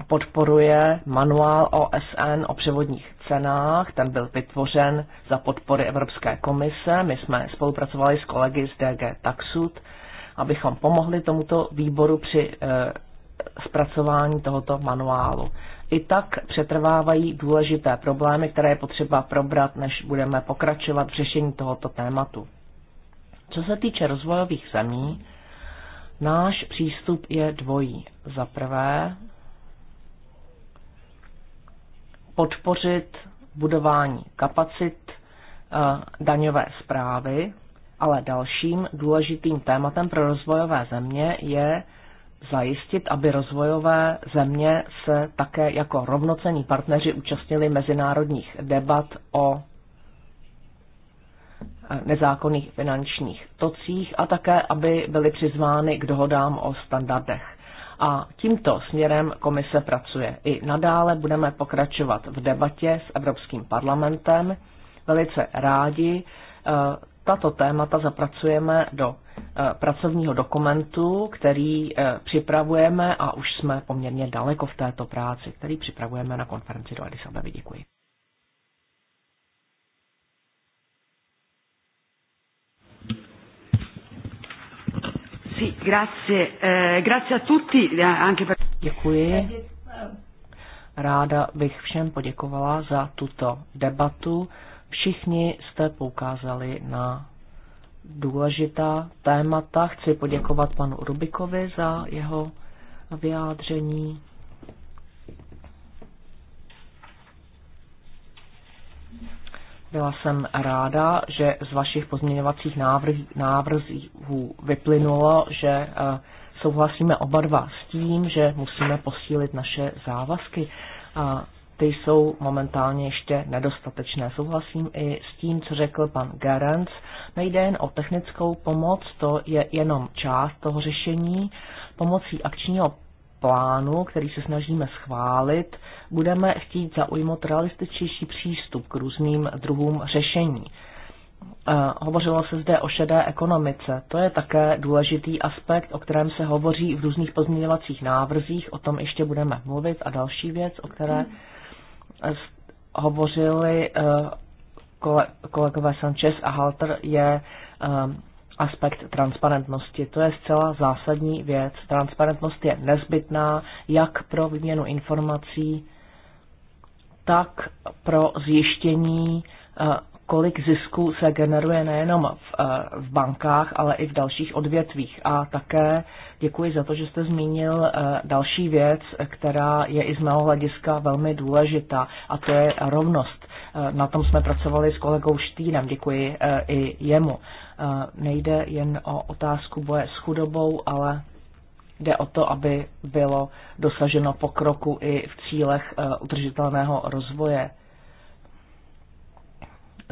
podporuje manuál OSN o převodních cenách. Ten byl vytvořen za podpory Evropské komise. My jsme spolupracovali s kolegy z DG Taxud, abychom pomohli tomuto výboru při eh, zpracování tohoto manuálu. I tak přetrvávají důležité problémy, které je potřeba probrat, než budeme pokračovat v řešení tohoto tématu. Co se týče rozvojových zemí, náš přístup je dvojí. Za prvé, podpořit budování kapacit eh, daňové zprávy, ale dalším důležitým tématem pro rozvojové země je zajistit, aby rozvojové země se také jako rovnocení partneři účastnili mezinárodních debat o eh, nezákonných finančních tocích a také, aby byly přizvány k dohodám o standardech a tímto směrem komise pracuje. I nadále budeme pokračovat v debatě s Evropským parlamentem. Velice rádi eh, tato témata zapracujeme do eh, pracovního dokumentu, který eh, připravujeme a už jsme poměrně daleko v této práci, který připravujeme na konferenci do Addis Abeby. Děkuji. Grazie, eh, grazie a tutti, eh, anche per... Děkuji. Ráda bych všem poděkovala za tuto debatu. Všichni jste poukázali na důležitá témata. Chci poděkovat panu Rubikovi za jeho vyjádření. Byla jsem ráda, že z vašich pozměňovacích návrh, návrhů vyplynulo, že eh, souhlasíme oba dva s tím, že musíme posílit naše závazky. A ty jsou momentálně ještě nedostatečné. Souhlasím i s tím, co řekl pan Gerenc. Nejde jen o technickou pomoc, to je jenom část toho řešení. Pomocí akčního plánu, který se snažíme schválit, budeme chtít zaujmout realističtější přístup k různým druhům řešení. Eh, hovořilo se zde o šedé ekonomice. To je také důležitý aspekt, o kterém se hovoří v různých pozměňovacích návrzích. O tom ještě budeme mluvit. A další věc, o které hovořili eh, kolegové Sanchez a Halter, je eh, aspekt transparentnosti. To je zcela zásadní věc. Transparentnost je nezbytná jak pro výměnu informací, tak pro zjištění, eh, kolik zisku se generuje nejenom v, eh, v bankách, ale i v dalších odvětvích. A také děkuji za to, že jste zmínil eh, další věc, která je i z mého hlediska velmi důležitá, a to je rovnost Eh, na tom jsme pracovali s kolegou Štýnem, děkuji eh, i jemu. Eh, nejde jen o otázku boje s chudobou, ale jde o to, aby bylo dosaženo pokroku i v cílech udržitelného rozvoje.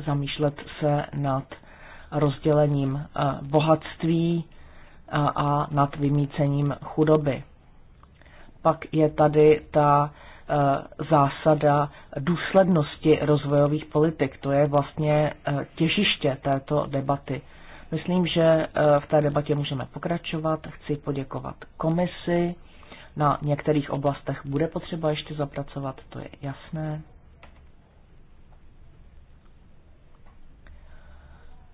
Zamýšlet se nad rozdělením bohatství a nad vymícením chudoby. Pak je tady ta Eh, zásada důslednosti rozvojových politik. To je vlastně eh, těžiště této debaty. Myslím, že eh, v té debatě můžeme pokračovat. Chci poděkovat komisi. Na některých oblastech bude potřeba ještě zapracovat, to je jasné.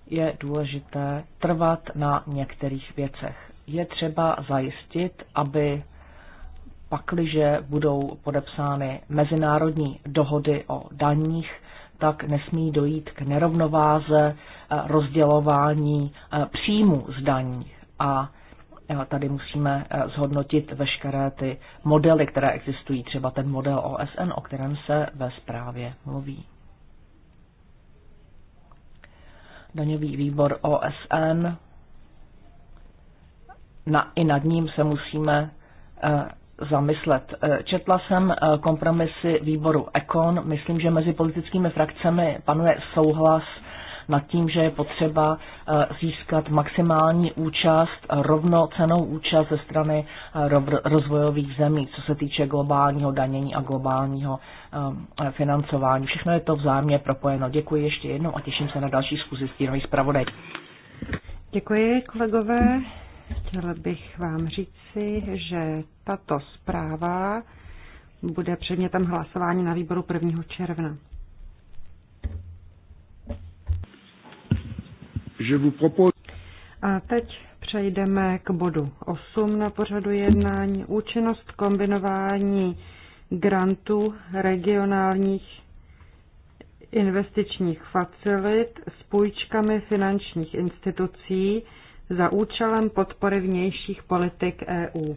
Je důležité trvat na některých věcech. Je třeba zajistit, aby pakliže budou podepsány mezinárodní dohody o daních, tak nesmí dojít k nerovnováze eh, rozdělování eh, příjmu z daní. A eh, tady musíme zhodnotit veškeré ty modely, které existují, třeba ten model OSN, o kterém se ve zprávě mluví. Daňový výbor OSN, na, i nad ním se musíme zamyslet. Eh, četla jsem eh, kompromisy výboru Ekon. Myslím, že mezi politickými frakcemi panuje souhlas nad tím, že je potřeba eh, získat maximální účast, rovnocenou účast ze strany rozvojových zemí, co se týče globálního danění a globálního financování. Všechno je to vzájemně propojeno. Děkuji ještě jednou a těším se na další schůzi s tím zpravodaj. Děkuji, kolegové. Chtěl bych vám říci, že tato zpráva bude předmětem hlasování na výboru 1. června. Je vous propose... A teď přejdeme k bodu 8 na pořadu jednání. Účinnost kombinování grantů regionálních investičních facilit s půjčkami finančních institucí za účelem podpory vnějších politik e EU.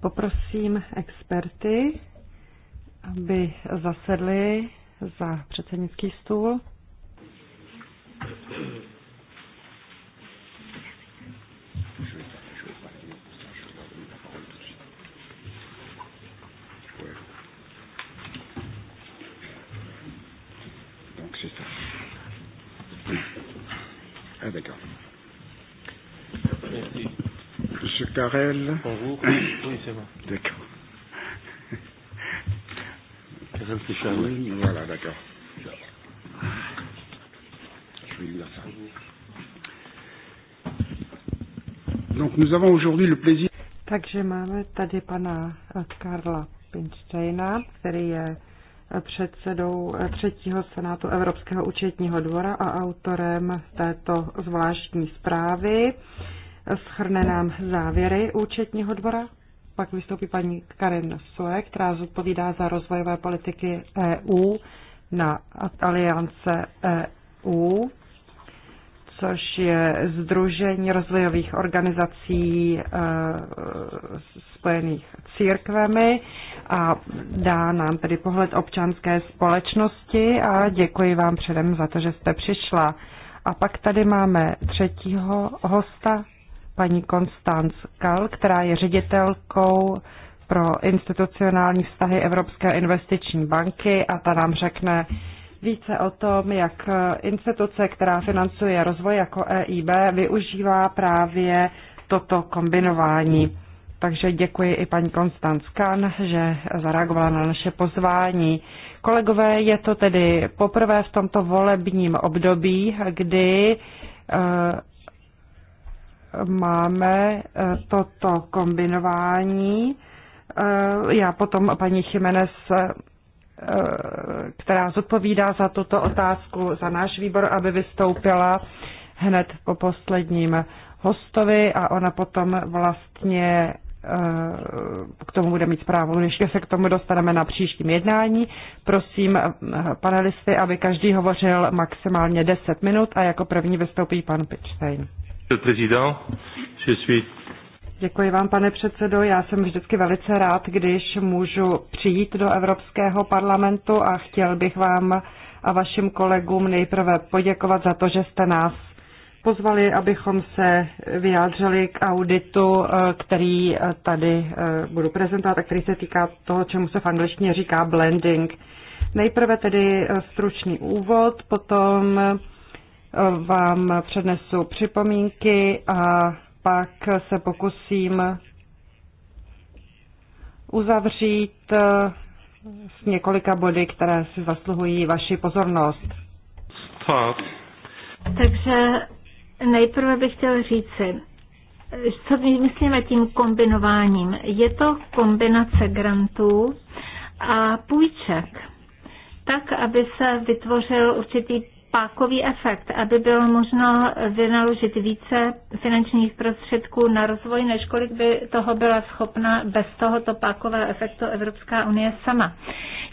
Poprosím experty, aby zasedli za předsednický stůl. Ah d'accord. Merci. Monsieur Carrel. Bonjour. Oui, c'est bon. D'accord. Carrel, c'est Charles. Oui, voilà, d'accord. Je vais lire ça. Donc nous avons aujourd'hui le plaisir. Takže máme tady pana Karla Pinsteina, který je předsedou třetího senátu Evropského účetního dvora a autorem této zvláštní zprávy. Schrne nám závěry účetního dvora. Pak vystoupí paní Karin Soe, která zodpovídá za rozvojové politiky EU na aliance EU což je Združení rozvojových organizací eh, spojených církvemi a dá nám tedy pohled občanské společnosti a děkuji vám předem za to, že jste přišla. A pak tady máme třetího hosta, paní Konstanc Kal, která je ředitelkou pro institucionální vztahy Evropské investiční banky a ta nám řekne, více o tom, jak instituce, která financuje rozvoj jako EIB, využívá právě toto kombinování. Takže děkuji i paní Konstanc Kan, že zareagovala na naše pozvání. Kolegové, je to tedy poprvé v tomto volebním období, kdy eh, máme eh, toto kombinování. Eh, já potom paní Jiménez Eh, která zodpovídá za tuto otázku, za náš výbor, aby vystoupila hned po posledním hostovi a ona potom vlastně eh, k tomu bude mít zprávu. Než se k tomu dostaneme na příštím jednání. Prosím eh, panelisty, aby každý hovořil maximálně 10 minut a jako první vystoupí pan Pitchstein. Pane le je suis Děkuji vám, pane předsedo. Já jsem vždycky velice rád, když můžu přijít do Evropského parlamentu a chtěl bych vám a vašim kolegům nejprve poděkovat za to, že jste nás pozvali, abychom se vyjádřili k auditu, eh, který eh, tady eh, budu prezentovat a který se týká toho, čemu se v angličtině říká blending. Nejprve tedy stručný úvod, potom vám přednesu připomínky a pak se pokusím uzavřít eh, s několika body, které si zasluhují vaši pozornost. Stop. Takže nejprve bych chtěl říci, co my myslíme tím kombinováním. Je to kombinace grantů a půjček, tak, aby se vytvořil určitý pákový efekt, aby bylo možno vynaložit více finančních prostředků na rozvoj, než kolik by toho byla schopna bez tohoto pákového efektu Evropská unie sama.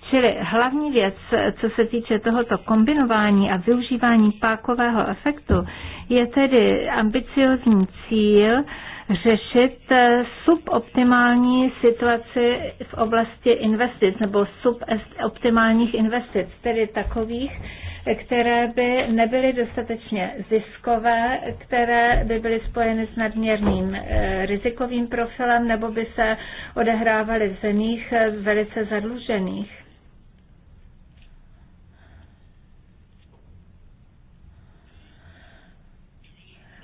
Čili hlavní věc, co se týče tohoto kombinování a využívání pákového efektu, je tedy ambiciozní cíl, řešit suboptimální situaci v oblasti investic nebo suboptimálních investic, tedy takových, které by nebyly dostatečně ziskové, které by byly spojeny s nadměrným eh, rizikovým profilem nebo by se odehrávaly v zemích eh, velice zadlužených.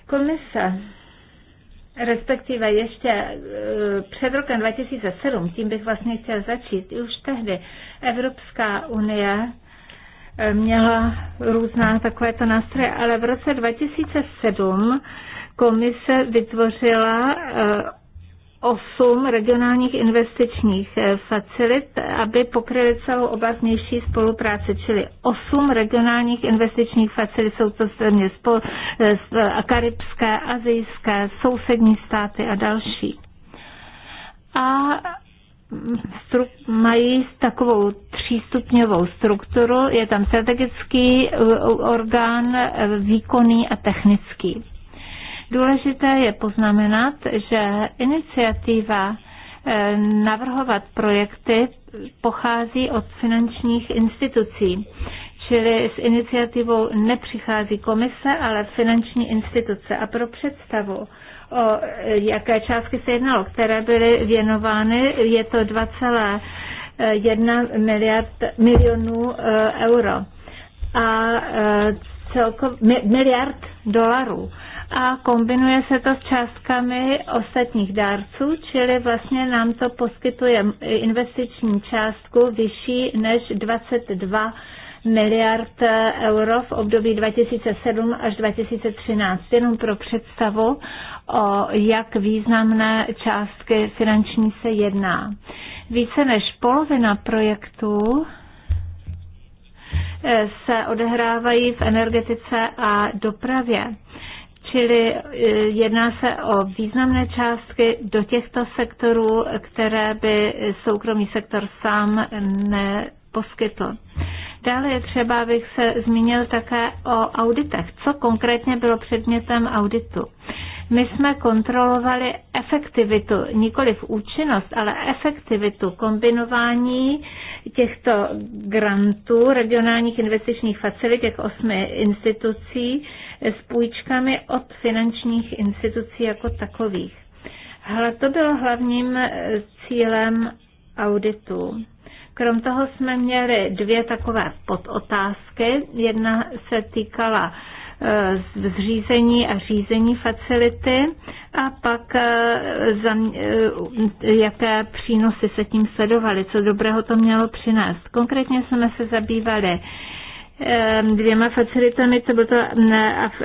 Komise respektive ještě eh, před rokem 2007, tím bych vlastně chtěl začít, už tehdy Evropská unie měla různá takovéto nástroje, ale v roce 2007 komise vytvořila eh, osm regionálních investičních eh, facilit, aby pokryly celou oblast vnější spolupráce, čili osm regionálních investičních facilit, jsou to země eh, karibské, azijské, sousední státy a další. A mají takovou třístupňovou strukturu. Je tam strategický uh, uh, orgán, uh, výkonný a technický. Důležité je poznamenat, že iniciativa navrhovat projekty pochází od finančních institucí. Čili s iniciativou nepřichází komise, ale finanční instituce. A pro představu, o jaké částky se jednalo, které byly věnovány. Je to 2,1 miliard milionů e, euro a e, celkov, miliard dolarů a kombinuje se to s částkami ostatních dárců, čili vlastně nám to poskytuje investiční částku vyšší než 22 miliard euro v období 2007 až 2013. Jenom pro představu, o jak významné částky finanční se jedná. Více než polovina projektů eh, se odehrávají v energetice a dopravě. Čili eh, jedná se o významné částky do těchto sektorů, které by soukromý sektor sám ne poskytl. Dále je třeba, abych se zmínil také o auditech. Co konkrétně bylo předmětem auditu? My jsme kontrolovali efektivitu, nikoli v účinnost, ale efektivitu kombinování těchto grantů regionálních investičních facilit těch osmi institucí s půjčkami od finančních institucí jako takových. Hle, to bylo hlavním cílem auditu. Krom toho jsme měli dvě takové podotázky. Jedna se týkala e, zřízení a řízení facility a pak e, e, jaké přínosy se tím sledovaly, co dobrého to mělo přinést. Konkrétně jsme se zabývali Ehm, dvěma facilitami, to byl to mm,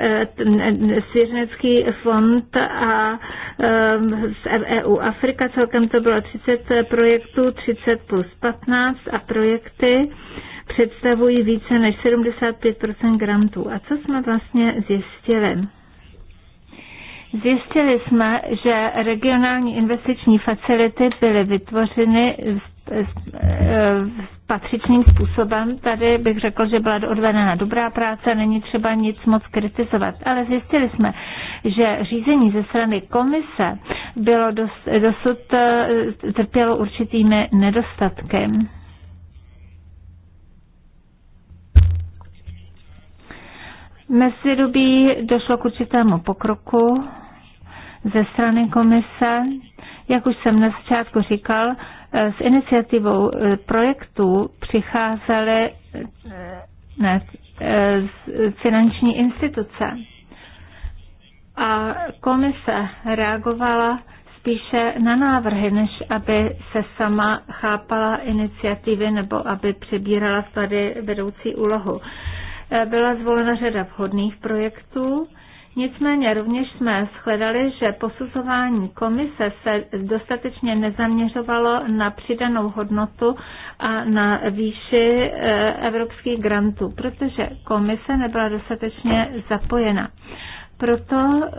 eh, svěřenecký fond a ehm, z EU e Afrika, celkem to bylo 30 projektů, 30 plus 15 a projekty představují více než 75% grantů. A co jsme vlastně zjistili? Zjistili jsme, že regionální investiční facility byly vytvořeny patřičným způsobem. Tady bych řekl, že byla odvedena dobrá práce, není třeba nic moc kritizovat. Ale zjistili jsme, že řízení ze strany komise bylo dost, dosud eh, trpělo určitými nedostatky. mezidobí došlo k určitému pokroku ze strany komise. Jak už jsem na začátku říkal, s iniciativou eh, projektů přicházely eh, ne, eh, finanční instituce. A komise reagovala spíše na návrhy, než aby se sama chápala iniciativy nebo aby přebírala tady vedoucí úlohu. Byla zvolena řada vhodných projektů Nicméně rovněž jsme shledali, že posuzování komise se dostatečně nezaměřovalo na přidanou hodnotu a na výši eh, evropských grantů, protože komise nebyla dostatečně zapojena. Proto eh,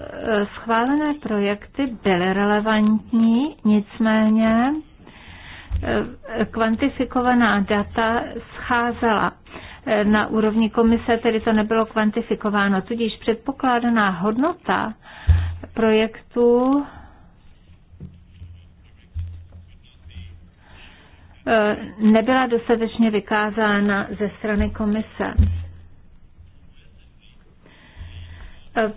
schválené projekty byly relevantní, nicméně eh, kvantifikovaná data scházela Eh, na úrovni komise, tedy to nebylo kvantifikováno. Tudíž předpokládaná hodnota projektu eh, nebyla dostatečně vykázána ze strany komise. Eh,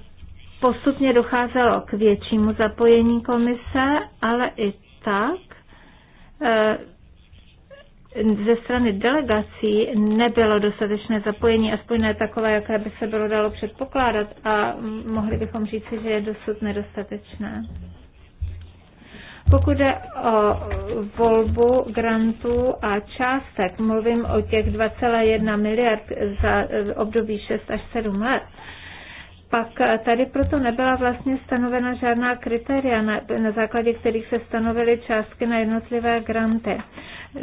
postupně docházelo k většímu zapojení komise, ale i tak ze strany delegací nebylo dostatečné zapojení, aspoň ne takové, jaké by se bylo dalo předpokládat a mohli bychom říci, že je dosud nedostatečné. Pokud jde o volbu grantů a částek, mluvím o těch 2,1 miliard za období 6 až 7 let, pak eh, tady proto nebyla vlastně stanovena žádná kritéria, na, na základě kterých se stanovily částky na jednotlivé granty.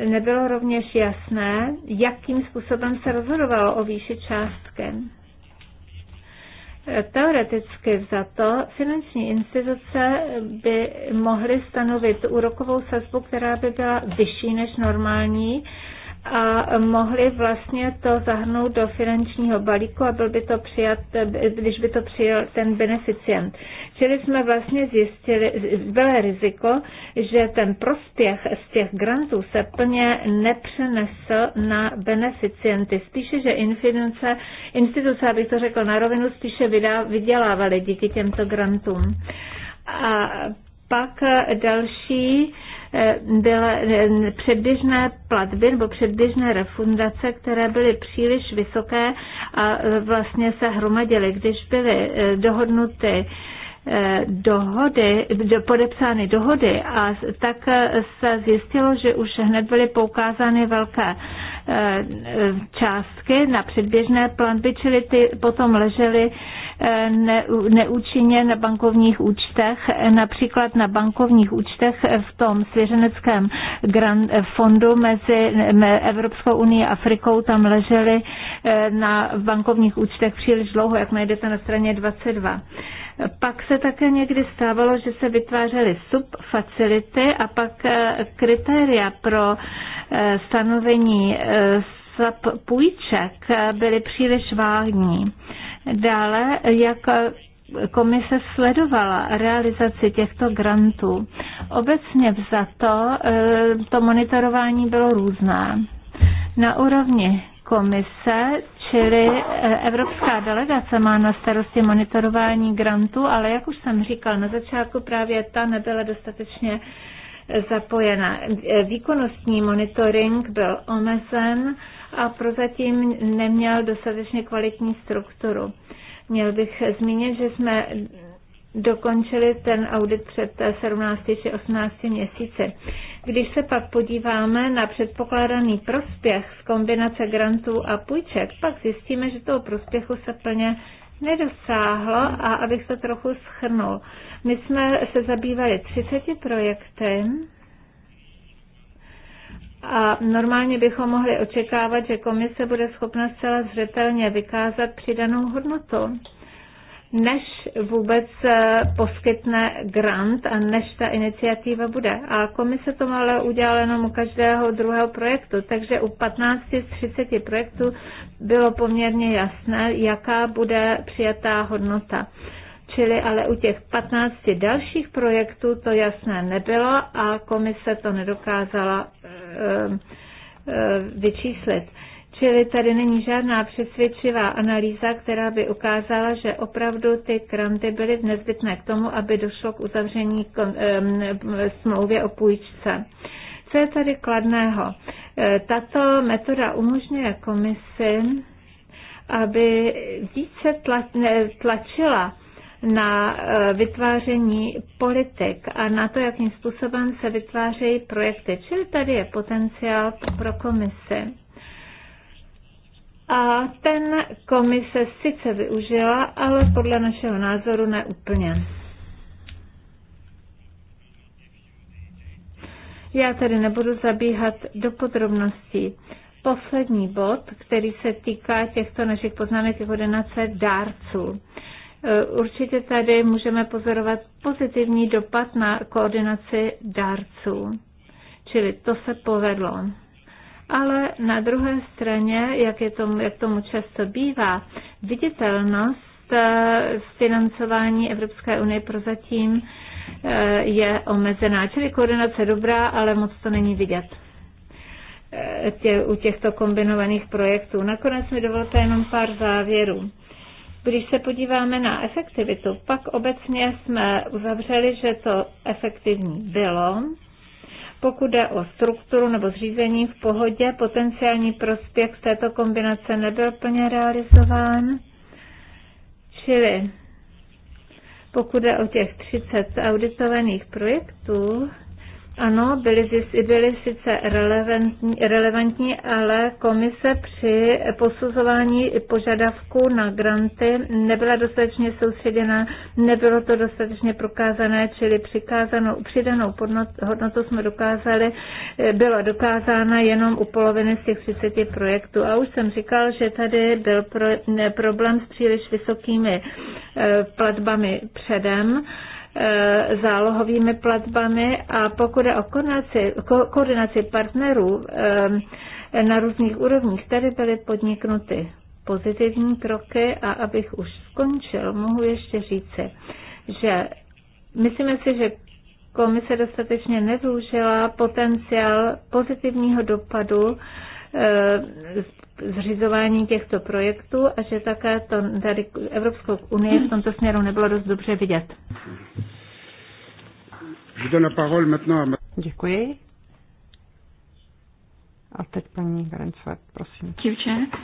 Nebylo rovněž jasné, jakým způsobem se rozhodovalo o výši částky. Eh, teoreticky za to finanční instituce by mohly stanovit úrokovou sazbu, která by byla vyšší než normální, a mohli vlastně to zahrnout do finančního balíku a byl by to přijat, když by to přijal ten beneficient. Čili jsme vlastně zjistili, bylo riziko, že ten prospěch z těch grantů se plně nepřenesl na beneficienty. Spíše, že infinance, instituce, abych to řekl na rovinu, spíše vydělávaly díky těmto grantům. A pak další byly eh, předběžné platby nebo předběžné refundace, které byly příliš vysoké a eh, vlastně se hromadily. Když byly eh, dohodnuty dohody, podepsány dohody a tak se zjistilo, že už hned byly poukázány velké částky na předběžné platby, čili ty potom ležely ne, neúčinně na bankovních účtech, například na bankovních účtech v tom svěřeneckém grand, fondu mezi Evropskou unii a Afrikou, tam ležely eh, na bankovních účtech příliš dlouho, jak najdete na straně 22. Pak se také někdy stávalo, že se vytvářely subfacility a pak eh, kritéria pro eh, stanovení půjček byly příliš vágní. Dále, jak komise sledovala realizaci těchto grantů. Obecně vzato eh, to monitorování bylo různé. Na úrovni komise, čili eh, Evropská delegace má na starosti monitorování grantů, ale jak už jsem říkal na začátku, právě ta nebyla dostatečně eh, zapojena. Výkonnostní monitoring byl omezen a prozatím neměl dostatečně kvalitní strukturu. Měl bych zmínit, že jsme dokončili ten audit před 17 či 18 měsíce. Když se pak podíváme na předpokládaný prospěch z kombinace grantů a půjček, pak zjistíme, že toho prospěchu se plně nedosáhlo a abych to trochu schrnul. My jsme se zabývali 30 projekty, a normálně bychom mohli očekávat, že komise bude schopna zcela zřetelně vykázat přidanou hodnotu, než vůbec eh, poskytne grant a než ta iniciativa bude. A komise to ale udělala jenom u každého druhého projektu, takže u 15 z 30 projektů bylo poměrně jasné, jaká bude přijatá hodnota. Čili ale u těch 15 dalších projektů to jasné nebylo a komise to nedokázala ehm, ehm, vyčíslit. Čili tady není žádná přesvědčivá analýza, která by ukázala, že opravdu ty kranty byly nezbytné k tomu, aby došlo k uzavření ehm, smlouvě o půjčce. Co je tady kladného? E, tato metoda umožňuje komisi, aby více tlačila na e, vytváření politik a na to, jakým způsobem se vytvářejí projekty. Čili tady je potenciál pro komisi. A ten komise sice využila, ale podle našeho názoru neúplně. Já tady nebudu zabíhat do podrobností. Poslední bod, který se týká těchto našich poznámek, je koordinace dárců. Určitě tady můžeme pozorovat pozitivní dopad na koordinaci dárců. Čili to se povedlo. Ale na druhé straně, jak, je tomu, jak tomu často bývá, viditelnost eh, financování Evropské unie prozatím eh, je omezená. Čili koordinace dobrá, ale moc to není vidět eh, tě, u těchto kombinovaných projektů. Nakonec mi dovolte jenom pár závěrů. Když se podíváme na efektivitu, pak obecně jsme uzavřeli, že to efektivní bylo. Pokud jde o strukturu nebo zřízení v pohodě, potenciální prospěch z této kombinace nebyl plně realizován. Čili pokud jde o těch 30 auditovaných projektů, ano, byly, byly sice relevantní, relevantní, ale komise při posuzování požadavků na granty nebyla dostatečně soustředěna, nebylo to dostatečně prokázané, čili přikázanou, přidanou podnot, hodnotu jsme dokázali, eh, Byla dokázána jenom u poloviny z těch 30 projektů. A už jsem říkal, že tady byl pro, ne, problém s příliš vysokými eh, platbami předem Eh, zálohovými platbami a pokud je o koordinaci, ko, koordinaci partnerů eh, na různých úrovních, tady byly podniknuty pozitivní kroky a abych už skončil, mohu ještě říci, že myslíme si, že komise dostatečně nevyužila potenciál pozitivního dopadu Eh, zřizování těchto projektů a že také to tady Evropskou unii v tomto směru nebylo dost dobře vidět. Děkuji. A teď paní Garencová, prosím.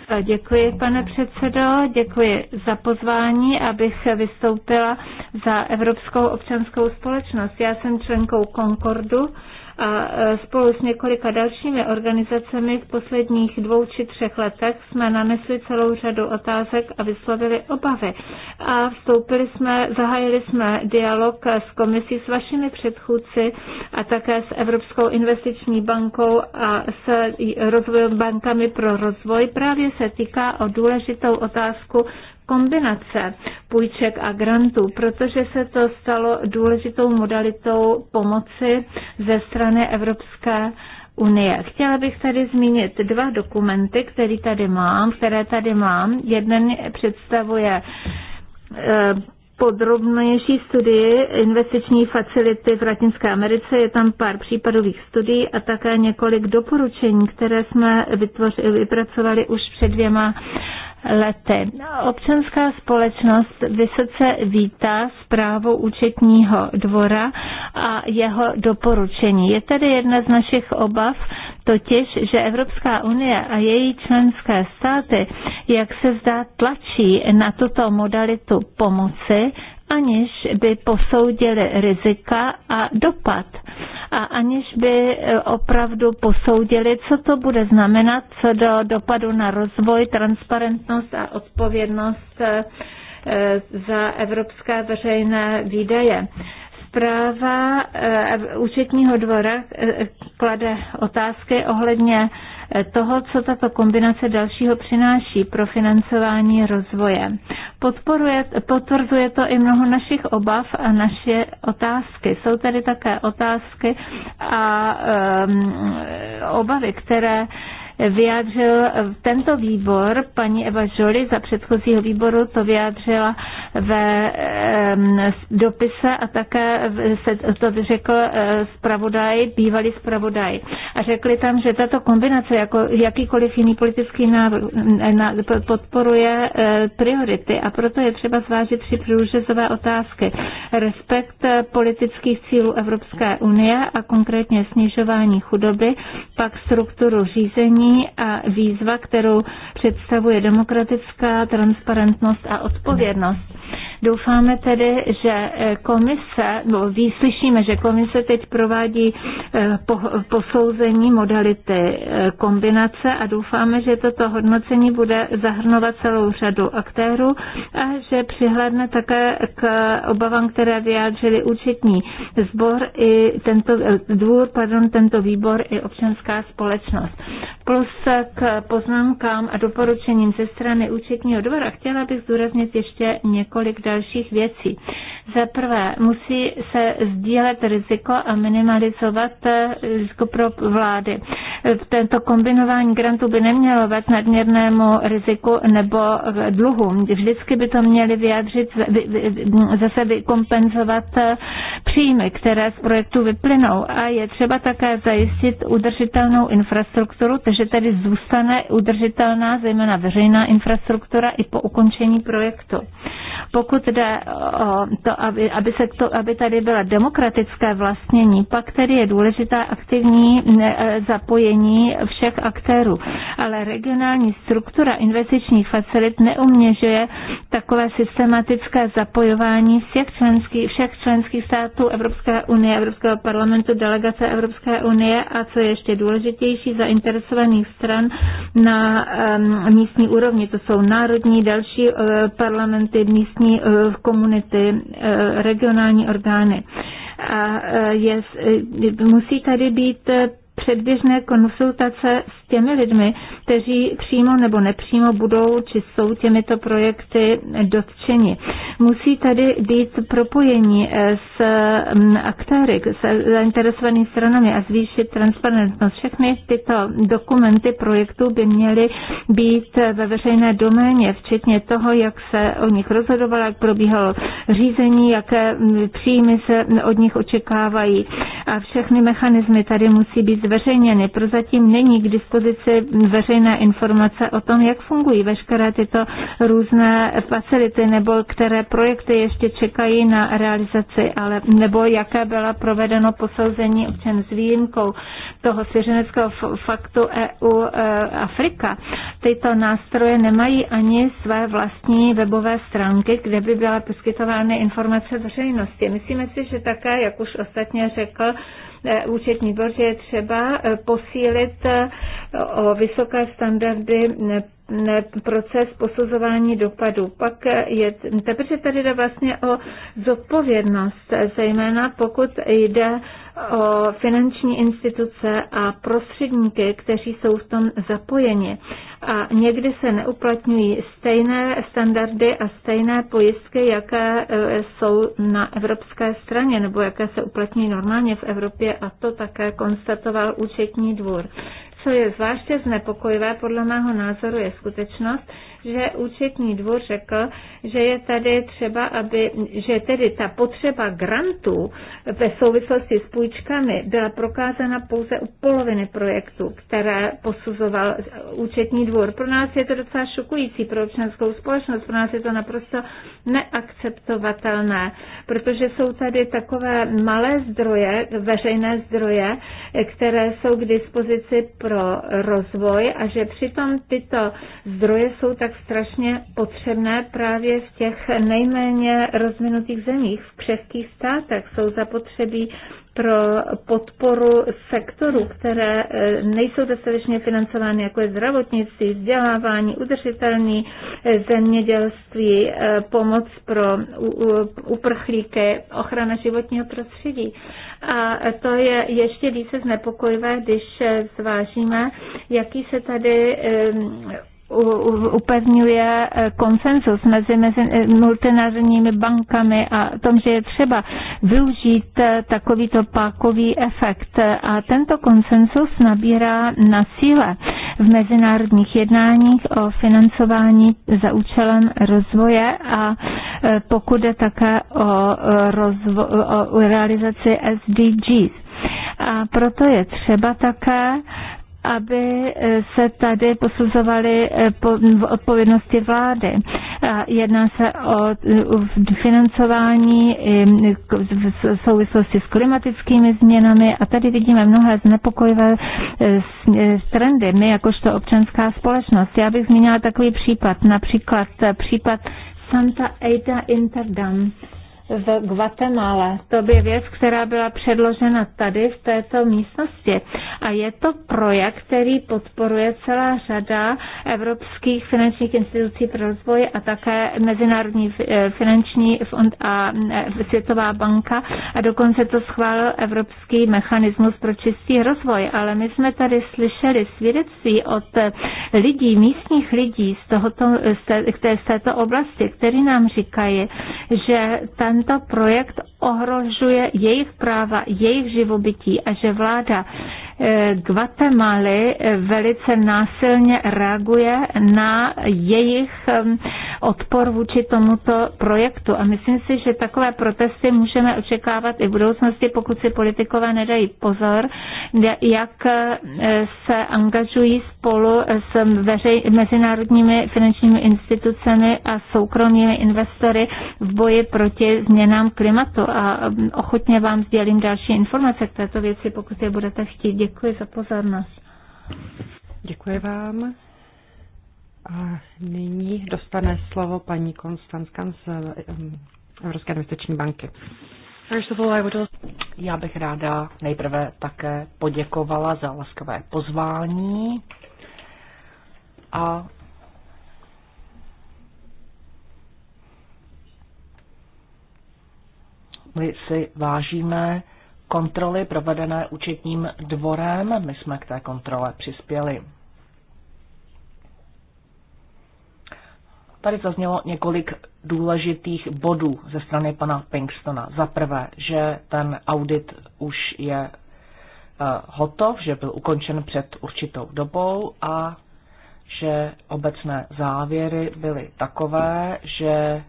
Eh, děkuji, pane předsedo, děkuji za pozvání, abych vystoupila za Evropskou občanskou společnost. Já jsem členkou Concordu a e, spolu s několika dalšími organizacemi v posledních dvou či třech letech jsme nanesli celou řadu otázek a vyslovili obavy. A vstoupili jsme, zahájili jsme dialog s komisí, s vašimi předchůdci a také s Evropskou investiční bankou a s rozvoj, bankami pro rozvoj. Právě se týká o důležitou otázku kombinace půjček a grantů, protože se to stalo důležitou modalitou pomoci ze strany Evropské unie. Chtěla bych tady zmínit dva dokumenty, které tady mám, které tady mám. Jeden představuje eh, podrobnější studii investiční facility v Latinské Americe. Je tam pár případových studií a také několik doporučení, které jsme vytvořili, vypracovali už před dvěma lety. Občanská společnost vysoce vítá zprávu účetního dvora a jeho doporučení. Je tedy jedna z našich obav, totiž, že Evropská unie a její členské státy, jak se zdá, tlačí na tuto modalitu pomoci, aniž by posoudili rizika a dopad a aniž by e, opravdu posoudili, co to bude znamenat co do dopadu na rozvoj, transparentnost a odpovědnost e, za evropské veřejné výdaje zpráva e, účetního dvora klade otázky ohledně toho, co tato kombinace dalšího přináší pro financování rozvoje. Podporuje, potvrzuje to i mnoho našich obav a naše otázky. Jsou tady také otázky a um, obavy, které vyjádřil tento výbor, paní Eva Žoli za předchozího výboru to vyjádřila ve dopise a také se to řekl eh, zpravodaj, bývalý zpravodaj. A řekli tam, že tato kombinace, jako jakýkoliv jiný politický návrh, eh, podporuje eh, priority a proto je třeba zvážit tři průřezové otázky. Respekt politických cílů Evropské unie a konkrétně snižování chudoby, pak strukturu řízení a výzva, kterou představuje demokratická transparentnost a odpovědnost. Doufáme tedy, že eh, komise, no slyšíme, že komise teď provádí eh, posouzení modality eh, kombinace a doufáme, že toto hodnocení bude zahrnovat celou řadu aktérů a že přihlédne také k obavám, které vyjádřili účetní sbor i tento dvůr, pardon, tento výbor i občanská společnost. Plus k poznámkám a doporučením ze strany účetního dvora chtěla bych zdůraznit ještě několik dalších věcí. Za prvé, musí se sdílet riziko a minimalizovat eh, riziko pro vlády. Tento kombinování grantů by nemělo vést nadměrnému riziku nebo dluhu. Vždycky by to měli vyjádřit, zase vykompenzovat eh, příjmy, které z projektu vyplynou. A je třeba také zajistit udržitelnou infrastrukturu, takže tady zůstane udržitelná, zejména veřejná infrastruktura i po ukončení projektu. Pokud jde o to, aby, aby, se to, aby tady byla demokratické vlastnění, pak tedy je důležité aktivní eh, zapojení všech aktérů. Ale regionální struktura investičních facilit neuměžuje takové systematické zapojování všech členských, všech členských států Evropské unie, Evropského parlamentu, delegace Evropské unie a co je ještě důležitější, zainteresovaných stran na um, místní úrovni. To jsou národní, další uh, parlamenty, místní místní eh, komunity, eh, regionální orgány. A eh, je, musí tady být předběžné konsultace těmi lidmi, kteří přímo nebo nepřímo budou či jsou těmito projekty dotčeni. Musí tady být propojení eh, s mm, aktéry, s zainteresovanými stranami a zvýšit transparentnost. Všechny tyto dokumenty projektů by měly být eh, ve veřejné doméně, včetně toho, jak se o nich rozhodovalo, jak probíhalo řízení, jaké mm, příjmy se od nich očekávají. A všechny mechanismy tady musí být zveřejněny. Prozatím není k dispozici dispozici veřejné informace o tom, jak fungují veškeré tyto různé facility nebo které projekty ještě čekají na realizaci, ale nebo jaké byla provedeno posouzení občan s výjimkou toho svěřeneckého faktu EU e, Afrika. Tyto nástroje nemají ani své vlastní webové stránky, kde by byla poskytovány informace veřejnosti. Myslíme si, že také, jak už ostatně řekl, E, účetní dvor, že je třeba e, posílit e, o vysoké standardy proces posuzování dopadů, Pak je, teprve tady jde vlastně o zodpovědnost, zejména pokud jde o finanční instituce a prostředníky, kteří jsou v tom zapojeni. A někdy se neuplatňují stejné standardy a stejné pojistky, jaké e, jsou na evropské straně nebo jaké se uplatňují normálně v Evropě a to také konstatoval účetní dvůr. Co je zvláště znepokojivé podle mého názoru je skutečnost, že účetní dvůr řekl, že je tady třeba, aby, že tedy ta potřeba grantů ve souvislosti s půjčkami byla prokázána pouze u poloviny projektů, které posuzoval účetní dvůr. Pro nás je to docela šokující pro občanskou společnost, pro nás je to naprosto neakceptovatelné, protože jsou tady takové malé zdroje, veřejné zdroje, které jsou k dispozici pro rozvoj a že přitom tyto zdroje jsou tak strašně potřebné právě v těch nejméně rozvinutých zemích, v křehkých státech. Jsou zapotřebí pro podporu sektorů, které eh, nejsou dostatečně financovány, jako je zdravotnictví, vzdělávání, udržitelné eh, zemědělství, eh, pomoc pro uprchlíky, ochrana životního prostředí. A to je ještě více znepokojivé, když zvážíme, jaký se tady upevňuje eh, konsenzus mezi, mezi eh, multinárodními bankami a tom, že je třeba využít eh, takovýto pákový efekt. A tento konsenzus nabírá na síle v mezinárodních jednáních o financování za účelem rozvoje a pokud je také o, rozvo- o realizaci SDGs. A proto je třeba také aby eh, se tady posuzovaly eh, odpovědnosti vlády. Jedná se o financování v souvislosti s klimatickými změnami a tady vidíme mnohé znepokojivé eh, trendy, my jakožto občanská společnost. Já bych zmínila takový případ, například případ Santa Eita Interdam v Guatemala. To by věc, která byla předložena tady v této místnosti. A je to projekt, který podporuje celá řada evropských finančních institucí pro rozvoj a také Mezinárodní eh, finanční fond a eh, Světová banka. A dokonce to schválil Evropský mechanismus pro čistý rozvoj. Ale my jsme tady slyšeli svědectví od eh, lidí, místních lidí z, tohoto, z, té, z této oblasti, kteří nám říkají, že ta tento projekt ohrožuje jejich práva, jejich živobytí a že vláda Guatemala velice násilně reaguje na jejich um, odpor vůči tomuto projektu. A myslím si, že takové protesty můžeme očekávat i v budoucnosti, pokud si politikové nedají pozor, jak eh, se angažují spolu s veřej, mezinárodními finančními institucemi a soukromými investory v boji proti změnám klimatu. A mm, ochotně vám sdělím další informace k této věci, pokud je budete chtít. Děkuji. Děkuji za pozornost. Děkuji vám. A nyní dostane slovo paní Konstantka z Evropské investiční banky. Já bych ráda nejprve také poděkovala za laskavé pozvání a my si vážíme kontroly provedené účetním dvorem. My jsme k té kontrole přispěli. Tady zaznělo několik důležitých bodů ze strany pana Pinkstona. Za prvé, že ten audit už je eh, hotov, že byl ukončen před určitou dobou a že obecné závěry byly takové, že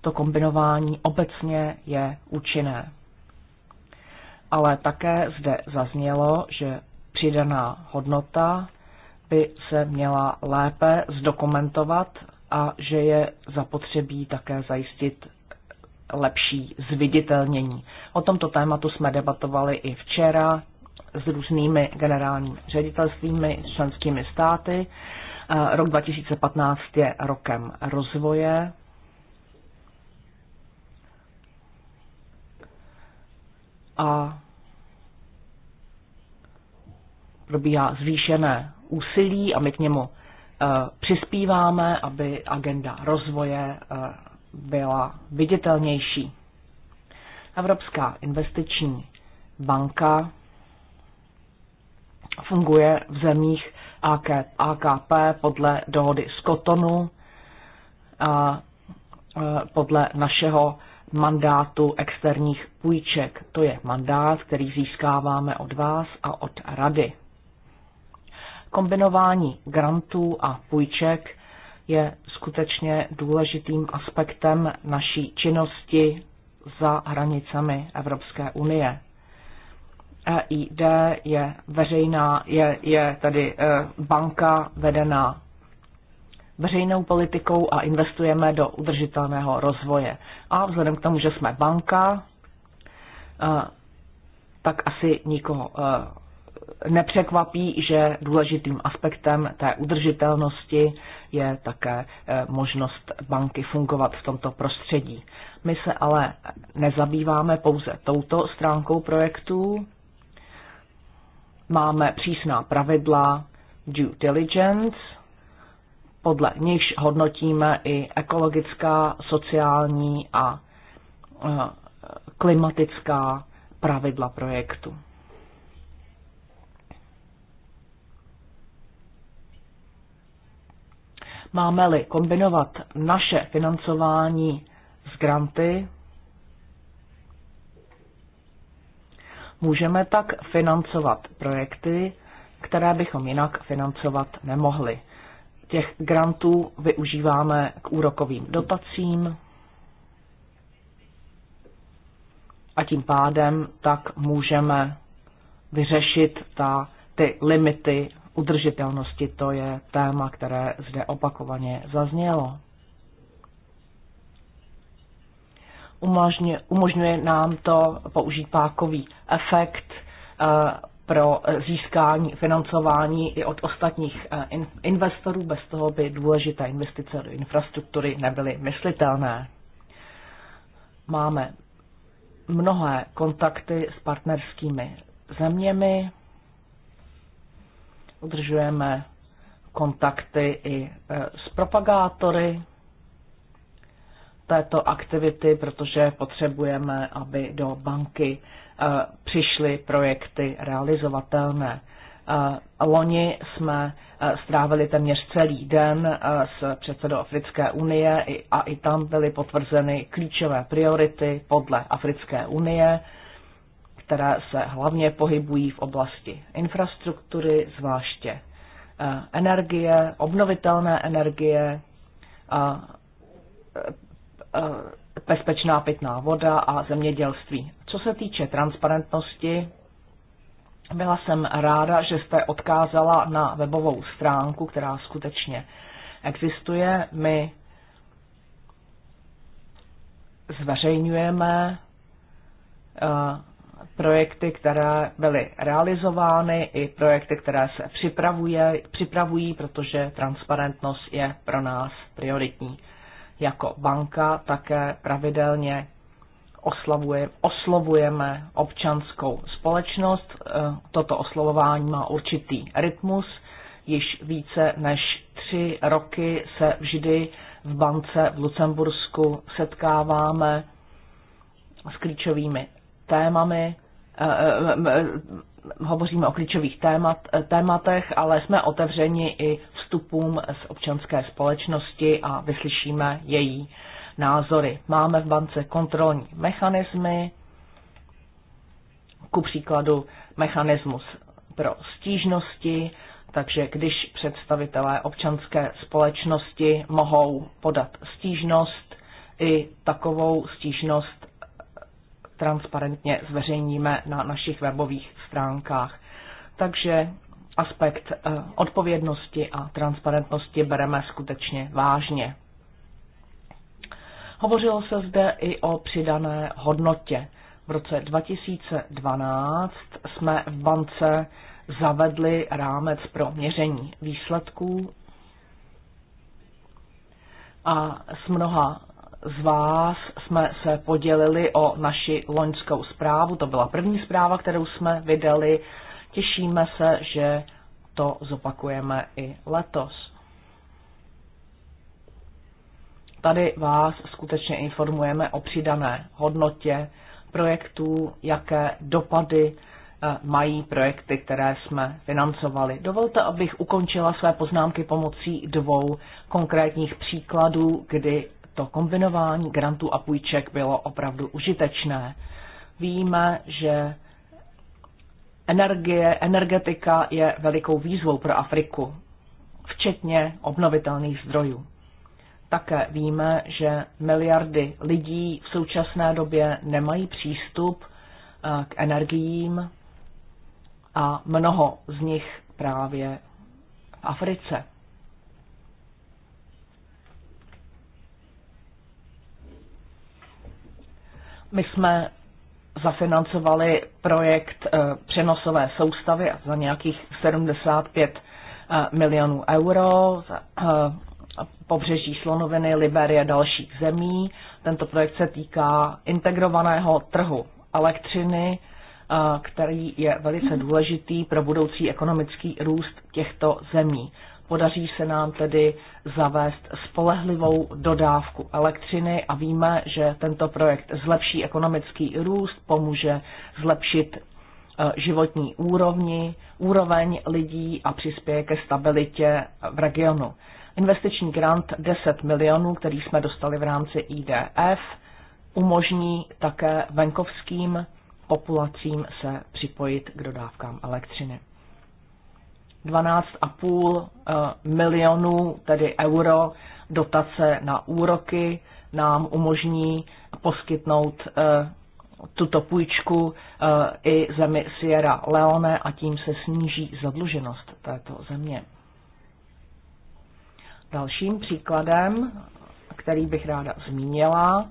to kombinování obecně je účinné ale také zde zaznělo, že přidaná hodnota by se měla lépe zdokumentovat a že je zapotřebí také zajistit lepší zviditelnění. O tomto tématu jsme debatovali i včera s různými generálními ředitelstvími, členskými státy. Eh, rok 2015 je rokem rozvoje a probíhá zvýšené úsilí a my k němu eh, přispíváme, aby agenda rozvoje eh, byla viditelnější. Evropská investiční banka funguje v zemích AKP podle dohody z Kotonu, a eh, podle našeho mandátu externích půjček. To je mandát, který získáváme od vás a od rady. Kombinování grantů a půjček je skutečně důležitým aspektem naší činnosti za hranicemi Evropské unie. EID je veřejná, je, je tady e, banka vedená veřejnou politikou a investujeme do udržitelného rozvoje. A vzhledem k tomu, že jsme banka, eh, tak asi nikoho eh, nepřekvapí, že důležitým aspektem té udržitelnosti je také eh, možnost banky fungovat v tomto prostředí. My se ale nezabýváme pouze touto stránkou projektů. Máme přísná pravidla due diligence, podle nichž hodnotíme i ekologická, sociální a e, klimatická pravidla projektu. Máme-li kombinovat naše financování s granty, můžeme tak financovat projekty, které bychom jinak financovat nemohli těch grantů využíváme k úrokovým dotacím a tím pádem tak můžeme vyřešit ta, ty limity udržitelnosti. To je téma, které zde opakovaně zaznělo. Umožňuje, umožňuje nám to použít pákový efekt, eh, pro eh, získání financování i od ostatních eh, investorů. Bez toho by důležité investice do infrastruktury nebyly myslitelné. Máme mnohé kontakty s partnerskými zeměmi, udržujeme kontakty i eh, s propagátory této aktivity, protože potřebujeme, aby do banky přišly projekty realizovatelné. Loni jsme strávili téměř celý den s předsedou Africké unie a i tam byly potvrzeny klíčové priority podle Africké unie, které se hlavně pohybují v oblasti infrastruktury, zvláště energie, obnovitelné energie, bezpečná pitná voda a zemědělství. Co se týče transparentnosti, byla jsem ráda, že jste odkázala na webovou stránku, která skutečně existuje. My zveřejňujeme eh, projekty, které byly realizovány i projekty, které se připravuje, připravují, protože transparentnost je pro nás prioritní jako banka také pravidelně oslavuje, oslovujeme občanskou společnost. E, toto oslovování má určitý rytmus. Již více než tři roky se vždy v bance v Lucembursku setkáváme s klíčovými témami, e, e, hovoříme o klíčových témat, eh, tématech, ale jsme otevřeni i vstupům z občanské společnosti a vyslyšíme její názory. Máme v bance kontrolní mechanismy, ku příkladu mechanismus pro stížnosti, takže když představitelé občanské společnosti mohou podat stížnost, i takovou stížnost transparentně zveřejníme na našich webových stránkách. Takže aspekt eh, odpovědnosti a transparentnosti bereme skutečně vážně. Hovořilo se zde i o přidané hodnotě. V roce 2012 jsme v bance zavedli rámec pro měření výsledků a s mnoha z vás jsme se podělili o naši loňskou zprávu. To byla první zpráva, kterou jsme vydali. Těšíme se, že to zopakujeme i letos. Tady vás skutečně informujeme o přidané hodnotě projektů, jaké dopady eh, mají projekty, které jsme financovali. Dovolte, abych ukončila své poznámky pomocí dvou konkrétních příkladů, kdy to kombinování grantů a půjček bylo opravdu užitečné. Víme, že energie, energetika je velikou výzvou pro Afriku, včetně obnovitelných zdrojů. Také víme, že miliardy lidí v současné době nemají přístup eh, k energiím a mnoho z nich právě v Africe. My jsme zafinancovali projekt eh, přenosové soustavy za nějakých 75 eh, milionů euro eh, pobřeží Slonoviny, Liberie a dalších zemí. Tento projekt se týká integrovaného trhu elektřiny, který je velice důležitý pro budoucí ekonomický růst těchto zemí. Podaří se nám tedy zavést spolehlivou dodávku elektřiny a víme, že tento projekt zlepší ekonomický růst, pomůže zlepšit e, životní úrovni, úroveň lidí a přispěje ke stabilitě v regionu. Investiční grant 10 milionů, který jsme dostali v rámci IDF, umožní také venkovským populacím se připojit k dodávkám elektřiny. 12,5 eh, milionů, tedy euro, dotace na úroky nám umožní poskytnout eh, tuto půjčku eh, i zemi Sierra Leone a tím se sníží zadluženost této země. Dalším příkladem, který bych ráda zmínila,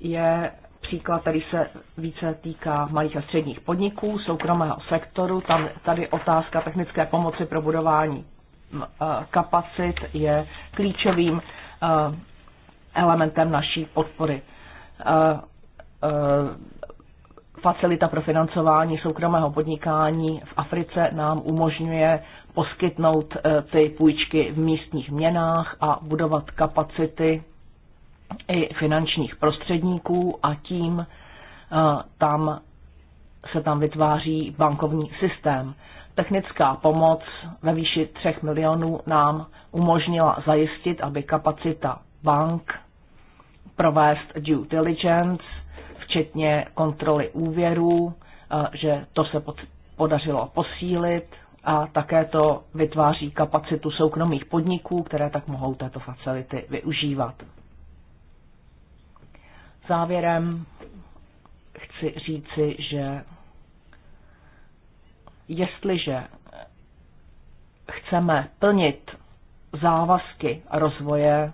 je příklad, který se více týká malých a středních podniků, soukromého sektoru. Tam, tady otázka technické pomoci pro budování e, kapacit je klíčovým e, elementem naší podpory. E, facilita pro financování soukromého podnikání v Africe nám umožňuje poskytnout ty půjčky v místních měnách a budovat kapacity i finančních prostředníků a tím eh, tam se tam vytváří bankovní systém. Technická pomoc ve výši 3 milionů nám umožnila zajistit, aby kapacita bank provést due diligence, včetně kontroly úvěrů, eh, že to se podařilo posílit a také to vytváří kapacitu soukromých podniků, které tak mohou této facility využívat. Závěrem chci říci, že jestliže chceme plnit závazky rozvoje,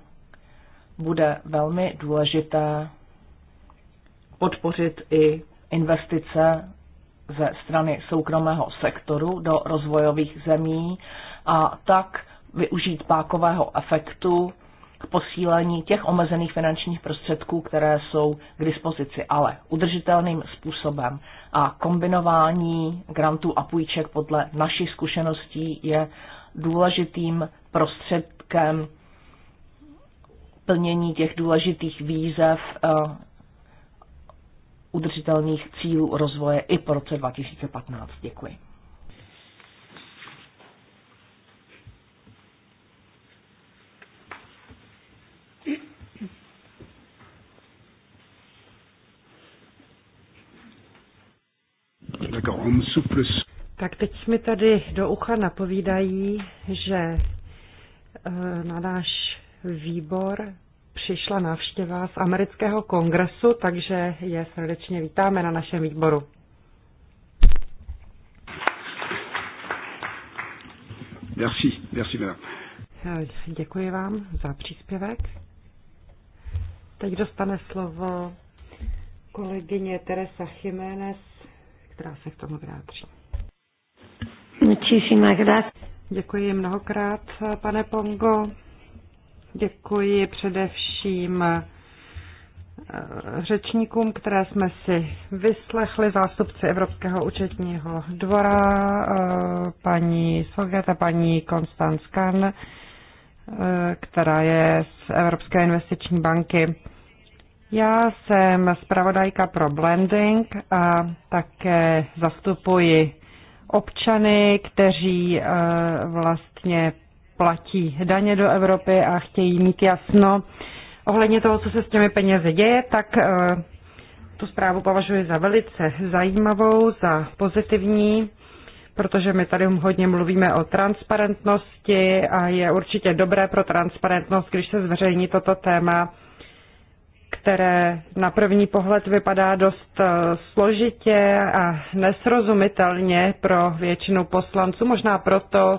bude velmi důležité podpořit i investice ze strany soukromého sektoru do rozvojových zemí a tak využít pákového efektu k posílení těch omezených finančních prostředků, které jsou k dispozici, ale udržitelným způsobem. A kombinování grantů a půjček podle našich zkušeností je důležitým prostředkem plnění těch důležitých výzev eh, udržitelných cílů rozvoje i po roce 2015. Děkuji. Jako tak teď mi tady do ucha napovídají, že eh, na náš výbor přišla návštěva z amerického kongresu, takže je srdečně vítáme na našem výboru. Merci, merci eh, Děkuji vám za příspěvek. Teď dostane slovo kolegyně Teresa Jiménez která se k tomu vyjádří. Děkuji mnohokrát, pane Pongo. Děkuji především eh, řečníkům, které jsme si vyslechli, zástupci Evropského účetního dvora, eh, paní Sogeta, paní Konstanskan, eh, která je z Evropské investiční banky. Já jsem zpravodajka pro blending a také zastupuji občany, kteří eh, vlastně platí daně do Evropy a chtějí mít jasno ohledně toho, co se s těmi penězi děje, tak eh, tu zprávu považuji za velice zajímavou, za pozitivní, protože my tady hodně mluvíme o transparentnosti a je určitě dobré pro transparentnost, když se zveřejní toto téma které na první pohled vypadá dost eh, složitě a nesrozumitelně pro většinu poslanců. Možná proto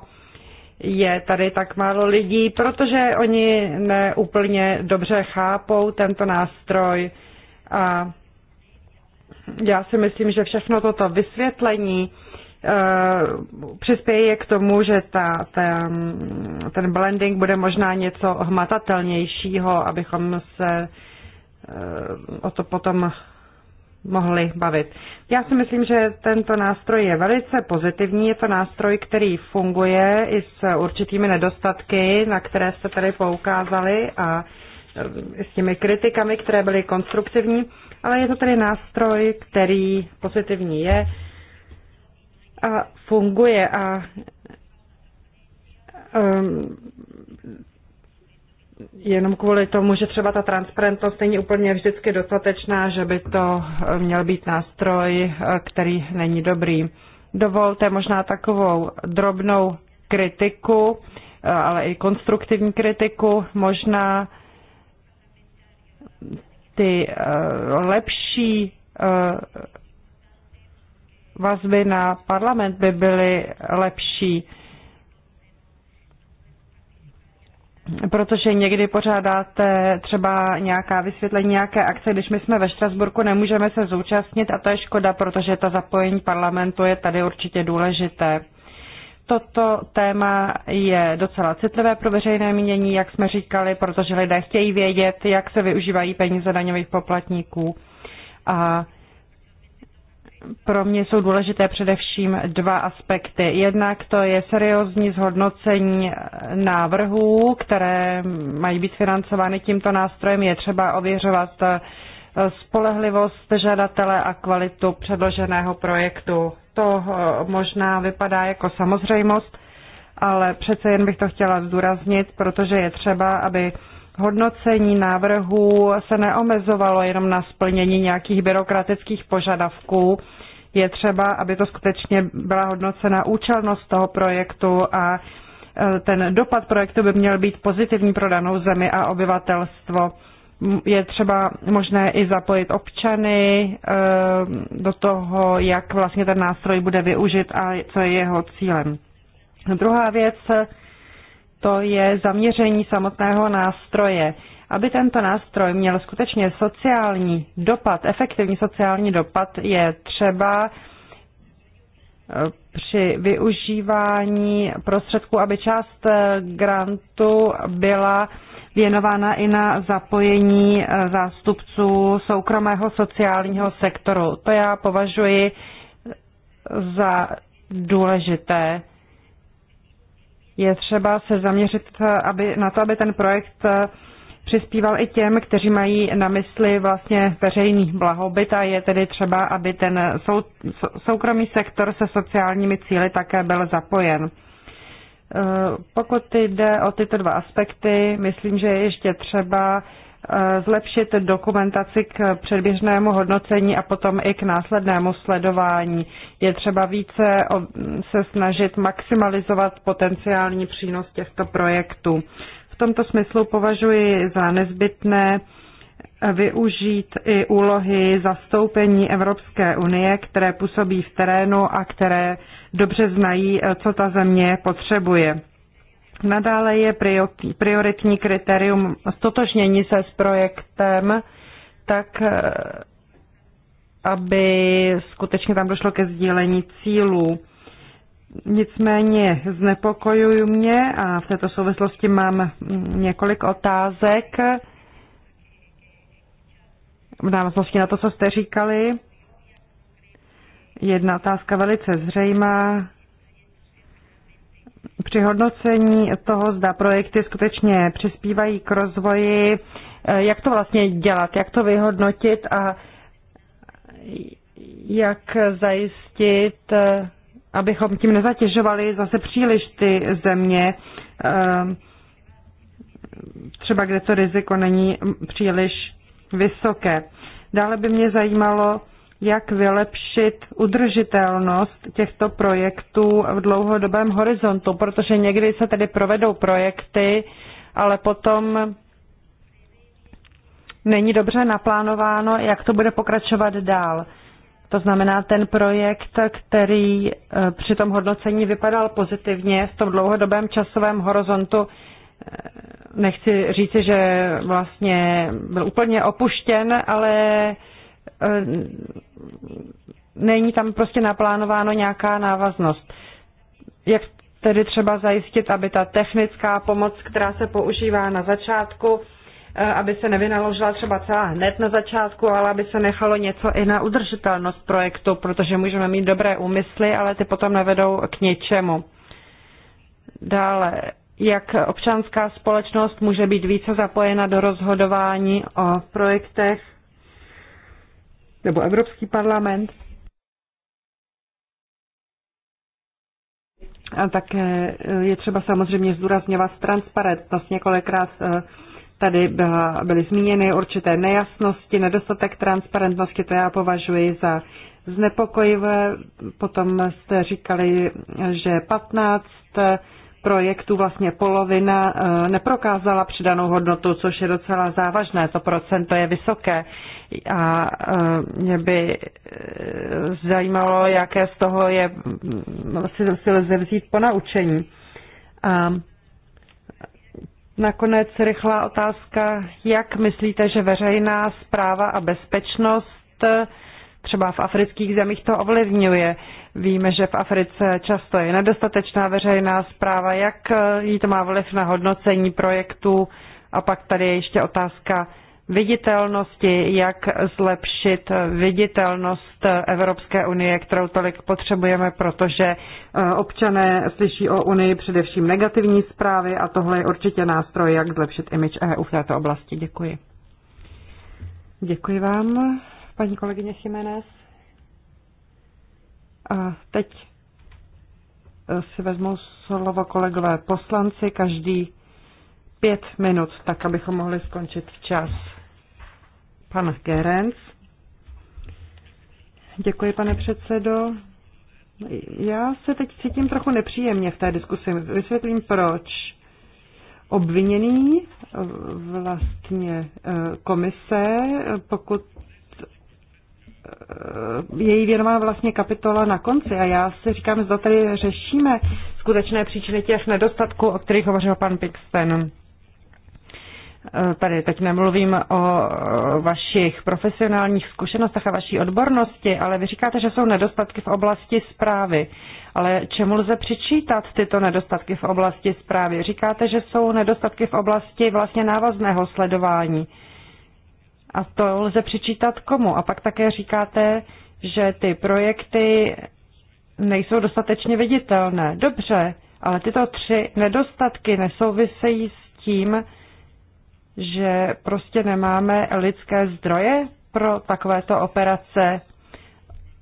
je tady tak málo lidí, protože oni neúplně dobře chápou tento nástroj. A já si myslím, že všechno toto vysvětlení eh, přispěje k tomu, že ta, ten, ten blending bude možná něco hmatatelnějšího, abychom se Eh, o to potom mohli bavit. Já si myslím, že tento nástroj je velice pozitivní. Je to nástroj, který funguje i s určitými nedostatky, na které jste tady poukázali a eh, s těmi kritikami, které byly konstruktivní, ale je to tedy nástroj, který pozitivní je a funguje a um, jenom kvůli tomu, že třeba ta transparentnost není úplně vždycky dostatečná, že by to eh, měl být nástroj, eh, který není dobrý. Dovolte možná takovou drobnou kritiku, eh, ale i konstruktivní kritiku, možná ty lepší vazby na parlament by byly lepší protože někdy pořádáte třeba nějaká vysvětlení, nějaké akce, když my jsme ve Štrasburku, nemůžeme se zúčastnit a to je škoda, protože ta zapojení parlamentu je tady určitě důležité. Toto téma je docela citlivé pro veřejné mínění, jak jsme říkali, protože lidé chtějí vědět, jak se využívají peníze daňových poplatníků. A pro mě jsou důležité především dva aspekty. Jednak to je seriózní zhodnocení návrhů, které mají být financovány tímto nástrojem. Je třeba ověřovat eh, spolehlivost žadatele a kvalitu předloženého projektu. To eh, možná vypadá jako samozřejmost, ale přece jen bych to chtěla zdůraznit, protože je třeba, aby hodnocení návrhů se neomezovalo jenom na splnění nějakých byrokratických požadavků. Je třeba, aby to skutečně byla hodnocena účelnost toho projektu a e, ten dopad projektu by měl být pozitivní pro danou zemi a obyvatelstvo. Je třeba možné i zapojit občany e, do toho, jak vlastně ten nástroj bude využit a co je jeho cílem. Druhá věc, to je zaměření samotného nástroje. Aby tento nástroj měl skutečně sociální dopad, efektivní sociální dopad, je třeba eh, při využívání prostředků, aby část eh, grantu byla věnována i na zapojení eh, zástupců soukromého sociálního sektoru. To já považuji za důležité je třeba se zaměřit aby, na to, aby ten projekt eh, přispíval i těm, kteří mají na mysli vlastně veřejný blahobyt a je tedy třeba, aby ten sou, soukromý sektor se sociálními cíly také byl zapojen. Eh, pokud jde o tyto dva aspekty, myslím, že je ještě třeba Eh, zlepšit dokumentaci k předběžnému hodnocení a potom i k následnému sledování. Je třeba více se snažit maximalizovat potenciální přínos těchto projektů. V tomto smyslu považuji za nezbytné eh, využít i úlohy zastoupení Evropské unie, které působí v terénu a které dobře znají, eh, co ta země potřebuje. Nadále je prioritní kritérium stotožnění se s projektem, tak eh, aby skutečně tam došlo ke sdílení cílů. Nicméně znepokojuju mě a v této souvislosti mám mm, několik otázek v návaznosti na to, co jste říkali. Jedna otázka velice zřejmá při hodnocení toho, zda projekty skutečně přispívají k rozvoji, eh, jak to vlastně dělat, jak to vyhodnotit a jak zajistit, eh, abychom tím nezatěžovali zase příliš ty země, eh, třeba kde to riziko není příliš vysoké. Dále by mě zajímalo, jak vylepšit udržitelnost těchto projektů v dlouhodobém horizontu, protože někdy se tedy provedou projekty, ale potom není dobře naplánováno, jak to bude pokračovat dál. To znamená, ten projekt, který eh, při tom hodnocení vypadal pozitivně v tom dlouhodobém časovém horizontu, eh, nechci říci, že vlastně byl úplně opuštěn, ale Eh, není tam prostě naplánováno nějaká návaznost. Jak tedy třeba zajistit, aby ta technická pomoc, která se používá na začátku, eh, aby se nevynaložila třeba celá hned na začátku, ale aby se nechalo něco i na udržitelnost projektu, protože můžeme mít dobré úmysly, ale ty potom nevedou k něčemu. Dále, jak občanská společnost může být více zapojena do rozhodování o projektech nebo Evropský parlament A také eh, je třeba samozřejmě zdůrazňovat transparentnost. Několikrát eh, tady byla, byly zmíněny určité nejasnosti, nedostatek transparentnosti, to já považuji za znepokojivé. Potom jste říkali, že 15 projektu vlastně polovina eh, neprokázala přidanou hodnotu, což je docela závažné, to procento je vysoké. A eh, mě by eh, zajímalo, jaké z toho je, mm, si, si lze vzít po naučení. A nakonec rychlá otázka, jak myslíte, že veřejná zpráva a bezpečnost třeba v afrických zemích to ovlivňuje. Víme, že v Africe často je nedostatečná veřejná zpráva, jak eh, jí to má vliv na hodnocení projektů. A pak tady je ještě otázka viditelnosti, jak zlepšit eh, viditelnost eh, Evropské unie, kterou tolik potřebujeme, protože občané slyší o unii především negativní zprávy a tohle je určitě nástroj, jak zlepšit image EU v této oblasti. Děkuji. Děkuji vám paní kolegyně Jiménez. A teď e, si vezmou slovo kolegové poslanci, každý pět minut, tak abychom mohli skončit včas. Pan Gerenc. Děkuji, pane předsedo. Já se teď cítím trochu nepříjemně v té diskusi. Vysvětlím proč. Obviněný e, vlastně e, komise, pokud je jí věnována vlastně kapitola na konci a já si říkám, zda tady řešíme skutečné příčiny těch nedostatků, o kterých hovořil pan Pixten. Tady teď nemluvím o vašich profesionálních zkušenostech a vaší odbornosti, ale vy říkáte, že jsou nedostatky v oblasti zprávy. Ale čemu lze přičítat tyto nedostatky v oblasti zprávy? Říkáte, že jsou nedostatky v oblasti vlastně návazného sledování. A to lze přičítat komu? A pak také říkáte, že ty projekty nejsou dostatečně viditelné. Dobře, ale tyto tři nedostatky nesouvisejí s tím, že prostě nemáme lidské zdroje pro takovéto operace.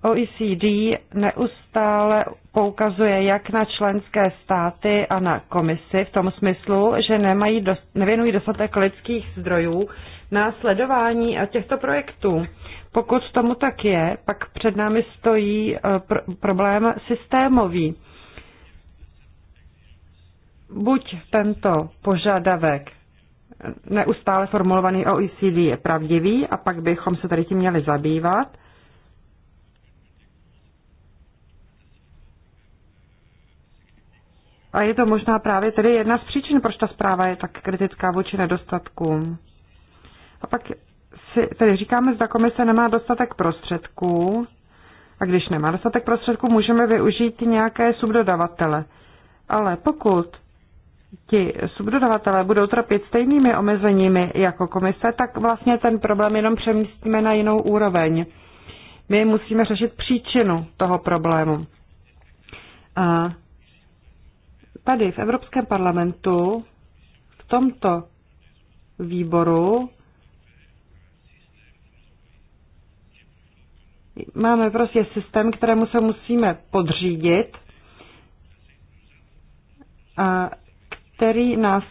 OECD neustále poukazuje jak na členské státy a na komisi v tom smyslu, že nemají dost, nevěnují dostatek lidských zdrojů na sledování eh, těchto projektů. Pokud tomu tak je, pak před námi stojí eh, pr- problém systémový. Buď tento požadavek eh, neustále formulovaný OECD je pravdivý a pak bychom se tady tím měli zabývat, A je to možná právě tedy jedna z příčin, proč ta zpráva je tak kritická vůči nedostatkům. A pak si tedy říkáme, zda komise nemá dostatek prostředků. A když nemá dostatek prostředků, můžeme využít nějaké subdodavatele. Ale pokud ti subdodavatele budou trpět stejnými omezeními jako komise, tak vlastně ten problém jenom přemístíme na jinou úroveň. My musíme řešit příčinu toho problému. A tady v Evropském parlamentu v tomto výboru Máme prostě systém, kterému se musíme podřídit a který nás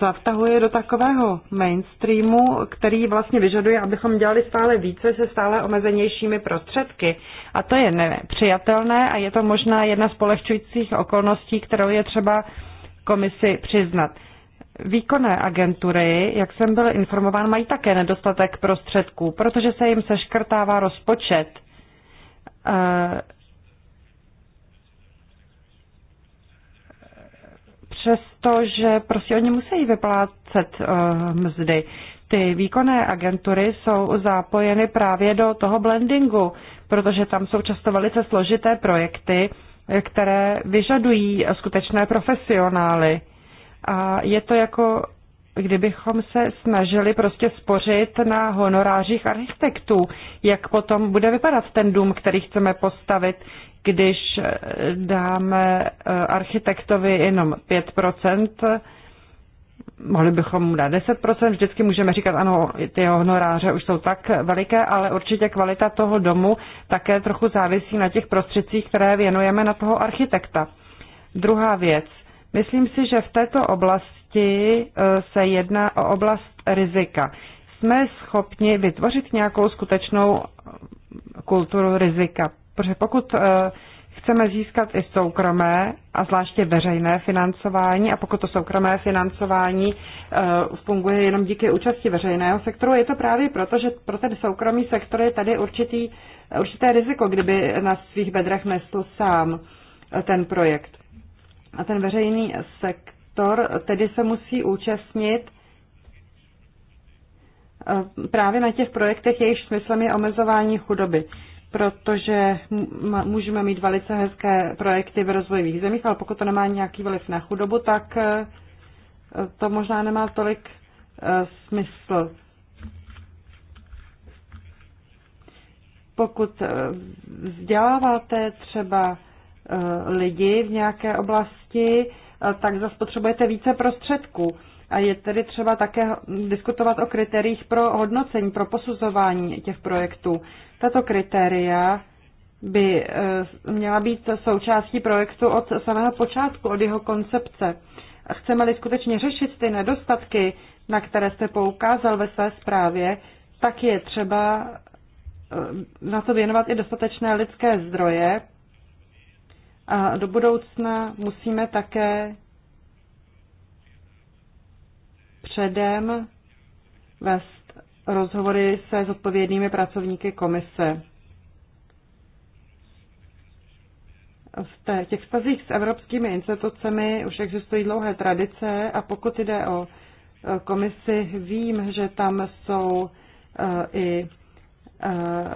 zavtahuje do takového mainstreamu, který vlastně vyžaduje, abychom dělali stále více se stále omezenějšími prostředky. A to je nepřijatelné a je to možná jedna z polehčujících okolností, kterou je třeba komisi přiznat. Výkonné agentury, jak jsem byl informován, mají také nedostatek prostředků, protože se jim seškrtává rozpočet. Eh, přestože prostě oni musí vyplácet uh, mzdy. Ty výkonné agentury jsou zapojeny právě do toho blendingu, protože tam jsou často velice složité projekty, které vyžadují skutečné profesionály. A je to jako kdybychom se snažili prostě spořit na honorářích architektů, jak potom bude vypadat ten dům, který chceme postavit, když eh, dáme eh, architektovi jenom 5%, mohli bychom mu dát 10%, vždycky můžeme říkat, ano, ty honoráře už jsou tak veliké, ale určitě kvalita toho domu také trochu závisí na těch prostředcích, které věnujeme na toho architekta. Druhá věc. Myslím si, že v této oblasti oblasti eh, se jedná o oblast rizika. Jsme schopni vytvořit nějakou skutečnou eh, kulturu rizika, protože pokud eh, chceme získat i soukromé a zvláště veřejné financování a pokud to soukromé financování funguje jenom díky účasti veřejného sektoru, je to právě proto, že pro ten soukromý sektor je tady určitý, určité riziko, kdyby na svých bedrech nesl sám ten projekt. A ten veřejný sektor investor tedy se musí účastnit eh, právě na těch projektech, jejichž smyslem je omezování chudoby, protože můžeme mít velice hezké projekty v rozvojových zemích, ale pokud to nemá nějaký vliv na chudobu, tak eh, to možná nemá tolik eh, smysl. Pokud vzděláváte třeba lidi v nějaké oblasti, Eh, tak zase potřebujete více prostředků. A je tedy třeba také diskutovat o kritériích pro hodnocení, pro posuzování těch projektů. Tato kritéria by eh, měla být součástí projektu od samého počátku, od jeho koncepce. Chceme-li skutečně řešit ty nedostatky, na které jste poukázal ve své zprávě, tak je třeba eh, na to věnovat i dostatečné lidské zdroje, a do budoucna musíme také předem vést rozhovory se zodpovědnými pracovníky komise. V těch vztazích s evropskými institucemi už existují dlouhé tradice a pokud jde o e, komisi, vím, že tam jsou e, i Eh,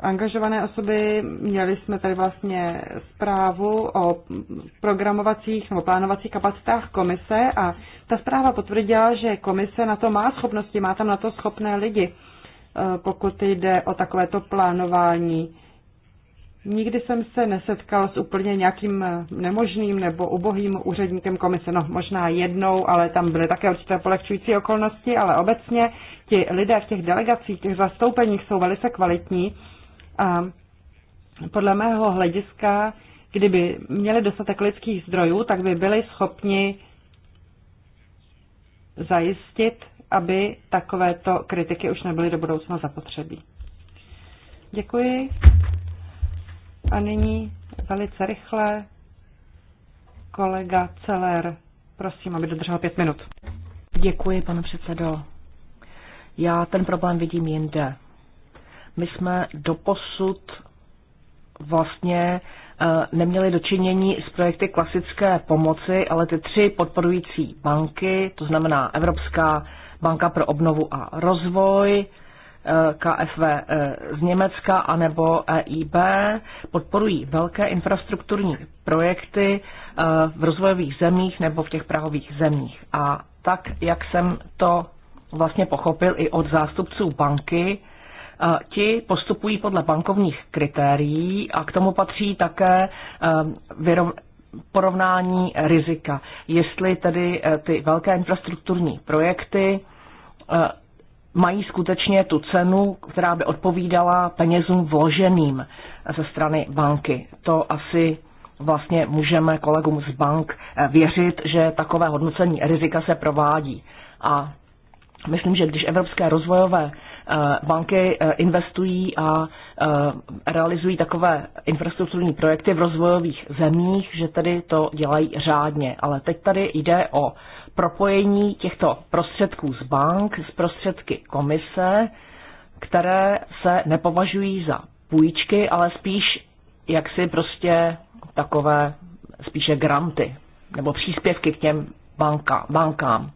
angažované osoby. Měli jsme tady vlastně zprávu o programovacích nebo plánovacích kapacitách komise a ta zpráva potvrdila, že komise na to má schopnosti, má tam na to schopné lidi, eh, pokud jde o takovéto plánování. Nikdy jsem se nesetkal s úplně nějakým eh, nemožným nebo ubohým úředníkem komise. No, možná jednou, ale tam byly také určité polehčující okolnosti, ale obecně ti lidé v těch delegacích, těch zastoupeních jsou velice kvalitní. A podle mého hlediska, kdyby měli dostatek lidských zdrojů, tak by byli schopni zajistit, aby takovéto kritiky už nebyly do budoucna zapotřebí. Děkuji. A nyní velice rychle kolega Celer. Prosím, aby dodržel pět minut. Děkuji, pane předsedo. Já ten problém vidím jinde. My jsme doposud vlastně eh, neměli dočinění s projekty klasické pomoci, ale ty tři podporující banky, to znamená Evropská banka pro obnovu a rozvoj, KFV eh, z Německa anebo EIB podporují velké infrastrukturní projekty eh, v rozvojových zemích nebo v těch prahových zemích. A tak, jak jsem to vlastně pochopil i od zástupců banky, eh, Ti postupují podle bankovních kritérií a k tomu patří také porovnání rizika. Jestli tedy ty velké infrastrukturní projekty mají skutečně tu cenu, která by odpovídala penězům vloženým ze strany banky. To asi vlastně můžeme kolegům z bank eh, věřit, že takové hodnocení rizika se provádí. A myslím, že když evropské rozvojové eh, banky eh, investují a realizují takové infrastrukturní projekty v rozvojových zemích, že tedy to dělají řádně. Ale teď tady jde o propojení těchto prostředků z bank s prostředky komise, které se nepovažují za půjčky, ale spíš jaksi prostě takové spíše granty nebo příspěvky k těm banka, bankám.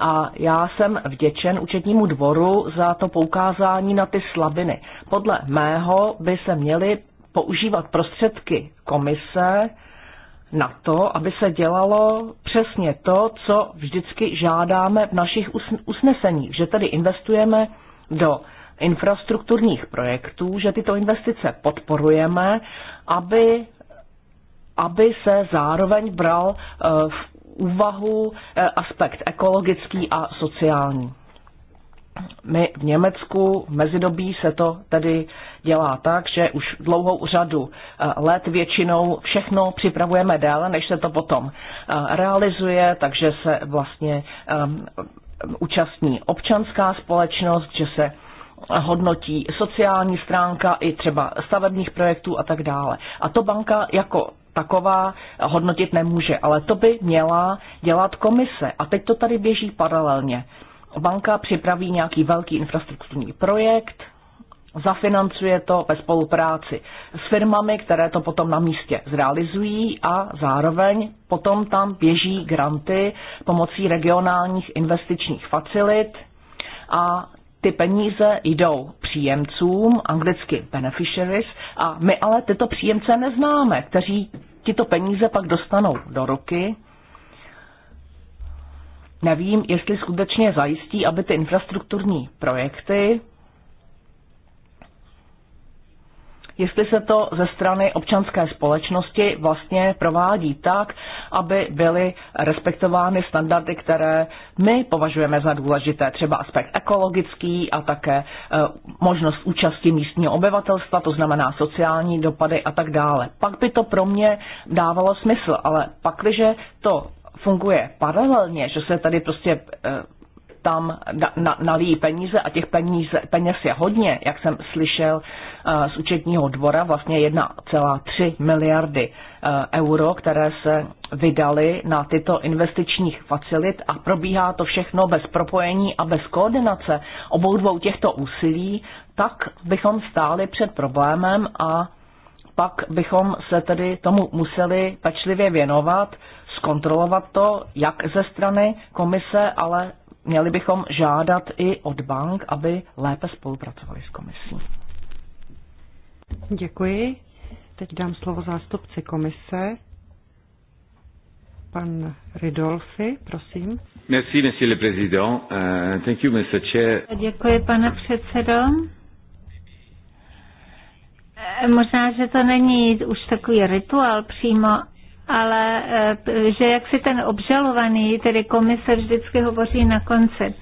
A já jsem vděčen účetnímu dvoru za to poukázání na ty slabiny. Podle mého by se měly používat prostředky komise na to, aby se dělalo přesně to, co vždycky žádáme v našich usneseních, že tedy investujeme do infrastrukturních projektů, že tyto investice podporujeme, aby, aby se zároveň bral eh, v úvahu eh, aspekt ekologický a sociální my v Německu v mezidobí se to tedy dělá tak, že už dlouhou řadu eh, let většinou všechno připravujeme déle, než se to potom eh, realizuje, takže se vlastně ehm, účastní občanská společnost, že se hodnotí sociální stránka i třeba stavebních projektů a tak dále. A to banka jako taková hodnotit nemůže, ale to by měla dělat komise. A teď to tady běží paralelně banka připraví nějaký velký infrastrukturní projekt, zafinancuje to ve spolupráci s firmami, které to potom na místě zrealizují a zároveň potom tam běží granty pomocí regionálních investičních facilit a ty peníze jdou příjemcům, anglicky beneficiaries, a my ale tyto příjemce neznáme, kteří tyto peníze pak dostanou do ruky nevím, jestli skutečně zajistí, aby ty infrastrukturní projekty, jestli se to ze strany občanské společnosti vlastně provádí tak, aby byly respektovány standardy, které my považujeme za důležité, třeba aspekt ekologický a také eh, možnost účasti místního obyvatelstva, to znamená sociální dopady a tak dále. Pak by to pro mě dávalo smysl, ale pak, když to funguje paralelně, že se tady prostě eh, tam na, na, nalíjí peníze a těch peníze, peněz je hodně, jak jsem slyšel eh, z účetního dvora, vlastně 1,3 miliardy eh, euro, které se vydaly na tyto investičních facilit a probíhá to všechno bez propojení a bez koordinace obou dvou těchto úsilí, tak bychom stáli před problémem a pak bychom se tedy tomu museli pečlivě věnovat zkontrolovat to, jak ze strany komise, ale měli bychom žádat i od bank, aby lépe spolupracovali s komisí. Děkuji. Teď dám slovo zástupci komise. Pan Ridolfi, prosím. Merci, monsieur le président. Uh, thank you, Mr. Chair. Děkuji, pane předsedo. E, možná, že to není už takový rituál přímo, ale eh, že jak si ten obžalovaný, tedy komise vždycky hovoří na konci.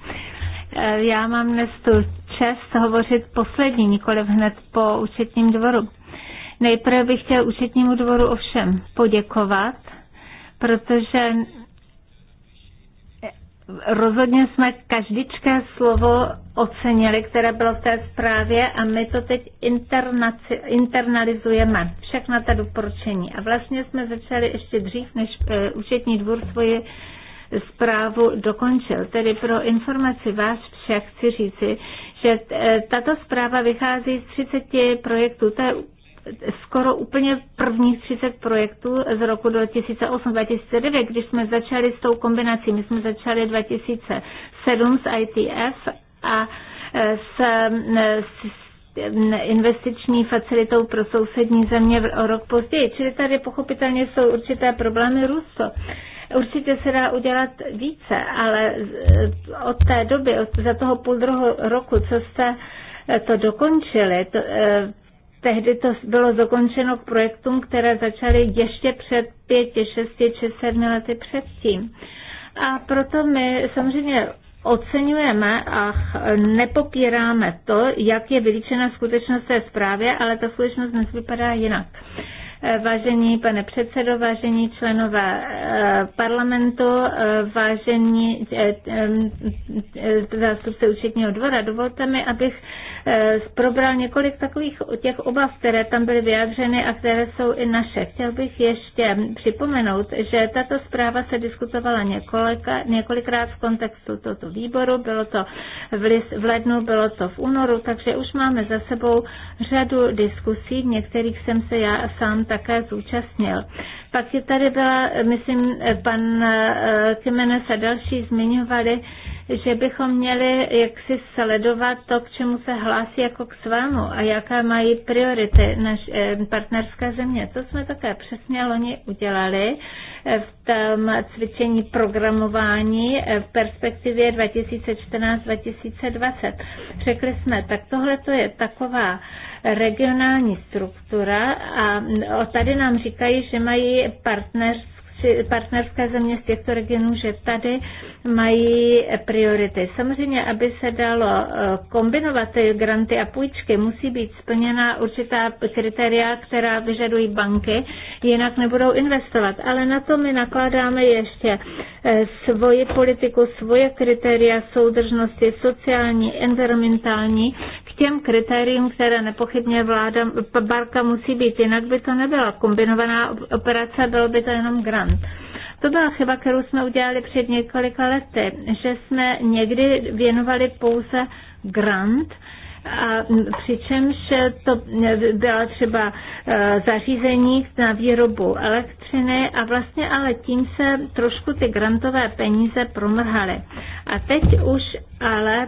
Eh, já mám dnes tu čest hovořit poslední, nikoli hned po účetním dvoru. Nejprve bych chtěl účetnímu dvoru ovšem poděkovat, protože Rozhodně jsme každičké slovo ocenili, které bylo v té zprávě a my to teď internalizujeme, všechna ta doporučení. A vlastně jsme začali ještě dřív, než eh, účetní dvůr svoji zprávu dokončil. Tedy pro informaci vás všech chci říci, že eh, tato zpráva vychází z 30 projektů. To je skoro úplně prvních 30 projektů z roku 2008-2009, když jsme začali s tou kombinací. My jsme začali 2007 s ITF a e, e, s, s investiční facilitou pro sousední země o rok později. Čili tady pochopitelně jsou určité problémy Rusko. Určitě se dá udělat více, ale e, od té doby, od, za toho půl roku, co jste to dokončili, to, Tehdy to bylo dokončeno k projektům, které začaly ještě před pěti, šesti či sedmi lety předtím. A proto my samozřejmě oceňujeme a nepopíráme to, jak je vylíčena skutečnost té zprávě, ale ta skutečnost dnes vypadá jinak. Eh, vážení pane předsedo, vážení členové eh, parlamentu, eh, vážení zástupce účetního dvora, dovolte mi, abych Eh, probral několik takových těch obav, které tam byly vyjádřeny a které jsou i naše. Chtěl bych ještě připomenout, že tato zpráva se diskutovala několika, několikrát v kontextu tohoto výboru, bylo to v, list, v lednu, bylo to v únoru, takže už máme za sebou řadu diskusí, v některých jsem se já sám také zúčastnil. Pak je tady byla, myslím, pan Kimenes eh, a další zmiňovali, že bychom měli jaksi sledovat to, k čemu se hlásí jako k svému a jaká mají priority naš, eh, partnerské země. To jsme také přesně loni udělali eh, v tom cvičení programování eh, v perspektivě 2014-2020. Řekli jsme, tak tohle to je taková regionální struktura a tady nám říkají, že mají partnerské partnerské země z těchto regionů, že tady mají priority. Samozřejmě, aby se dalo eh, kombinovat ty granty a půjčky, musí být splněna určitá kritéria, která vyžadují banky, jinak nebudou investovat. Ale na to my nakládáme ještě eh, svoji politiku, svoje kritéria soudržnosti, sociální, environmentální, těm kritériím, které nepochybně vláda Barka musí být, jinak by to nebyla kombinovaná operace, byl by to jenom grant. To byla chyba, kterou jsme udělali před několika lety, že jsme někdy věnovali pouze grant, a přičemž to byla třeba e, zařízení na výrobu elektřiny, elektřiny a vlastně ale tím se trošku ty grantové peníze promrhaly. A teď už ale e,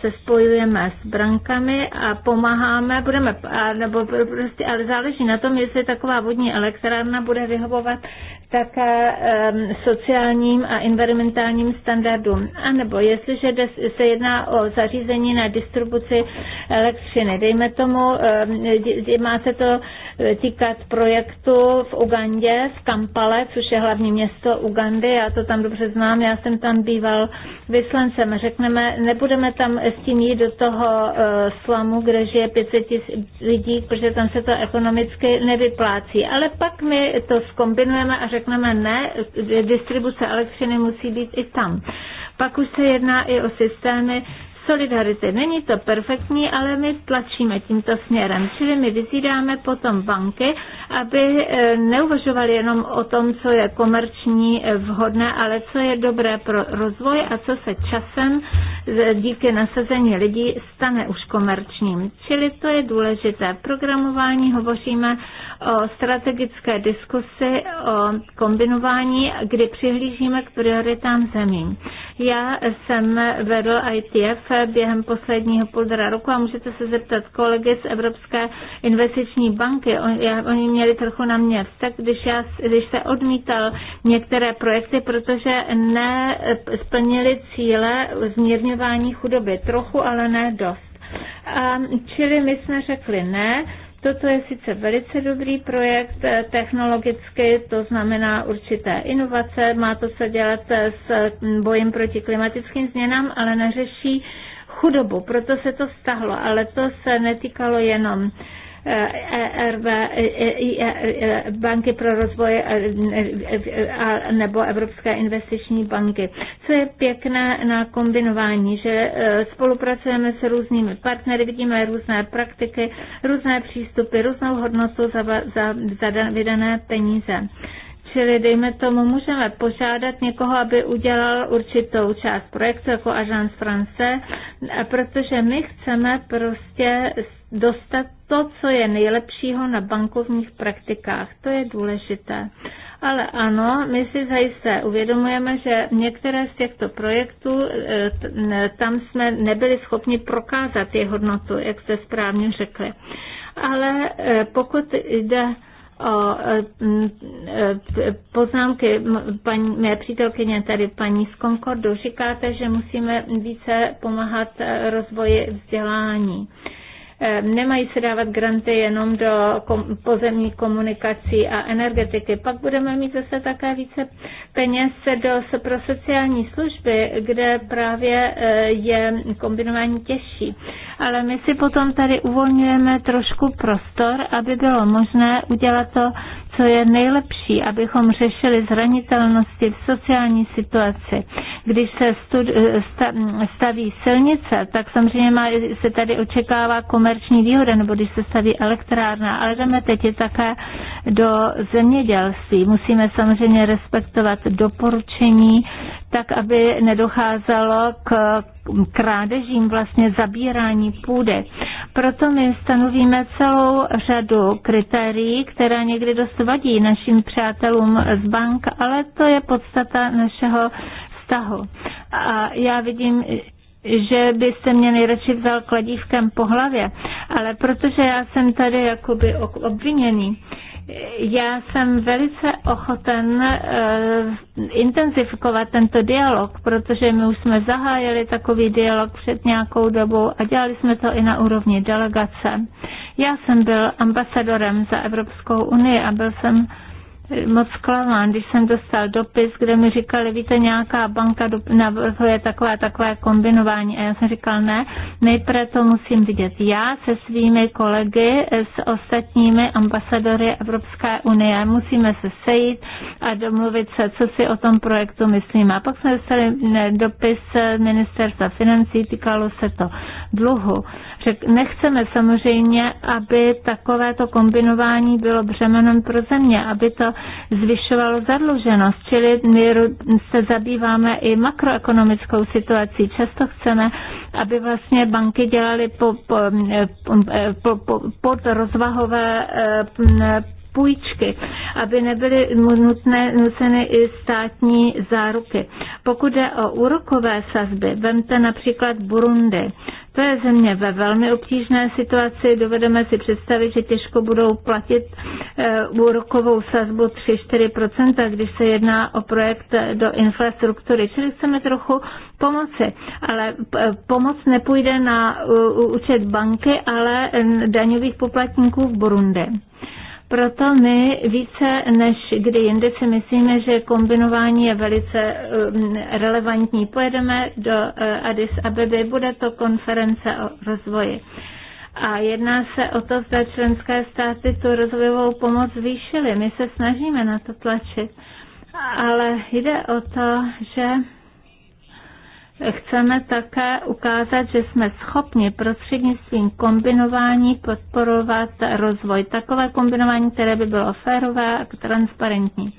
se spojujeme s brankami a pomáháme, budeme, a, nebo prostě, ale záleží na tom, jestli taková vodní elektrárna bude vyhovovat také um, sociálním a environmentálním standardům. A nebo jestliže se jedná o zařízení na distribuci elektřiny. Dejme tomu, um, má se to e, týkat projektu v Ugandě, Ugandě, v Kampale, což je hlavní město Ugandy, já to tam dobře znám, já jsem tam býval vyslancem. Řekneme, nebudeme tam s tím jít do toho uh, slamu, kde žije 500 lidí, protože tam se to ekonomicky nevyplácí. Ale pak my to skombinujeme a řekneme ne, distribuce elektřiny musí být i tam. Pak už se jedná i o systémy, solidarity. Není to perfektní, ale my tlačíme tímto směrem. Čili my vyzýváme potom banky, aby eh, neuvažovali jenom o tom, co je komerční eh, vhodné, ale co je dobré pro rozvoj a co se časem eh, díky nasazení lidí stane už komerčním. Čili to je důležité. V programování hovoříme o strategické diskusi, o kombinování, kdy přihlížíme k prioritám zemí. Já jsem vedl ITF práce během posledního půldra roku a můžete se zeptat kolegy z Evropské investiční banky. Oni měli trochu na mě vztah, když, já, když se odmítal některé projekty, protože nesplnili cíle zmírňování chudoby. Trochu, ale ne dost. A, čili my jsme řekli ne, Toto je sice velice dobrý projekt eh, technologicky, to znamená určité inovace, má to se dělat s mm, bojem proti klimatickým změnám, ale neřeší chudobu, proto se to stahlo, ale to se netýkalo jenom ERB, eh, e eh, eh, banky pro rozvoj nebo Evropské investiční banky. Co je pěkné na kombinování, že spolupracujeme s různými partnery, vidíme různé praktiky, různé přístupy, různou hodnotu za, za, za vydané peníze. Čili dejme tomu, můžeme požádat někoho, aby udělal určitou část projektu jako Agence France, protože my chceme prostě dostat to, co je nejlepšího na bankovních praktikách. To je důležité. Ale ano, my si zajisté uvědomujeme, že některé z těchto projektů, eh, tam jsme nebyli schopni prokázat jejich hodnotu, jak jste správně řekli. Ale eh, pokud jde o e, e, poznámky paní, mé přítelkyně tady paní z Concordu. Říkáte, že musíme více pomáhat e, rozvoji vzdělání. Ehm, nemají se dávat granty jenom do pozemní komunikací a energetiky. Pak budeme mít zase také více peněz do, pro sociální služby, kde právě e, je kombinování těžší. Ale my si potom tady uvolňujeme trošku prostor, aby bylo možné udělat to co je nejlepší, abychom řešili zranitelnosti v sociální situaci. Když se staví silnice, tak samozřejmě má, se tady očekává komerční výhoda, nebo když se staví elektrárna, ale jdeme teď je také do zemědělství. Musíme samozřejmě respektovat doporučení tak aby nedocházelo k krádežím, vlastně zabírání půdy. Proto my stanovíme celou řadu kritérií, která někdy dost vadí našim přátelům z bank, ale to je podstata našeho vztahu. A já vidím, že byste mě nejradši vzal kladívkem po hlavě, ale protože já jsem tady jakoby obviněný, já jsem velice ochoten uh, intenzifikovat tento dialog, protože my už jsme zahájili takový dialog před nějakou dobou a dělali jsme to i na úrovni delegace. Já jsem byl ambasadorem za Evropskou unii a byl jsem moc klamán, když jsem dostal dopis, kde mi říkali, víte, nějaká banka navrhuje takové takové kombinování. A já jsem říkal, ne, nejprve to musím vidět já se svými kolegy, s ostatními ambasadory Evropské unie. Musíme se sejít a domluvit se, co si o tom projektu myslíme. A pak jsme dostali eh, dopis eh, ministerstva financí, týkalo se to dluhu. Nechceme samozřejmě, aby takovéto kombinování bylo břemenem pro země, aby to zvyšovalo zadluženost, čili my se zabýváme i makroekonomickou situací. Často chceme, aby vlastně banky dělaly po, po, eh, po, po, pod rozvahové eh, půjčky, aby nebyly nutné, nuceny i státní záruky. Pokud jde o úrokové sazby, vemte například Burundi. To je země ve velmi obtížné situaci. Dovedeme si představit, že těžko budou platit eh, úrokovou sazbu 3-4%, když se jedná o projekt eh, do infrastruktury. Čili chceme trochu pomoci, ale eh, pomoc nepůjde na účet banky, ale daňových poplatníků v Burundi. Proto my více než kdy jindy si myslíme, že kombinování je velice um, relevantní. Pojedeme do eh, Addis Abeby, bude to konference o rozvoji. A jedná se o to, zda členské státy tu rozvojovou pomoc zvýšily. My se snažíme na to tlačit. Ale jde o to, že Chceme také ukázat, že jsme schopni prostřednictvím kombinování podporovat rozvoj. Takové kombinování, které by bylo férové a transparentní.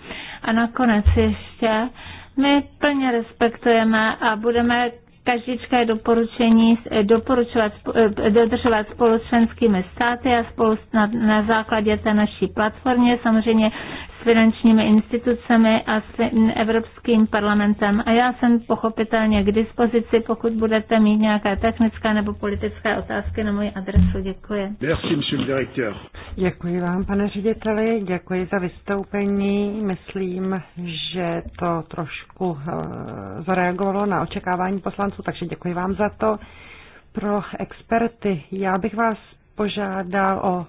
A nakonec ještě my plně respektujeme a budeme každičké doporučení doporučovat, dodržovat spolu s členskými státy a spolu na, na základě té naší platformě. Samozřejmě finančními institucemi a s Evropským parlamentem. A já jsem pochopitelně k dispozici, pokud budete mít nějaké technické nebo politické otázky na moji adresu. Děkuji. Merci, Děkuji vám, pane řediteli, děkuji za vystoupení. Myslím, že to trošku eh, zareagovalo na očekávání poslanců, takže děkuji vám za to. Pro experty, já bych vás požádal o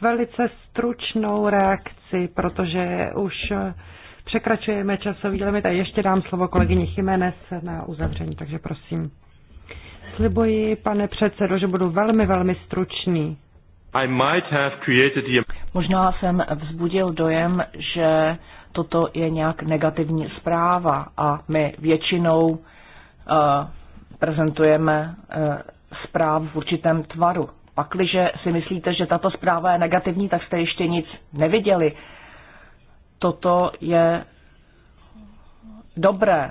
velice stručnou reakci, protože už překračujeme časový limit a ještě dám slovo kolegyni Jiménez na uzavření, takže prosím. Slibuji, pane předsedo, že budu velmi, velmi stručný. I might have created the... Možná jsem vzbudil dojem, že toto je nějak negativní zpráva a my většinou uh, prezentujeme uh, eh, zpráv v určitém tvaru. Pakliže si myslíte, že tato zpráva je negativní, tak jste ještě nic neviděli. Toto je dobré.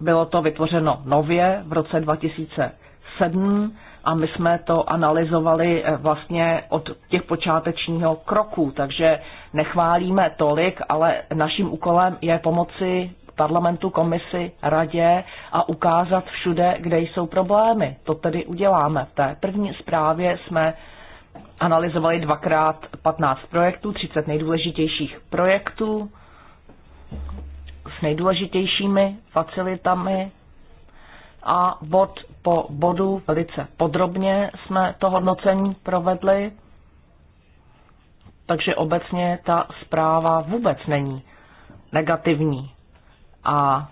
Bylo to vytvořeno nově v roce 2007 a my jsme to analyzovali eh, vlastně od těch počátečního kroku, takže nechválíme tolik, ale naším úkolem je pomoci parlamentu, komisi, radě a ukázat všude, kde jsou problémy. To tedy uděláme. V té první zprávě jsme analyzovali dvakrát 15 projektů, 30 nejdůležitějších projektů s nejdůležitějšími facilitami a bod po bodu velice podrobně jsme to hodnocení provedli, takže obecně ta zpráva vůbec není negativní a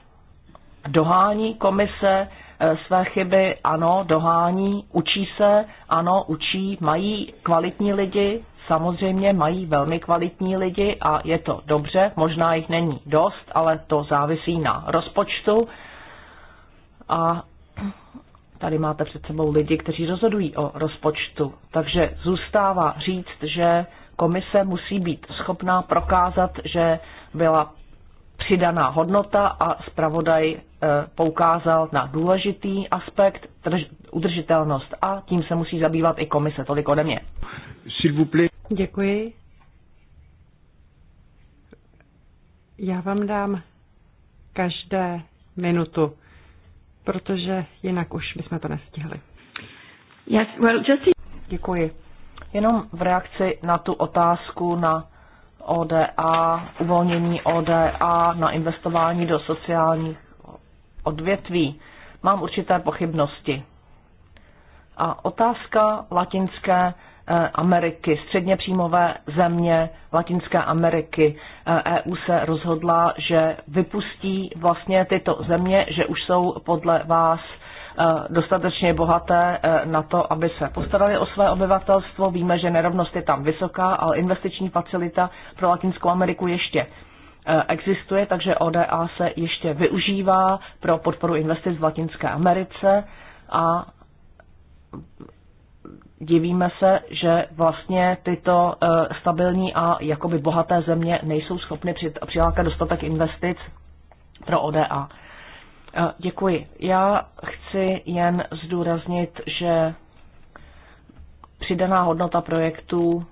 dohání komise eh, své chyby, ano, dohání, učí se, ano, učí, mají kvalitní lidi, samozřejmě mají velmi kvalitní lidi a je to dobře, možná jich není dost, ale to závisí na rozpočtu. A tady máte před sebou lidi, kteří rozhodují o rozpočtu. Takže zůstává říct, že komise musí být schopná prokázat, že byla přidaná hodnota a zpravodaj eh, poukázal na důležitý aspekt trž, udržitelnost a tím se musí zabývat i komise. Tolik ode mě. Děkuji. Já vám dám každé minutu, protože jinak už bychom to nestihli. Yes, well, just... Děkuji. Jenom v reakci na tu otázku na ODA, uvolnění ODA na investování do sociálních odvětví. Mám určité pochybnosti. A otázka latinské eh, Ameriky, středně příjmové země Latinské Ameriky. EU eh, e se rozhodla, že vypustí vlastně tyto země, že už jsou podle vás Eh, dostatečně bohaté eh, na to, aby se postarali o své obyvatelstvo. Víme, že nerovnost je tam vysoká, ale investiční facilita pro Latinskou Ameriku ještě eh, existuje, takže ODA se ještě využívá pro podporu investic v Latinské Americe a divíme se, že vlastně tyto stabilní a jakoby bohaté země nejsou schopny přilákat dostatek investic pro ODA. Eh, děkuji. Já chci jen zdůraznit, že přidaná hodnota projektu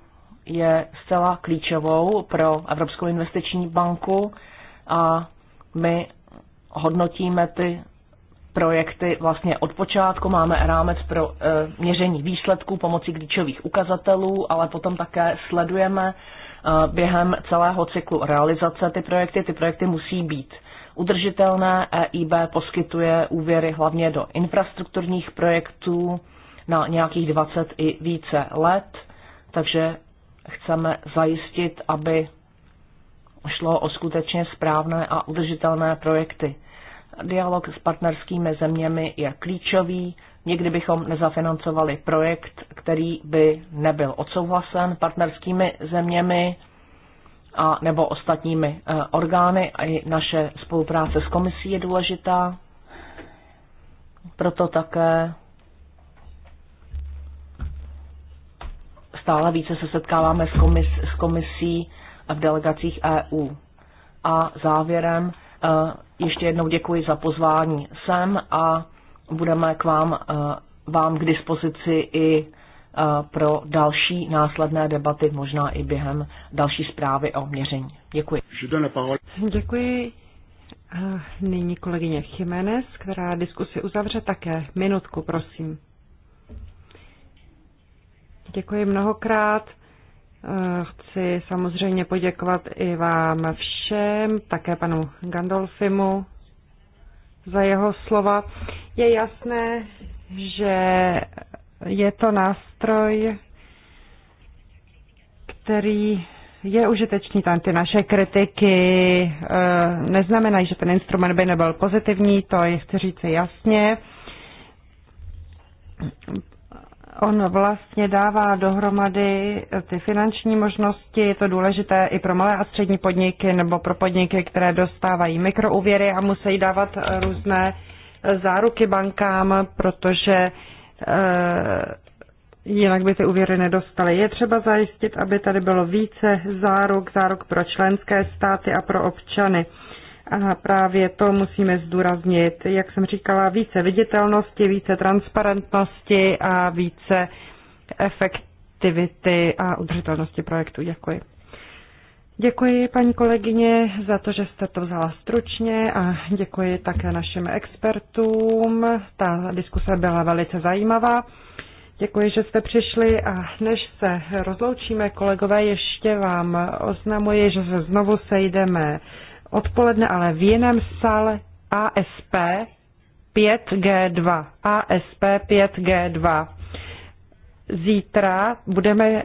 je zcela klíčovou pro Evropskou investiční banku a my hodnotíme ty projekty vlastně od počátku. Máme rámec pro eh, měření výsledků pomocí klíčových ukazatelů, ale potom také sledujeme eh, během celého cyklu realizace ty projekty. Ty projekty musí být udržitelné. EIB poskytuje úvěry hlavně do infrastrukturních projektů na nějakých 20 i více let, takže chceme zajistit, aby šlo o skutečně správné a udržitelné projekty. Dialog s partnerskými zeměmi je klíčový. Nikdy bychom nezafinancovali projekt, který by nebyl odsouhlasen partnerskými zeměmi a nebo ostatními e, orgány. A i naše spolupráce s komisí je důležitá. Proto také stále více se setkáváme s, komis, s komisí v delegacích EU. A závěrem e, ještě jednou děkuji za pozvání sem a budeme k vám, e, vám k dispozici i pro další následné debaty, možná i během další zprávy o měření. Děkuji. Děkuji. Nyní kolegyně Jiménez, která diskusi uzavře také. Minutku, prosím. Děkuji mnohokrát. Chci samozřejmě poděkovat i vám všem, také panu Gandolfimu za jeho slova. Je jasné, že je to nástroj, který je užitečný. Tam ty naše kritiky eh, neznamenají, že ten instrument by nebyl pozitivní, to je chci říct jasně. On vlastně dává dohromady ty finanční možnosti, je to důležité i pro malé a střední podniky nebo pro podniky, které dostávají mikrouvěry a musí dávat různé záruky bankám, protože Eh, jinak by ty úvěry nedostaly. Je třeba zajistit, aby tady bylo více záruk, záruk pro členské státy a pro občany. A právě to musíme zdůraznit, jak jsem říkala, více viditelnosti, více transparentnosti a více efektivity a udržitelnosti projektu. Děkuji. Děkuji paní kolegyně za to, že jste to vzala stručně a děkuji také našim expertům. Ta diskuse byla velice zajímavá. Děkuji, že jste přišli a než se rozloučíme, kolegové, ještě vám oznamuji, že se znovu sejdeme odpoledne, ale v jiném sále ASP 5G2. ASP 5G2. Zítra budeme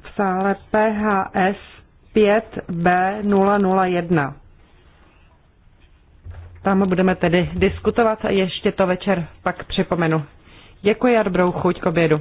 v sále PHS 5B001. Tam budeme tedy diskutovat a ještě to večer pak připomenu. Děkuji a dobrou chuť k obědu.